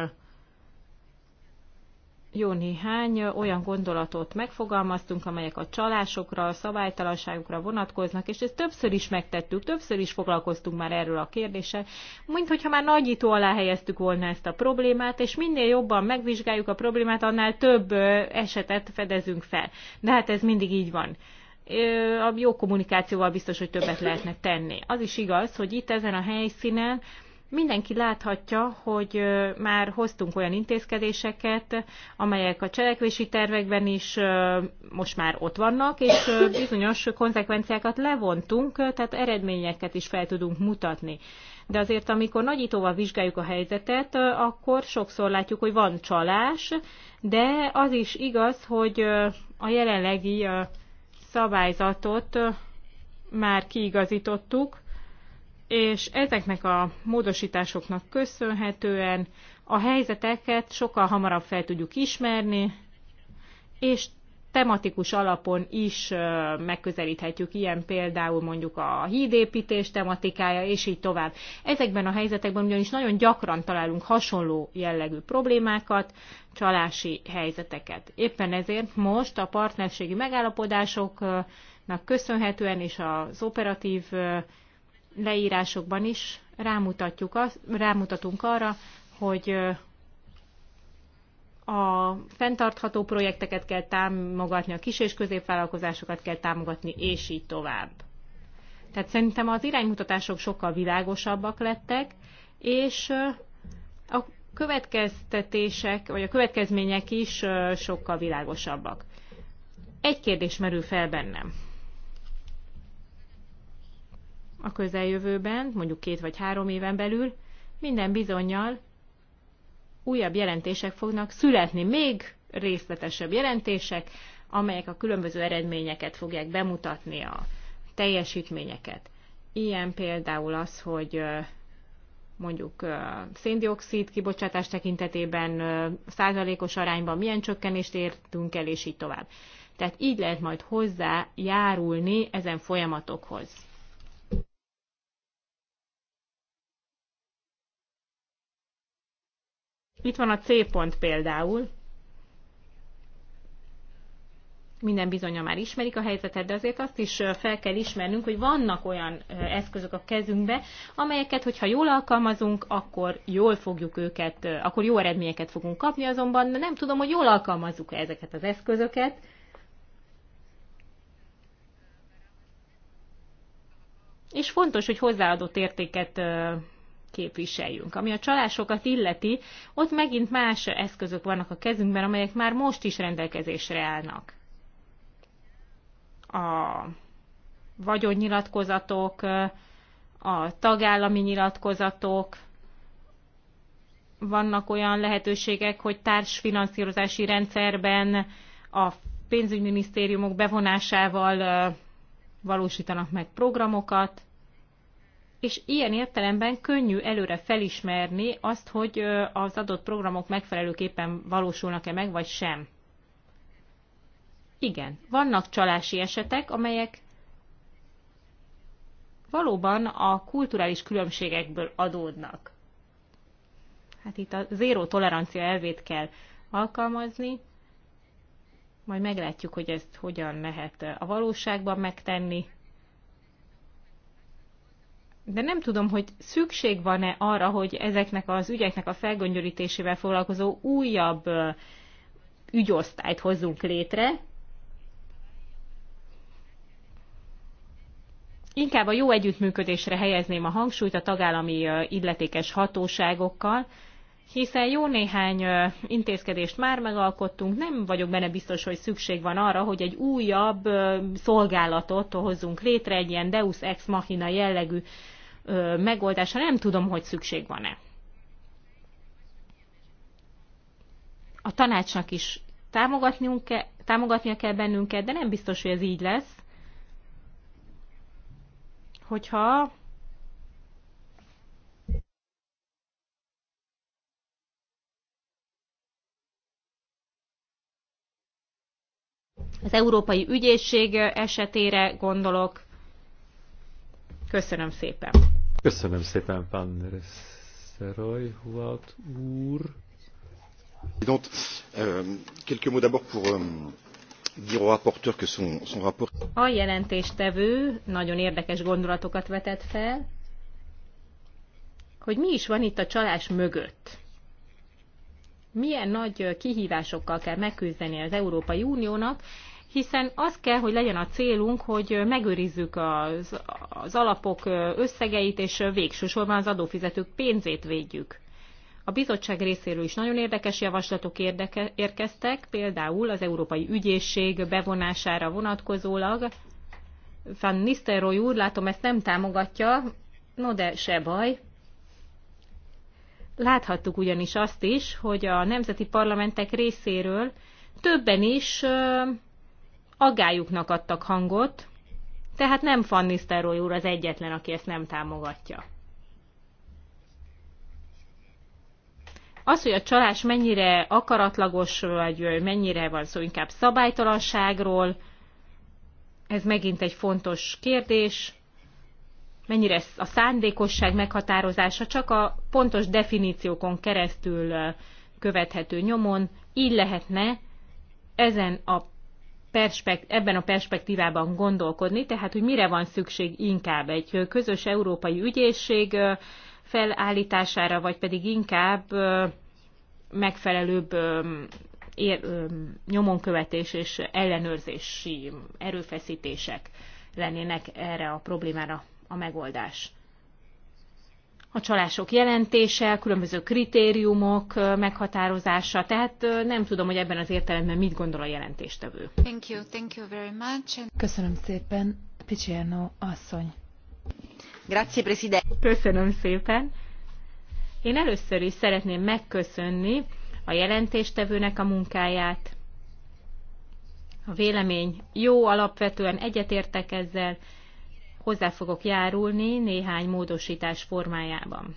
jó néhány olyan gondolatot megfogalmaztunk, amelyek a csalásokra, a szabálytalanságokra vonatkoznak, és ezt többször is megtettük, többször is foglalkoztunk már erről a kérdéssel, mint hogyha már nagyító alá helyeztük volna ezt a problémát, és minél jobban megvizsgáljuk a problémát, annál több esetet fedezünk fel. De hát ez mindig így van a jó kommunikációval biztos, hogy többet lehetne tenni. Az is igaz, hogy itt ezen a helyszínen Mindenki láthatja, hogy már hoztunk olyan intézkedéseket, amelyek a cselekvési tervekben is most már ott vannak, és bizonyos konzekvenciákat levontunk, tehát eredményeket is fel tudunk mutatni. De azért, amikor nagyítóval vizsgáljuk a helyzetet, akkor sokszor látjuk, hogy van csalás, de az is igaz, hogy a jelenlegi szabályzatot már kiigazítottuk, és ezeknek a módosításoknak köszönhetően a helyzeteket sokkal hamarabb fel tudjuk ismerni, és tematikus alapon is megközelíthetjük, ilyen például mondjuk a hídépítés tematikája, és így tovább. Ezekben a helyzetekben ugyanis nagyon gyakran találunk hasonló jellegű problémákat, csalási helyzeteket. Éppen ezért most a partnerségi megállapodásoknak köszönhetően és az operatív leírásokban is rámutatjuk az, rámutatunk arra, hogy a fenntartható projekteket kell támogatni, a kis és középvállalkozásokat kell támogatni, és így tovább. Tehát szerintem az iránymutatások sokkal világosabbak lettek, és a következtetések, vagy a következmények is sokkal világosabbak. Egy kérdés merül fel bennem a közeljövőben, mondjuk két vagy három éven belül, minden bizonyal újabb jelentések fognak születni, még részletesebb jelentések, amelyek a különböző eredményeket fogják bemutatni, a teljesítményeket. Ilyen például az, hogy mondjuk széndiokszid kibocsátás tekintetében százalékos arányban milyen csökkenést értünk el, és így tovább. Tehát így lehet majd hozzájárulni ezen folyamatokhoz. Itt van a C pont például. Minden bizonyja már ismerik a helyzetet, de azért azt is fel kell ismernünk, hogy vannak olyan eszközök a kezünkbe, amelyeket, hogyha jól alkalmazunk, akkor jól fogjuk őket, akkor jó eredményeket fogunk kapni, azonban nem tudom, hogy jól alkalmazzuk -e ezeket az eszközöket. És fontos, hogy hozzáadott értéket képviseljünk. Ami a csalásokat illeti, ott megint más eszközök vannak a kezünkben, amelyek már most is rendelkezésre állnak. A vagyonnyilatkozatok, a tagállami nyilatkozatok, vannak olyan lehetőségek, hogy társfinanszírozási rendszerben a pénzügyminisztériumok bevonásával valósítanak meg programokat, és ilyen értelemben könnyű előre felismerni azt, hogy az adott programok megfelelőképpen valósulnak-e meg, vagy sem. Igen, vannak csalási esetek, amelyek valóban a kulturális különbségekből adódnak. Hát itt a zéró tolerancia elvét kell alkalmazni, majd meglátjuk, hogy ezt hogyan lehet a valóságban megtenni de nem tudom, hogy szükség van-e arra, hogy ezeknek az ügyeknek a felgöngyörítésével foglalkozó újabb ügyosztályt hozzunk létre. Inkább a jó együttműködésre helyezném a hangsúlyt a tagállami illetékes hatóságokkal, hiszen jó néhány intézkedést már megalkottunk, nem vagyok benne biztos, hogy szükség van arra, hogy egy újabb szolgálatot hozzunk létre, egy ilyen Deus Ex Machina jellegű megoldásra, nem tudom, hogy szükség van-e. A tanácsnak is támogatniunk kell, támogatnia kell bennünket, de nem biztos, hogy ez így lesz. Hogyha Az Európai Ügyészség esetére gondolok. Köszönöm szépen. Köszönöm szépen, Pán Szeroy, Huat úr. Donc, euh, quelques mots d'abord pour euh, dire au rapporteur que son, son rapport... A jelentéstevő nagyon érdekes gondolatokat vetett fel, hogy mi is van itt a csalás mögött. Milyen nagy kihívásokkal kell megküzdeni az Európai Uniónak, hiszen az kell, hogy legyen a célunk, hogy megőrizzük az, az alapok összegeit, és végső sorban az adófizetők pénzét védjük. A bizottság részéről is nagyon érdekes javaslatok érdeke, érkeztek, például az Európai Ügyészség bevonására vonatkozólag. Van Nisztelrooy úr, látom, ezt nem támogatja, no de se baj. Láthattuk ugyanis azt is, hogy a nemzeti parlamentek részéről többen is aggájuknak adtak hangot, tehát nem Van Nistelrooy úr az egyetlen, aki ezt nem támogatja. Az, hogy a csalás mennyire akaratlagos, vagy mennyire van szó inkább szabálytalanságról, ez megint egy fontos kérdés. Mennyire a szándékosság meghatározása csak a pontos definíciókon keresztül követhető nyomon, így lehetne ezen a perspekt- ebben a perspektívában gondolkodni, tehát hogy mire van szükség inkább egy közös európai ügyészség felállítására, vagy pedig inkább megfelelőbb nyomonkövetés és ellenőrzési erőfeszítések lennének erre a problémára a megoldás a csalások jelentése, különböző kritériumok meghatározása, tehát nem tudom, hogy ebben az értelemben mit gondol a jelentéstevő. Thank you, thank you very much. Köszönöm szépen, Picierno asszony. Grazie, Presidente. Köszönöm szépen. Én először is szeretném megköszönni a jelentéstevőnek a munkáját. A vélemény jó, alapvetően egyetértek ezzel, hozzá fogok járulni néhány módosítás formájában.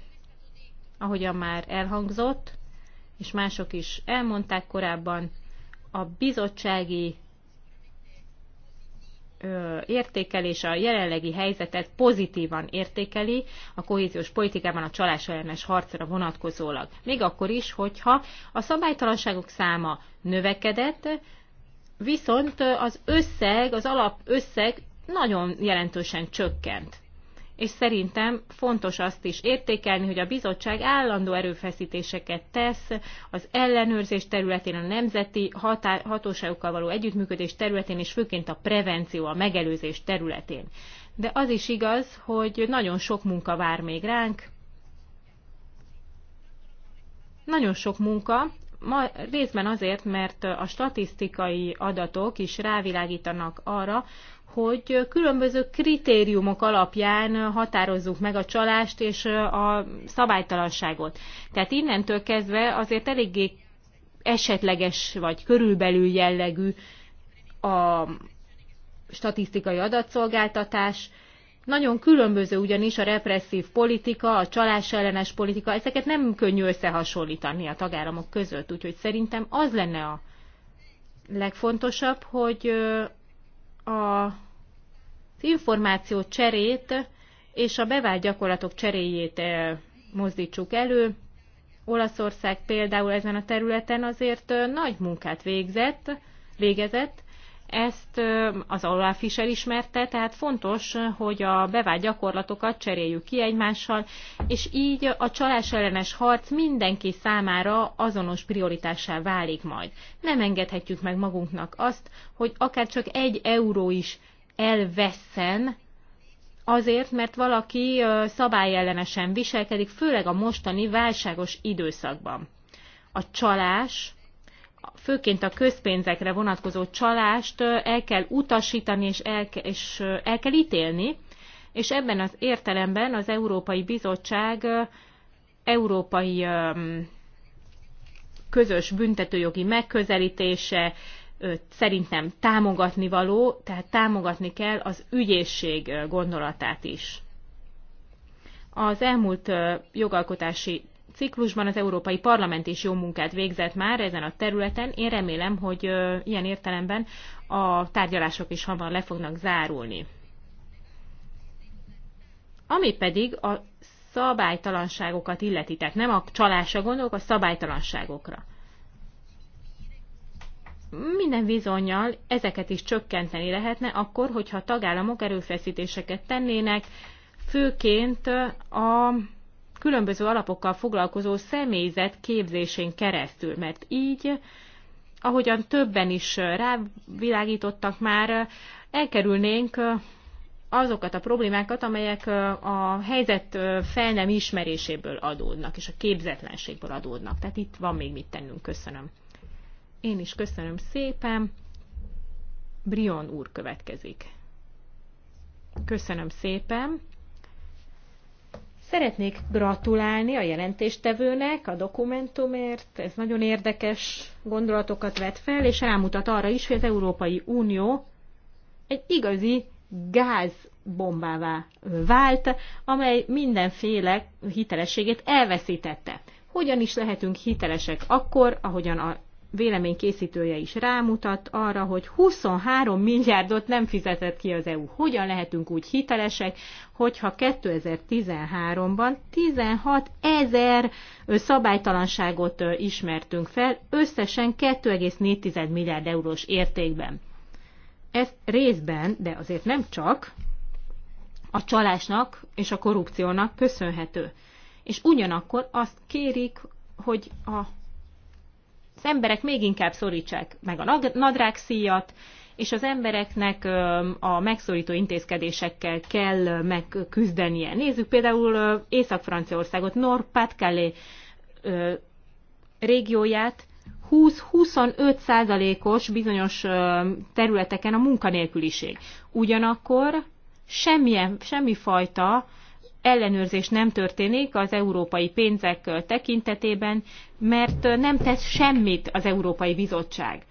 Ahogyan már elhangzott, és mások is elmondták korábban, a bizottsági értékelés a jelenlegi helyzetet pozitívan értékeli a kohéziós politikában a csalás ellenes harcra vonatkozólag. Még akkor is, hogyha a szabálytalanságok száma növekedett, viszont az összeg, az alap összeg nagyon jelentősen csökkent. És szerintem fontos azt is értékelni, hogy a bizottság állandó erőfeszítéseket tesz az ellenőrzés területén, a nemzeti határ, hatóságokkal való együttműködés területén, és főként a prevenció, a megelőzés területén. De az is igaz, hogy nagyon sok munka vár még ránk. Nagyon sok munka, ma részben azért, mert a statisztikai adatok is rávilágítanak arra, hogy különböző kritériumok alapján határozzuk meg a csalást és a szabálytalanságot. Tehát innentől kezdve azért eléggé esetleges vagy körülbelül jellegű a statisztikai adatszolgáltatás. Nagyon különböző ugyanis a represszív politika, a csalás ellenes politika, ezeket nem könnyű összehasonlítani a tagállamok között, úgyhogy szerintem az lenne a legfontosabb, hogy a információ cserét és a bevált gyakorlatok cseréjét eh, mozdítsuk elő. Olaszország például ezen a területen azért eh, nagy munkát végzett, végezett, ezt az Olaf is elismerte, tehát fontos, hogy a bevált gyakorlatokat cseréljük ki egymással, és így a csalás ellenes harc mindenki számára azonos prioritássá válik majd. Nem engedhetjük meg magunknak azt, hogy akár csak egy euró is elveszen azért, mert valaki szabályellenesen viselkedik, főleg a mostani válságos időszakban. A csalás főként a közpénzekre vonatkozó csalást el kell utasítani és el, és el kell ítélni, és ebben az értelemben az Európai Bizottság európai közös büntetőjogi megközelítése szerintem támogatni való, tehát támogatni kell az ügyészség gondolatát is. Az elmúlt jogalkotási ciklusban az Európai Parlament is jó munkát végzett már ezen a területen. Én remélem, hogy ilyen értelemben a tárgyalások is hamar le fognak zárulni. Ami pedig a szabálytalanságokat illeti, tehát nem a csalásra gondolok, a szabálytalanságokra. Minden bizonyal ezeket is csökkenteni lehetne akkor, hogyha a tagállamok erőfeszítéseket tennének, főként a különböző alapokkal foglalkozó személyzet képzésén keresztül, mert így, ahogyan többen is rávilágítottak már, elkerülnénk azokat a problémákat, amelyek a helyzet fel nem ismeréséből adódnak, és a képzetlenségből adódnak. Tehát itt van még mit tennünk. Köszönöm. Én is köszönöm szépen. Brion úr következik. Köszönöm szépen. Szeretnék gratulálni a jelentéstevőnek a dokumentumért, ez nagyon érdekes gondolatokat vet fel, és rámutat arra is, hogy az Európai Unió egy igazi gázbombává vált, amely mindenféle hitelességét elveszítette. Hogyan is lehetünk hitelesek akkor, ahogyan a véleménykészítője is rámutat arra, hogy 23 milliárdot nem fizetett ki az EU. Hogyan lehetünk úgy hitelesek, hogyha 2013-ban 16 ezer szabálytalanságot ismertünk fel, összesen 2,4 milliárd eurós értékben. Ez részben, de azért nem csak, a csalásnak és a korrupciónak köszönhető. És ugyanakkor azt kérik, hogy a az emberek még inkább szorítsák meg a nadrág szíjat, és az embereknek a megszorító intézkedésekkel kell megküzdenie. Nézzük például Észak-Franciaországot, Nord-Pas-de-Calais régióját, 20-25 százalékos bizonyos területeken a munkanélküliség. Ugyanakkor semmilyen, semmifajta ellenőrzés nem történik az európai pénzek tekintetében, mert nem tesz semmit az Európai Bizottság.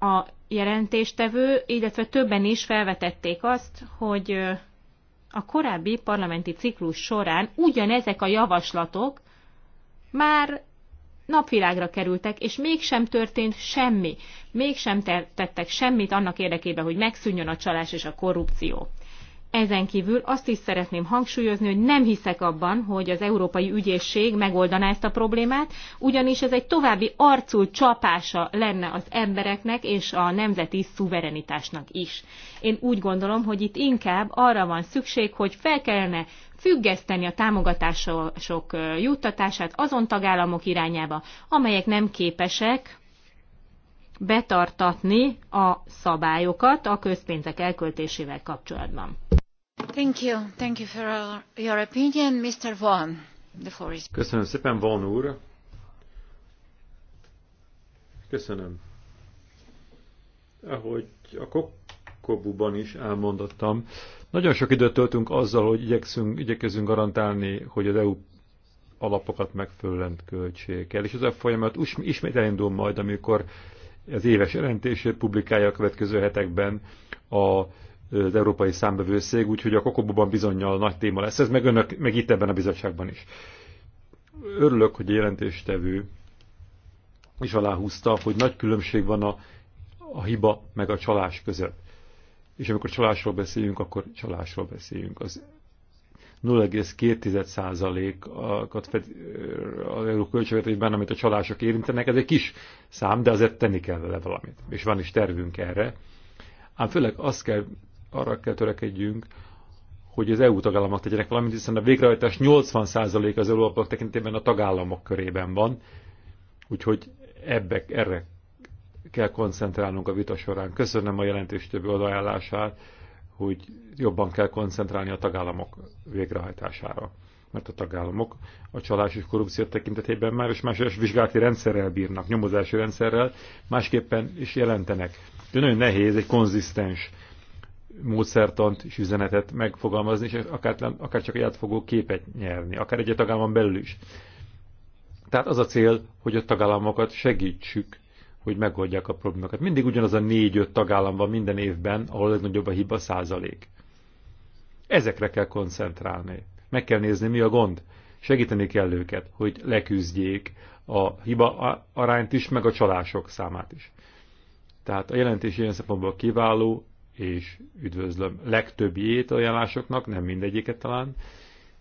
A jelentéstevő, illetve többen is felvetették azt, hogy a korábbi parlamenti ciklus során ugyanezek a javaslatok már napvilágra kerültek, és mégsem történt semmi. Mégsem tettek semmit annak érdekében, hogy megszűnjön a csalás és a korrupció. Ezen kívül azt is szeretném hangsúlyozni, hogy nem hiszek abban, hogy az Európai Ügyészség megoldaná ezt a problémát, ugyanis ez egy további arcul csapása lenne az embereknek és a nemzeti szuverenitásnak is. Én úgy gondolom, hogy itt inkább arra van szükség, hogy fel kellene függeszteni a támogatások juttatását azon tagállamok irányába, amelyek nem képesek betartatni a szabályokat a közpénzek elköltésével kapcsolatban. Thank you. Thank you for your opinion. Mr. Vaughan, the floor is... Köszönöm szépen, Vaughan úr. Köszönöm. Ahogy a Kokobuban is elmondottam, nagyon sok időt töltünk azzal, hogy igyekszünk, igyekezünk garantálni, hogy az EU alapokat megfelelően költsék el. És ez a folyamat ismét elindul majd, amikor az éves jelentését publikálja a következő hetekben a az Európai számbevőszék, úgyhogy a kokobóban bizonyal nagy téma lesz. Ez meg, önök, meg itt ebben a bizottságban is. Örülök, hogy a jelentéstevő is aláhúzta, hogy nagy különbség van a, a hiba meg a csalás között. És amikor csalásról beszélünk, akkor csalásról beszélünk. Az 0,2%-at fed az euró költségvetésben, amit a csalások érintenek. Ez egy kis szám, de azért tenni kell vele valamit. És van is tervünk erre. Ám főleg azt kell arra kell törekedjünk, hogy az EU tagállamok tegyenek valamit, hiszen a végrehajtás 80% az európak tekintetében a tagállamok körében van, úgyhogy ebbe, erre kell koncentrálnunk a vita során. Köszönöm a többi odaállását, hogy jobban kell koncentrálni a tagállamok végrehajtására mert a tagállamok a csalás és korrupció tekintetében már is más vizsgálati rendszerrel bírnak, nyomozási rendszerrel, másképpen is jelentenek. De nagyon nehéz egy konzisztens módszertant és üzenetet megfogalmazni, és akár, akár csak egy átfogó képet nyerni, akár egy tagállamon belül is. Tehát az a cél, hogy a tagállamokat segítsük, hogy megoldják a problémákat. Mindig ugyanaz a négy-öt tagállam van minden évben, ahol a legnagyobb a hiba százalék. Ezekre kell koncentrálni. Meg kell nézni, mi a gond. Segíteni kell őket, hogy leküzdjék a hiba arányt is, meg a csalások számát is. Tehát a jelentés ilyen szempontból kiváló, és üdvözlöm legtöbbjét ajánlásoknak, nem mindegyiket talán.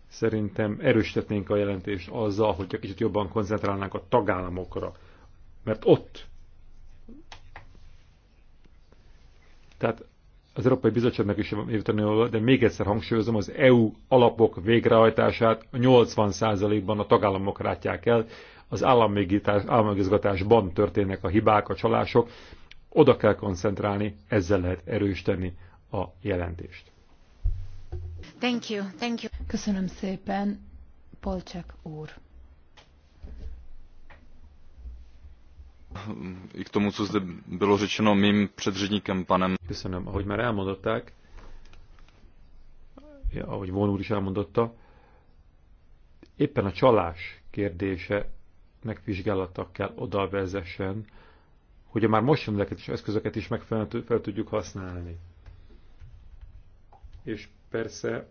Szerintem erősítetnénk a jelentést azzal, hogy egy kicsit jobban koncentrálnánk a tagállamokra, mert ott tehát az Európai Bizottságnak is van de még egyszer hangsúlyozom, az EU alapok végrehajtását 80%-ban a tagállamok rátják el, az államigazgatásban történnek a hibák, a csalások, oda kell koncentrálni, ezzel lehet erősíteni a jelentést. Thank you, thank you. Köszönöm szépen, Polcsák úr. I k tomu, co zde bylo řečeno mým předředníkem, panem. Köszönöm, ahogy már elmondották, ahogy Von úr is elmondotta, éppen a csalás kérdése megvizsgálata kell oda vezessen hogy a már most és eszközöket is megfelelően fel tudjuk használni. És persze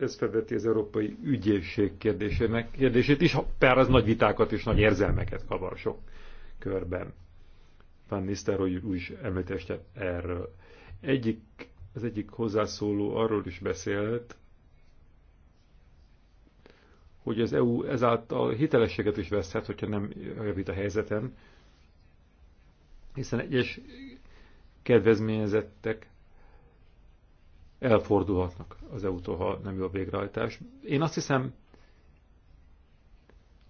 ez felveti az európai ügyészség kérdésének kérdését is, pár az nagy vitákat és nagy érzelmeket kavar sok körben. Van Nisztároly úgy is említette erről. Egyik, az egyik hozzászóló arról is beszélt, hogy az EU ezáltal hitelességet is veszhet, hogyha nem javít a helyzeten, hiszen egyes kedvezményezettek elfordulhatnak az EU-tól, ha nem jó a végrehajtás. Én azt hiszem,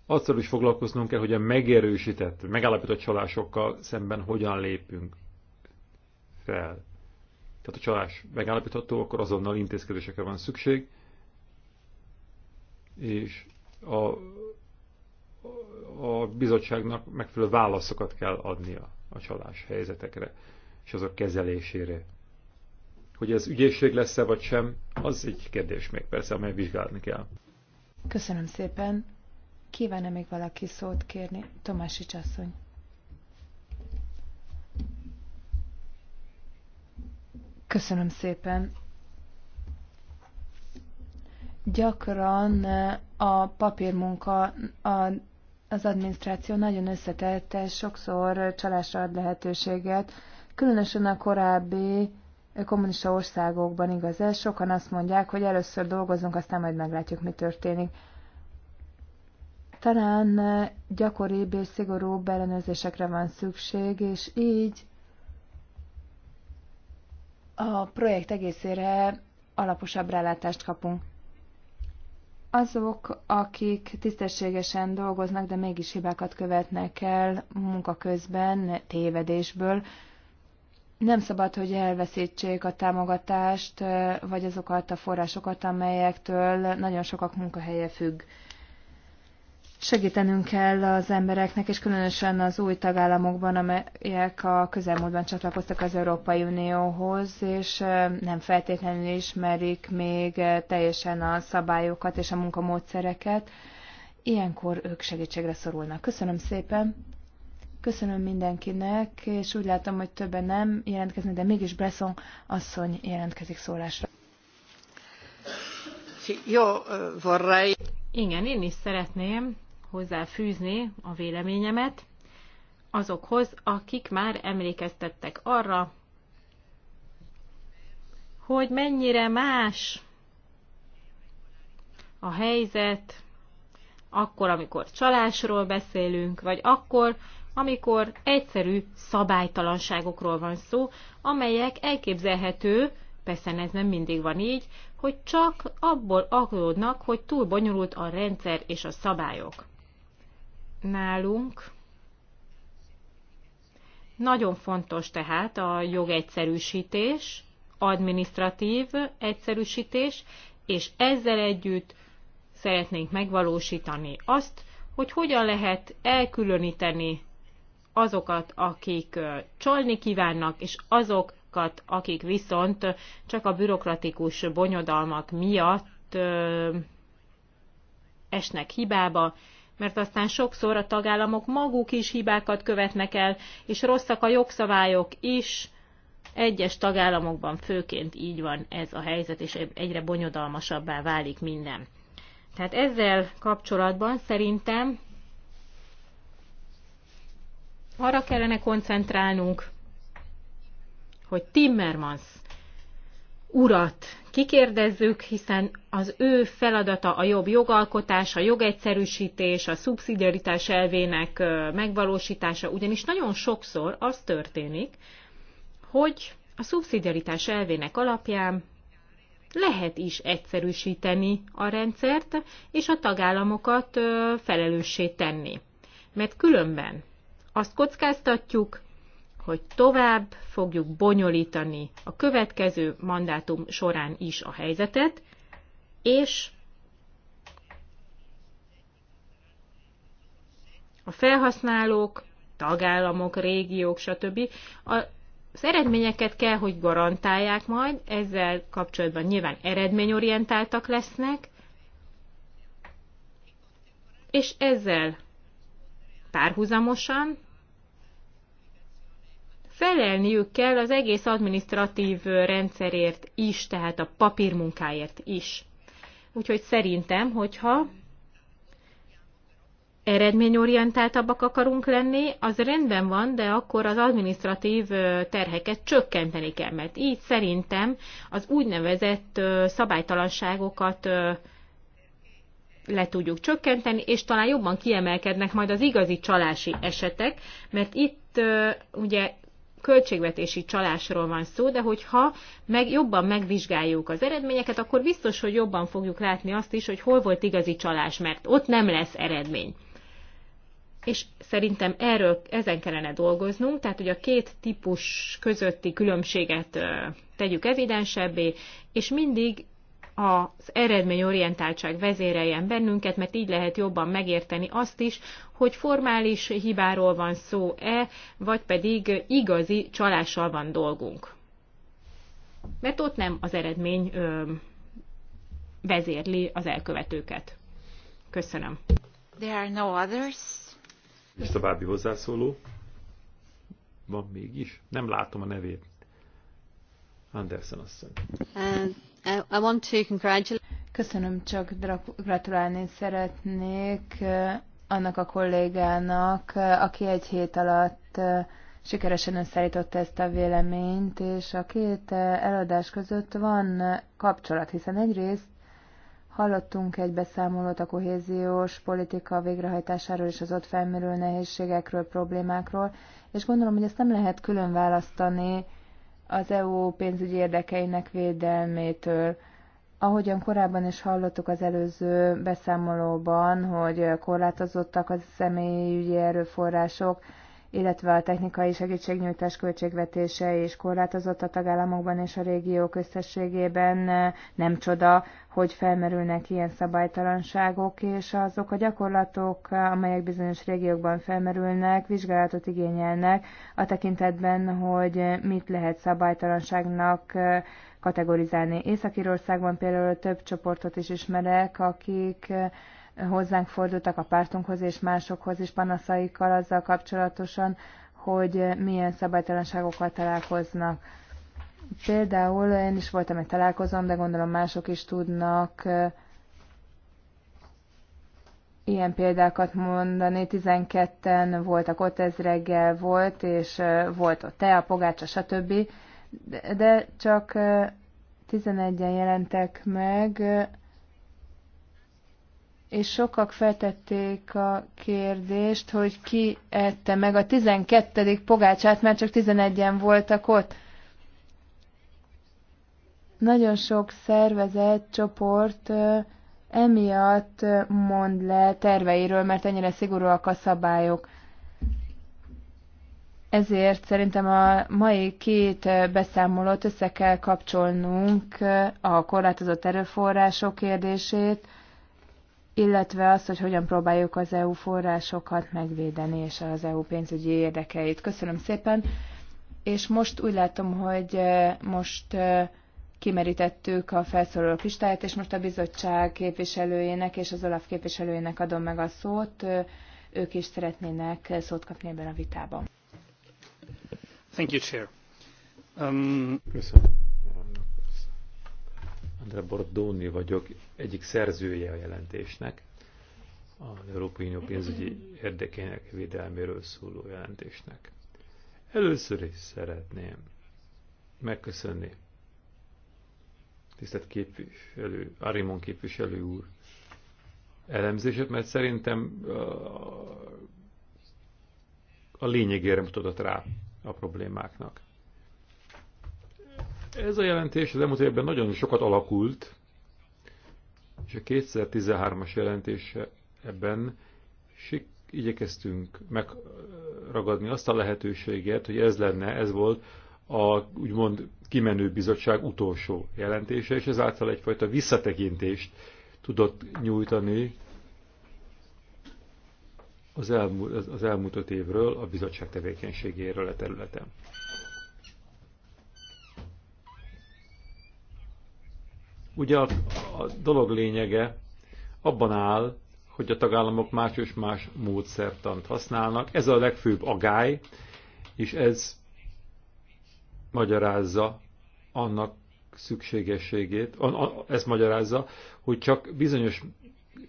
azzal is foglalkoznunk kell, hogy a megerősített, megállapított csalásokkal szemben hogyan lépünk fel. Tehát a csalás megállapítható, akkor azonnal intézkedésekre van szükség, és a, a bizottságnak megfelelő válaszokat kell adnia a csalás helyzetekre és azok kezelésére. Hogy ez ügyészség lesz-e vagy sem, az egy kérdés még persze, amely vizsgálni kell. Köszönöm szépen. Kívánom még valaki szót kérni? Tomási asszony. Köszönöm szépen. Gyakran eh, a papírmunka a, az adminisztráció nagyon összetett, és sokszor csalásra ad lehetőséget, különösen a korábbi eh, kommunista országokban igaz ez, sokan azt mondják, hogy először dolgozunk, aztán majd meglátjuk, mi történik. Talán eh, gyakoribb és szigorúbb ellenőrzésekre van szükség, és így a projekt egészére alaposabb rálátást kapunk azok, akik tisztességesen dolgoznak, de mégis hibákat követnek el munka közben, tévedésből, nem szabad, hogy elveszítsék a támogatást, vagy azokat a forrásokat, amelyektől nagyon sokak munkahelye függ segítenünk kell az embereknek, és különösen az új tagállamokban, amelyek a közelmúltban csatlakoztak az Európai Unióhoz, és nem feltétlenül ismerik még teljesen a szabályokat és a munkamódszereket. Ilyenkor ők segítségre szorulnak. Köszönöm szépen! Köszönöm mindenkinek, és úgy látom, hogy többen nem jelentkeznek, de mégis Bresson asszony jelentkezik szólásra. Jó, vorrei. Eh, Igen, én is szeretném hozzáfűzni a véleményemet azokhoz, akik már emlékeztettek arra, hogy mennyire más a helyzet akkor, amikor csalásról beszélünk, vagy akkor, amikor egyszerű szabálytalanságokról van szó, amelyek elképzelhető, persze ez nem mindig van így, hogy csak abból aggódnak, hogy túl bonyolult a rendszer és a szabályok nálunk. Nagyon fontos tehát a jogegyszerűsítés, administratív egyszerűsítés, és ezzel együtt szeretnénk megvalósítani azt, hogy hogyan lehet elkülöníteni azokat, akik csalni kívánnak, és azokat, akik viszont csak a bürokratikus bonyodalmak miatt esnek hibába, mert aztán sokszor a tagállamok maguk is hibákat követnek el, és rosszak a jogszabályok is. Egyes tagállamokban főként így van ez a helyzet, és egyre bonyodalmasabbá válik minden. Tehát ezzel kapcsolatban szerintem arra kellene koncentrálnunk, hogy Timmermans urat kikérdezzük, hiszen az ő feladata a jobb jogalkotás, a jogegyszerűsítés, a szubszidiaritás elvének megvalósítása, ugyanis nagyon sokszor az történik, hogy a szubszidiaritás elvének alapján lehet is egyszerűsíteni a rendszert, és a tagállamokat felelőssé tenni. Mert különben azt kockáztatjuk, hogy tovább fogjuk bonyolítani a következő mandátum során is a helyzetet, és a felhasználók, tagállamok, régiók, stb. Az eredményeket kell, hogy garantálják majd, ezzel kapcsolatban nyilván eredményorientáltak lesznek, és ezzel párhuzamosan felelniük kell az egész administratív rendszerért is, tehát a papírmunkáért is. Úgyhogy szerintem, hogyha eredményorientáltabbak akarunk lenni, az rendben van, de akkor az administratív terheket csökkenteni kell, mert így szerintem az úgynevezett szabálytalanságokat le tudjuk csökkenteni, és talán jobban kiemelkednek majd az igazi csalási esetek, mert itt ugye költségvetési csalásról van szó, de hogyha meg jobban megvizsgáljuk az eredményeket, akkor biztos, hogy jobban fogjuk látni azt is, hogy hol volt igazi csalás, mert ott nem lesz eredmény. És szerintem erről ezen kellene dolgoznunk, tehát hogy a két típus közötti különbséget tegyük evidensebbé, és mindig az eredményorientáltság vezéreljen bennünket, mert így lehet jobban megérteni azt is, hogy formális hibáról van szó-e, vagy pedig igazi csalással van dolgunk. Mert ott nem az eredmény ö, vezérli az elkövetőket. Köszönöm. There are no others. És további hozzászóló? Van mégis? Nem látom a nevét. Anderson asszony. Uh, I want to congratulate... Köszönöm, csak gratulálni szeretnék annak a kollégának, aki egy hét alatt sikeresen összeállította ezt a véleményt, és a két eladás között van kapcsolat, hiszen egyrészt hallottunk egy beszámolót a kohéziós politika végrehajtásáról és az ott felmerülő nehézségekről, problémákról, és gondolom, hogy ezt nem lehet külön választani az EU pénzügyi érdekeinek védelmétől. Ahogyan korábban is hallottuk az előző beszámolóban, hogy korlátozottak a ügyi erőforrások, illetve a technikai segítségnyújtás költségvetése is korlátozott a tagállamokban és a régiók összességében. Nem csoda, hogy felmerülnek ilyen szabálytalanságok, és azok a gyakorlatok, amelyek bizonyos régiókban felmerülnek, vizsgálatot igényelnek a tekintetben, hogy mit lehet szabálytalanságnak kategorizálni. Észak-Írországban például több csoportot is ismerek, akik hozzánk fordultak a pártunkhoz és másokhoz is panaszaikkal azzal kapcsolatosan, hogy milyen szabálytalanságokkal találkoznak. Például én is voltam egy találkozom, de gondolom mások is tudnak ilyen példákat mondani. 12-en voltak ott, ez reggel volt, és volt ott te, a pogácsa, stb. De csak 11-en jelentek meg, és sokak feltették a kérdést, hogy ki ette meg a 12. pogácsát, mert csak 11-en voltak ott. Nagyon sok szervezet, csoport emiatt mond le terveiről, mert ennyire szigorúak a szabályok. Ezért szerintem a mai két beszámolót össze kell kapcsolnunk a korlátozott erőforrások kérdését, illetve az, hogy hogyan próbáljuk az EU forrásokat megvédeni és az EU pénzügyi érdekeit. Köszönöm szépen, és most úgy látom, hogy eh, most eh, kimerítettük a felszólalók listáját, és most a bizottság képviselőjének és az OLAF képviselőjének adom meg a szót. Eh, ők is szeretnének szót kapni ebben a vitában. Thank you, Chair. Um... Köszönöm. André Bordoni vagyok, egyik szerzője a jelentésnek, az Európai Unió pénzügyi érdekének védelméről szóló jelentésnek. Először is szeretném megköszönni tisztelt képviselő, Arimon képviselő úr elemzését, mert szerintem a, a lényegére mutatott rá a problémáknak. Ez a jelentés az elmúlt évben nagyon sokat alakult, és a 2013-as jelentése ebben sik igyekeztünk megragadni azt a lehetőséget, hogy ez lenne, ez volt a úgymond kimenő bizottság utolsó jelentése, és ezáltal egyfajta visszatekintést tudott nyújtani az elmúlt, az elmúlt öt évről a bizottság tevékenységéről a területen. Ugye a, a dolog lényege abban áll, hogy a tagállamok más és más módszertant használnak. Ez a legfőbb agály, és ez magyarázza annak szükségességét, ez magyarázza, hogy csak bizonyos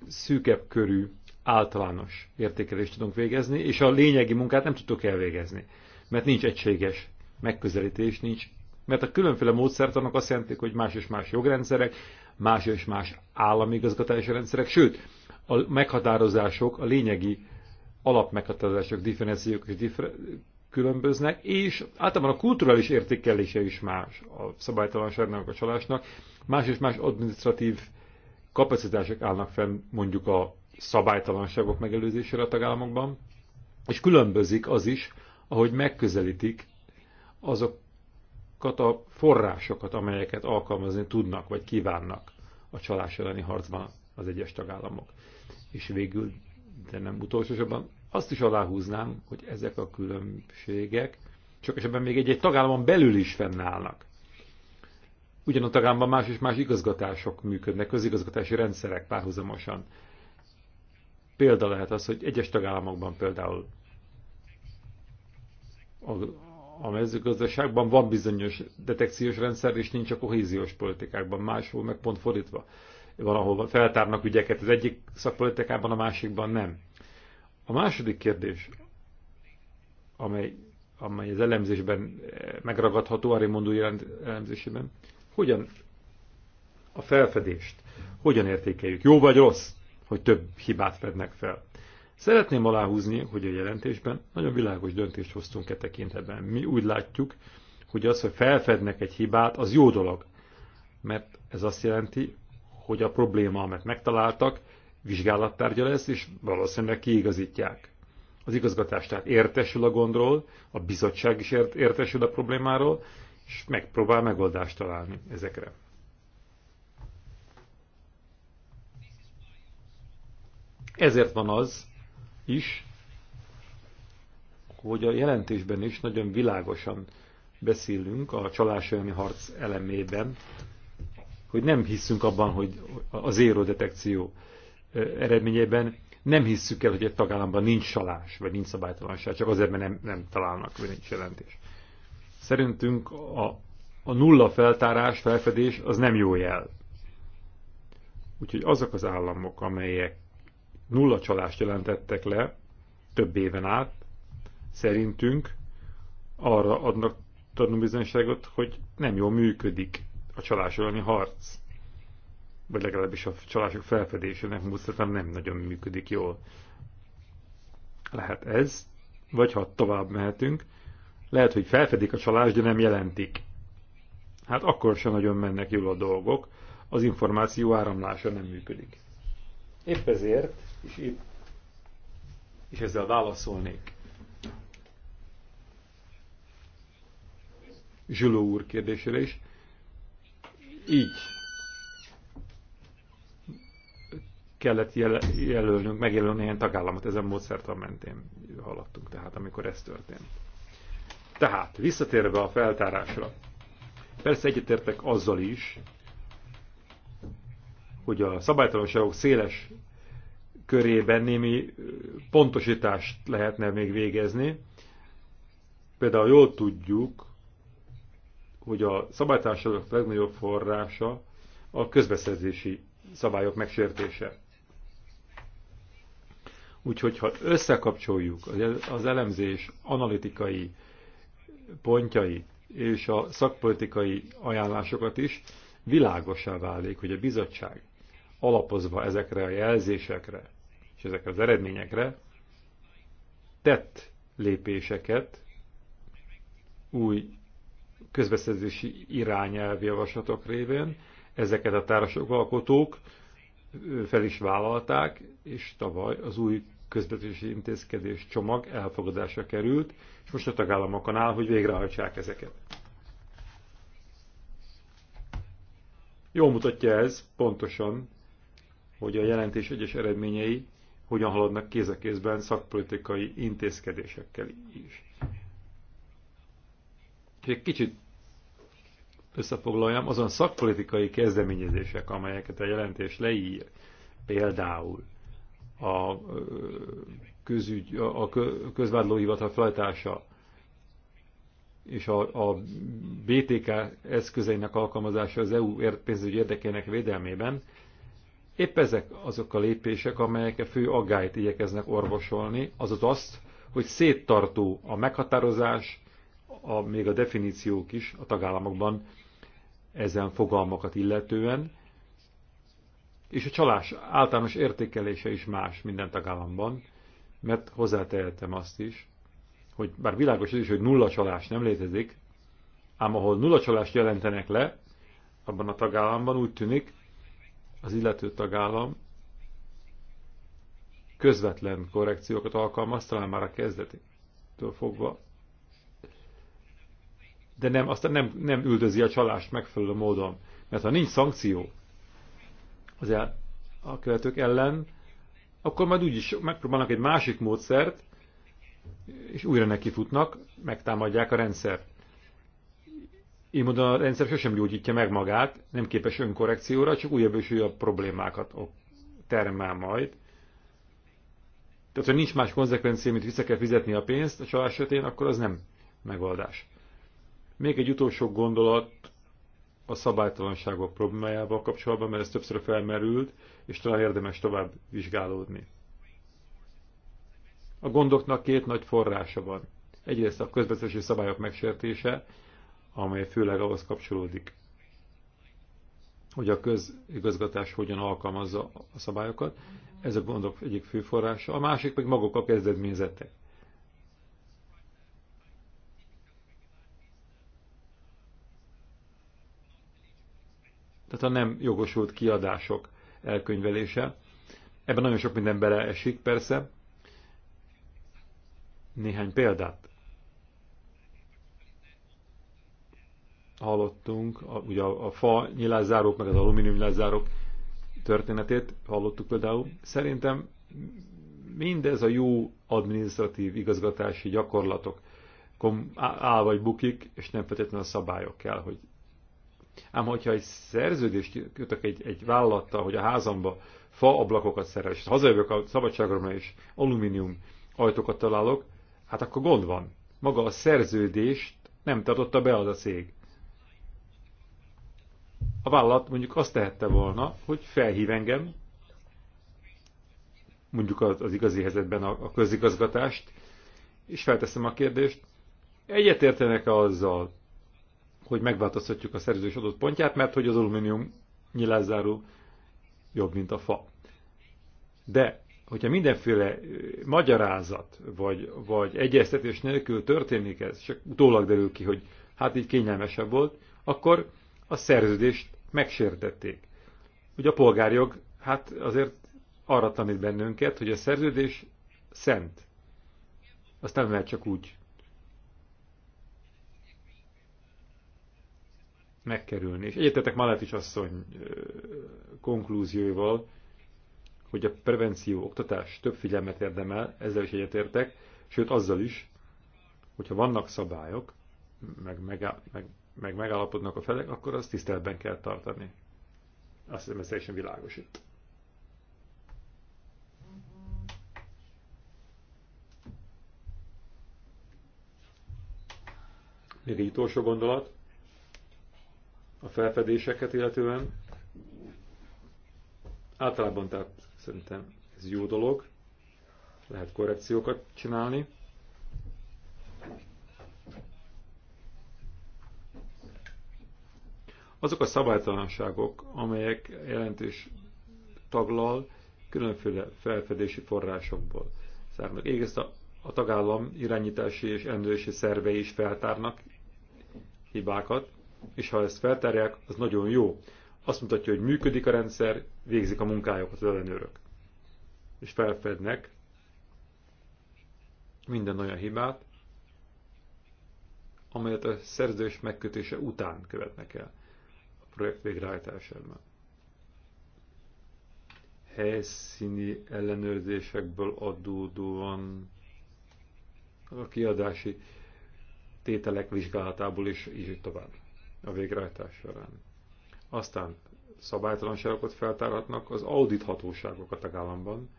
szűkebb körű általános értékelést tudunk végezni, és a lényegi munkát nem tudtuk elvégezni, mert nincs egységes megközelítés, nincs mert a különféle módszertanok azt jelentik, hogy más és más jogrendszerek, más és más állami igazgatási rendszerek, sőt, a meghatározások, a lényegi alapmeghatározások, differenciók is differ különböznek, és általában a kulturális értékelése is más a szabálytalanságnak, a csalásnak. Más és más administratív kapacitások állnak fenn mondjuk a szabálytalanságok megelőzésére a tagállamokban, és különbözik az is, ahogy megközelítik azok azokat a forrásokat, amelyeket alkalmazni tudnak vagy kívánnak a csalás elleni harcban az egyes tagállamok. És végül, de nem utolsósabban, azt is aláhúznám, hogy ezek a különbségek csak esetben még egy-egy tagállamon belül is fennállnak. Ugyan a tagállamban más és más igazgatások működnek, közigazgatási rendszerek párhuzamosan. Példa lehet az, hogy egyes tagállamokban például a mezőgazdaságban van bizonyos detekciós rendszer, és nincs a kohéziós politikákban, máshol meg pont fordítva. Van, ahol feltárnak ügyeket az egyik szakpolitikában, a másikban nem. A második kérdés, amely, amely az elemzésben eh, megragadható, a Raymond új elemzésében, hogyan a felfedést, hogyan értékeljük, jó vagy rossz, hogy több hibát fednek fel. Szeretném aláhúzni, hogy a jelentésben nagyon világos döntést hoztunk e tekintetben. Mi úgy látjuk, hogy az, hogy felfednek egy hibát, az jó dolog. Mert ez azt jelenti, hogy a probléma, amit megtaláltak, vizsgálattárgya lesz, és valószínűleg kiigazítják. Az igazgatás tehát értesül a gondról, a bizottság is értesül a problémáról, és megpróbál megoldást találni ezekre. Ezért van az, is, hogy a jelentésben is nagyon világosan beszélünk a csalás elleni harc elemében, hogy nem hiszünk abban, hogy az érodetekció eredményében nem hisszük el, hogy egy tagállamban nincs csalás, vagy nincs szabálytalanság, csak azért, mert nem, nem találnak, vagy nincs jelentés. Szerintünk a, a nulla feltárás, felfedés az nem jó jel. Úgyhogy azok az államok, amelyek nulla csalást jelentettek le több éven át, szerintünk arra adnak tanúbizonyságot, hogy nem jól működik a csalás elleni harc. Vagy legalábbis a csalások felfedésének módszertan nem nagyon működik jól. Lehet ez, vagy ha tovább mehetünk, lehet, hogy felfedik a csalás, de nem jelentik. Hát akkor sem nagyon mennek jól a dolgok, az információ áramlása nem működik. Épp ezért és, épp, és ezzel válaszolnék. Zsuló úr kérdésére is. Így kellett jelölnünk, megjelölni ilyen tagállamot ezen módszertan mentén haladtunk, tehát amikor ez történt. Tehát, visszatérve a feltárásra, persze egyetértek azzal is, hogy a szabálytalanságok széles körében némi pontosítást lehetne még végezni. Például jól tudjuk, hogy a szabálytársadalmak legnagyobb forrása a közbeszerzési szabályok megsértése. Úgyhogy, ha összekapcsoljuk az elemzés analitikai pontjait és a szakpolitikai ajánlásokat is, világosá válik, hogy a bizottság alapozva ezekre a jelzésekre és ezekre az eredményekre tett lépéseket új közbeszerzési irányelv javaslatok révén, ezeket a alkotók fel is vállalták, és tavaly az új közbeszerzési intézkedés csomag elfogadásra került, és most a tagállamokon áll, hogy végrehajtsák ezeket. Jól mutatja ez pontosan, hogy a jelentés egyes eredményei hogyan haladnak kéz a kézben szakpolitikai intézkedésekkel is. És egy kicsit összefoglaljam, azon szakpolitikai kezdeményezések, amelyeket a jelentés leír, például a, közügy, a közvádlóhivatal felajtása és a, a BTK eszközeinek alkalmazása az EU pénzügyi érdekének védelmében, Épp ezek azok a lépések, amelyek a fő aggályt igyekeznek orvosolni, azaz azt, hogy széttartó a meghatározás, a, még a definíciók is a tagállamokban ezen fogalmakat illetően, és a csalás általános értékelése is más minden tagállamban, mert hozzátehetem azt is, hogy bár világos ez is, hogy nulla csalás nem létezik, ám ahol nulla csalást jelentenek le, abban a tagállamban úgy tűnik, az illető tagállam közvetlen korrekciókat alkalmaz, talán már a kezdetétől fogva, de nem, aztán nem, nem üldözi a csalást megfelelő módon. Mert ha nincs szankció az el, a követők ellen, akkor majd úgyis megpróbálnak egy másik módszert, és újra nekifutnak, megtámadják a rendszert. Így mondom, a rendszer sosem gyógyítja meg magát, nem képes önkorrekcióra, csak újabb és újabb problémákat termel majd. Tehát, ha nincs más konzekvencia, mint vissza kell fizetni a pénzt a csalás esetén, akkor az nem megoldás. Még egy utolsó gondolat a szabálytalanságok problémájával kapcsolatban, mert ez többször felmerült, és talán érdemes tovább vizsgálódni. A gondoknak két nagy forrása van. Egyrészt a közbeszerzési szabályok megsértése, amely főleg ahhoz kapcsolódik, hogy a közigazgatás hogyan alkalmazza a szabályokat. Ez a gondok egyik fő forrása. A másik pedig maguk a kezdeményezettek. Tehát a nem jogosult kiadások elkönyvelése. Ebben nagyon sok minden beleesik, persze. Néhány példát hallottunk, a, ugye a, a fa nyilászárók, meg az alumínium nyilászárók történetét hallottuk például. Szerintem mindez a jó adminisztratív igazgatási gyakorlatok áll vagy bukik, és nem feltétlenül a szabályok kell, hogy Ám hogyha egy szerződést kötök egy, egy vállalattal, hogy a házamba fa ablakokat szeres, hazajövök a szabadságomra és alumínium ajtókat találok, hát akkor gond van. Maga a szerződést nem tartotta be az a cég a vállalat mondjuk azt tehette volna, hogy felhív engem, mondjuk az, az igazi helyzetben a, a közigazgatást, és felteszem a kérdést, egyetértenek-e azzal, hogy megváltoztatjuk a szerződés adott pontját, mert hogy az alumínium nyilázáró jobb, mint a fa. De, hogyha mindenféle magyarázat, vagy, vagy egyeztetés nélkül történik ez, csak utólag derül ki, hogy hát így kényelmesebb volt, akkor a szerződést megsértették. Ugye a polgárjog, hát azért arra tanít bennünket, hogy a szerződés szent. Azt nem lehet csak úgy megkerülni. És egyetetek Malet is asszony konklúzióival, hogy a prevenció, oktatás több figyelmet érdemel, ezzel is egyetértek, sőt azzal is, hogyha vannak szabályok, meg, meg, meg meg megállapodnak a felek, akkor azt tiszteletben kell tartani. Azt hiszem, ez teljesen világos itt. Még egy utolsó gondolat a felfedéseket illetően. Általában tehát szerintem ez jó dolog, lehet korrekciókat csinálni, Azok a szabálytalanságok, amelyek jelentős taglal különféle felfedési forrásokból származnak. Egyrészt a, a tagállam irányítási és ellenőrzési szervei is feltárnak hibákat, és ha ezt feltárják, az nagyon jó. Azt mutatja, hogy működik a rendszer, végzik a munkájukat az ellenőrök. És felfednek minden olyan hibát, amelyet a szerződés megkötése után követnek el projekt végrehajtásában. Helyszíni ellenőrzésekből adódóan a kiadási tételek vizsgálatából is így tovább a végrehajtás során. Aztán szabálytalanságokat feltárhatnak az audithatóságok a tagállamban,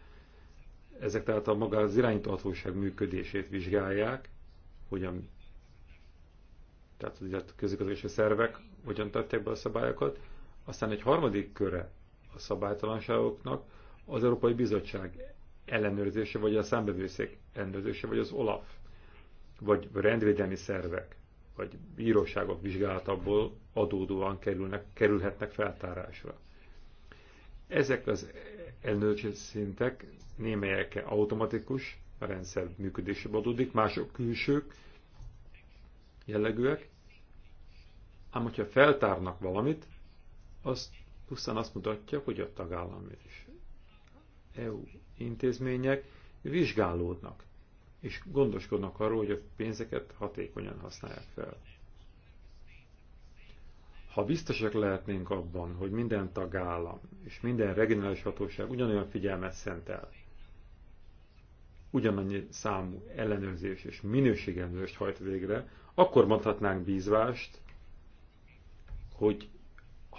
ezek tehát a maga az irányíthatóság működését vizsgálják, hogyan tehát közigazgatási szervek hogyan tették be a szabályokat, aztán egy harmadik köre a szabálytalanságoknak az Európai Bizottság ellenőrzése, vagy a számbevőszék ellenőrzése, vagy az OLAF, vagy rendvédelmi szervek, vagy bíróságok vizsgálatából adódóan kerülnek, kerülhetnek feltárásra. Ezek az ellenőrzési szintek némelyeke automatikus, a rendszer működéséből adódik, mások külsők jellegűek, Ám hogyha feltárnak valamit, az pusztán azt mutatja, hogy a tagállam és EU intézmények vizsgálódnak, és gondoskodnak arról, hogy a pénzeket hatékonyan használják fel. Ha biztosak lehetnénk abban, hogy minden tagállam és minden regionális hatóság ugyanolyan figyelmet szentel, ugyanannyi számú ellenőrzés és minőségellenőrzést hajt végre, akkor mondhatnánk bízvást, hogy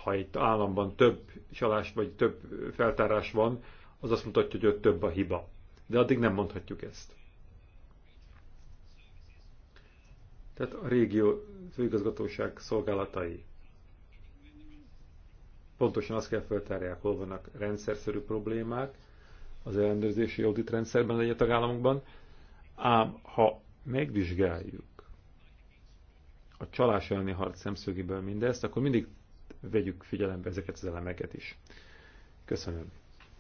ha egy államban több csalás vagy több feltárás van, az azt mutatja, hogy ott több a hiba. De addig nem mondhatjuk ezt. Tehát a régió főigazgatóság szolgálatai pontosan azt kell feltárják, hol vannak rendszerszerű problémák az ellenőrzési audit rendszerben az egyetagállamokban, ám ha megvizsgáljuk a csalás elleni harc szemszögéből mindezt, akkor mindig vegyük figyelembe ezeket az elemeket is. Köszönöm.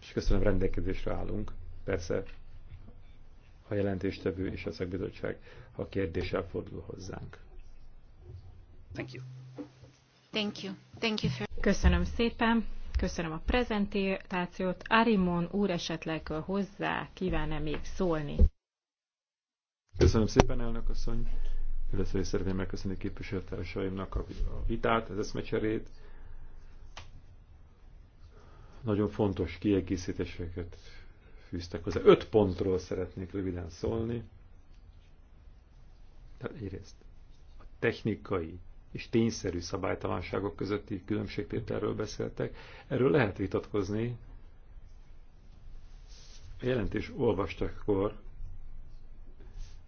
És köszönöm, rendelkezésre állunk. Persze a jelentéstevő és a szakbizottság, ha a kérdéssel fordul hozzánk. Thank you. Thank you. Thank you for... Köszönöm szépen. Köszönöm a prezentációt. Arimon úr esetleg hozzá kíván-e még szólni. Köszönöm szépen, elnök asszony. Először is szeretném megköszönni képviselőtársaimnak a vitát, az eszmecserét. Nagyon fontos kiegészítéseket fűztek hozzá. Öt pontról szeretnék röviden szólni. Tehát egyrészt a technikai és tényszerű szabálytalanságok közötti különbségtételről beszéltek. Erről lehet vitatkozni. A jelentés olvastakor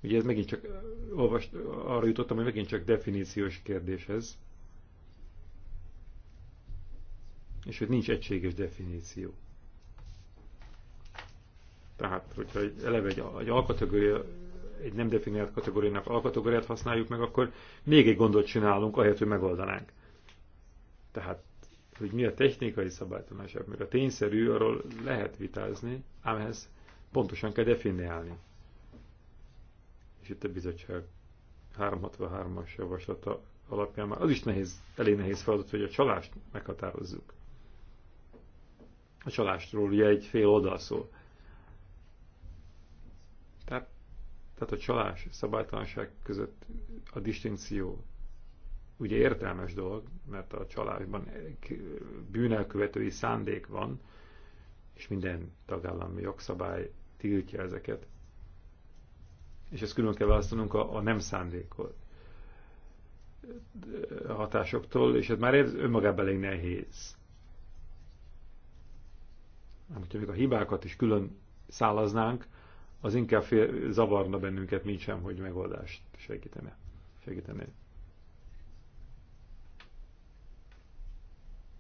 Ugye ez megint csak, olvast, arra jutottam, hogy megint csak definíciós kérdés ez. És hogy nincs egységes definíció. Tehát, hogyha eleve egy, egy alkategória, egy nem definiált kategóriának alkategóriát használjuk meg, akkor még egy gondot csinálunk, ahelyett, hogy megoldanánk. Tehát, hogy mi a technikai szabálytalanság, meg a tényszerű, arról lehet vitázni, ám ehhez pontosan kell definiálni itt a bizottság 363-as javaslata alapján már az is nehéz, elég nehéz feladat, hogy a csalást meghatározzuk. A csalástról ugye egy fél oldal szól. Tehát, tehát a csalás, szabálytalanság között a distinció ugye értelmes dolog, mert a csalásban bűnelkövetői szándék van, és minden tagállami jogszabály tiltja ezeket és ezt külön kell választanunk a, a nem szándékot hatásoktól, és ez már ez önmagában elég nehéz. Hogyha még a hibákat is külön szálaznánk, az inkább fél, zavarna bennünket, mint sem, hogy megoldást segítene. segítene.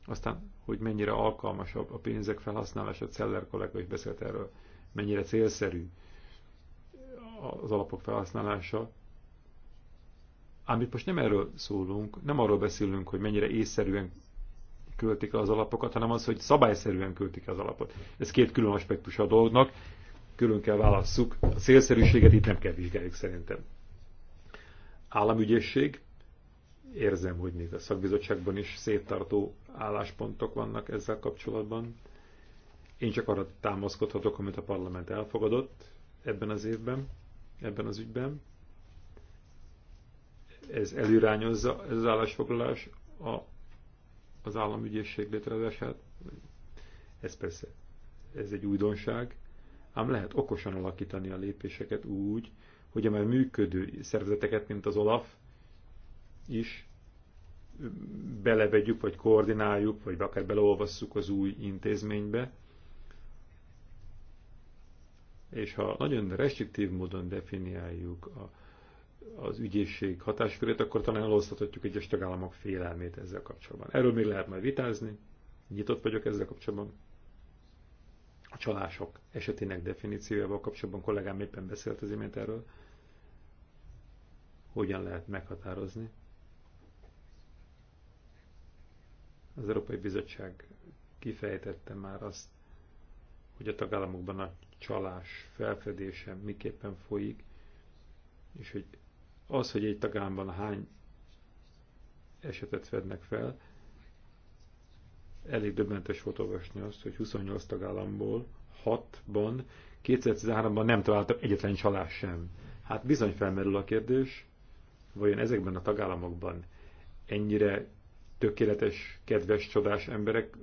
Aztán, hogy mennyire alkalmas a pénzek felhasználása, Celler kollega is beszélt erről, mennyire célszerű az alapok felhasználása. Ám itt most nem erről szólunk, nem arról beszélünk, hogy mennyire észszerűen költik az alapokat, hanem az, hogy szabályszerűen költik az alapot. Ez két külön aspektus a dolgnak, külön kell válasszuk. A szélszerűséget itt nem kell vizsgáljuk szerintem. Államügyészség, érzem, hogy még a szakbizottságban is széttartó álláspontok vannak ezzel kapcsolatban. Én csak arra támaszkodhatok, amit a parlament elfogadott ebben az évben ebben az ügyben. Ez előrányozza ez az állásfoglalás a, az államügyészség létrehozását. Ez persze, ez egy újdonság, ám lehet okosan alakítani a lépéseket úgy, hogy a már működő szervezeteket, mint az OLAF is belevegyük, vagy koordináljuk, vagy akár beleolvasszuk az új intézménybe, és ha nagyon restriktív módon definiáljuk a, az ügyészség hatáskörét, akkor talán elosztathatjuk egyes tagállamok félelmét ezzel kapcsolatban. Erről még lehet majd vitázni, nyitott vagyok ezzel kapcsolatban. A csalások esetének definíciójával kapcsolatban kollégám éppen beszélt az imént erről, hogyan lehet meghatározni. Az Európai Bizottság kifejtette már azt, hogy a tagállamokban a csalás felfedése miképpen folyik, és hogy az, hogy egy tagállamban hány esetet fednek fel, elég döbbentes volt olvasni azt, hogy 28 tagállamból 6-ban, 2013-ban nem találtam egyetlen csalás sem. Hát bizony felmerül a kérdés, vajon ezekben a tagállamokban ennyire tökéletes, kedves, csodás emberek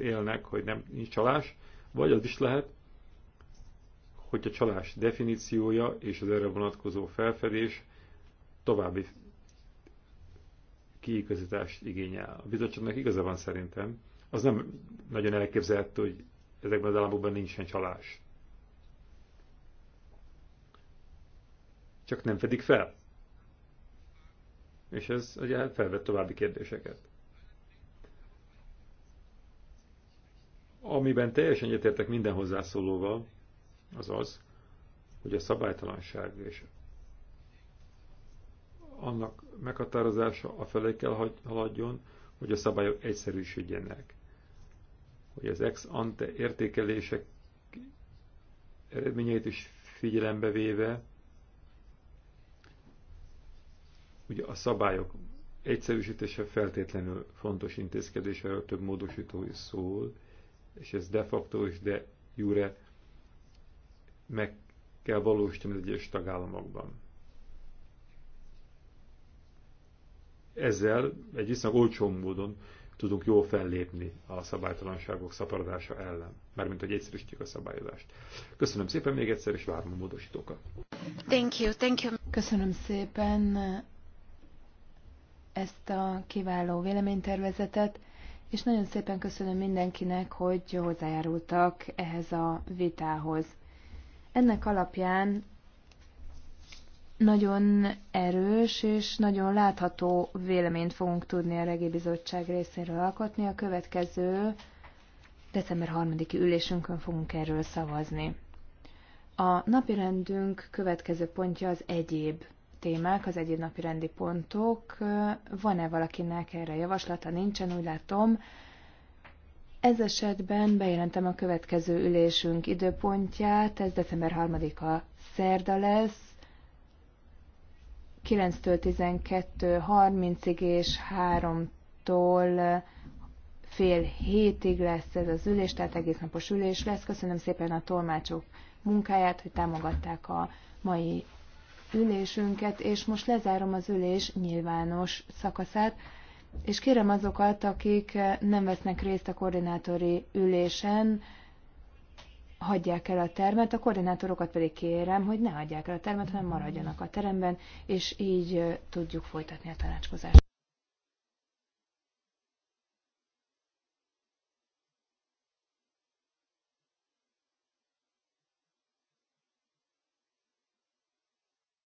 élnek, hogy nem nincs csalás, vagy az is lehet, hogy a csalás definíciója és az erre vonatkozó felfedés további kiigazítást igényel. A bizottságnak igaza van szerintem. Az nem nagyon elképzelhető, hogy ezekben az államokban nincsen csalás. Csak nem fedik fel. És ez ugye felvet további kérdéseket. Amiben teljesen egyetértek minden hozzászólóval, az az, hogy a szabálytalanság és annak meghatározása a felé kell haladjon, hogy a szabályok egyszerűsödjenek. Hogy az ex ante értékelések eredményeit is figyelembe véve, ugye a szabályok egyszerűsítése feltétlenül fontos intézkedés, erről több módosító is szól, és ez de facto is, de jure meg kell valósítani az egyes tagállamokban. Ezzel egy viszonylag olcsó módon tudunk jól fellépni a szabálytalanságok szaporodása ellen, mármint hogy egyszerűsítjük a szabályozást. Köszönöm szépen még egyszer, és várom a módosítókat. Thank you, thank you. Köszönöm szépen ezt a kiváló véleménytervezetet és nagyon szépen köszönöm mindenkinek, hogy hozzájárultak ehhez a vitához. Ennek alapján nagyon erős és nagyon látható véleményt fogunk tudni a Regi Bizottság részéről alkotni. A következő december 3-i ülésünkön fogunk erről szavazni. A napirendünk következő pontja az egyéb témák, az egyéb napi rendi pontok. Van-e valakinek erre javaslata? Nincsen, úgy látom. Ez esetben bejelentem a következő ülésünk időpontját, ez december 3-a szerda lesz, 9-től 12.30-ig és 3-tól fél hétig lesz ez az ülés, tehát egész napos ülés lesz. Köszönöm szépen a tolmácsok munkáját, hogy támogatták a mai ülésünket, és most lezárom az ülés nyilvános szakaszát, és kérem azokat, akik nem vesznek részt a koordinátori ülésen, hagyják el a termet, a koordinátorokat pedig kérem, hogy ne hagyják el a termet, hanem maradjanak a teremben, és így tudjuk folytatni a tanácskozást.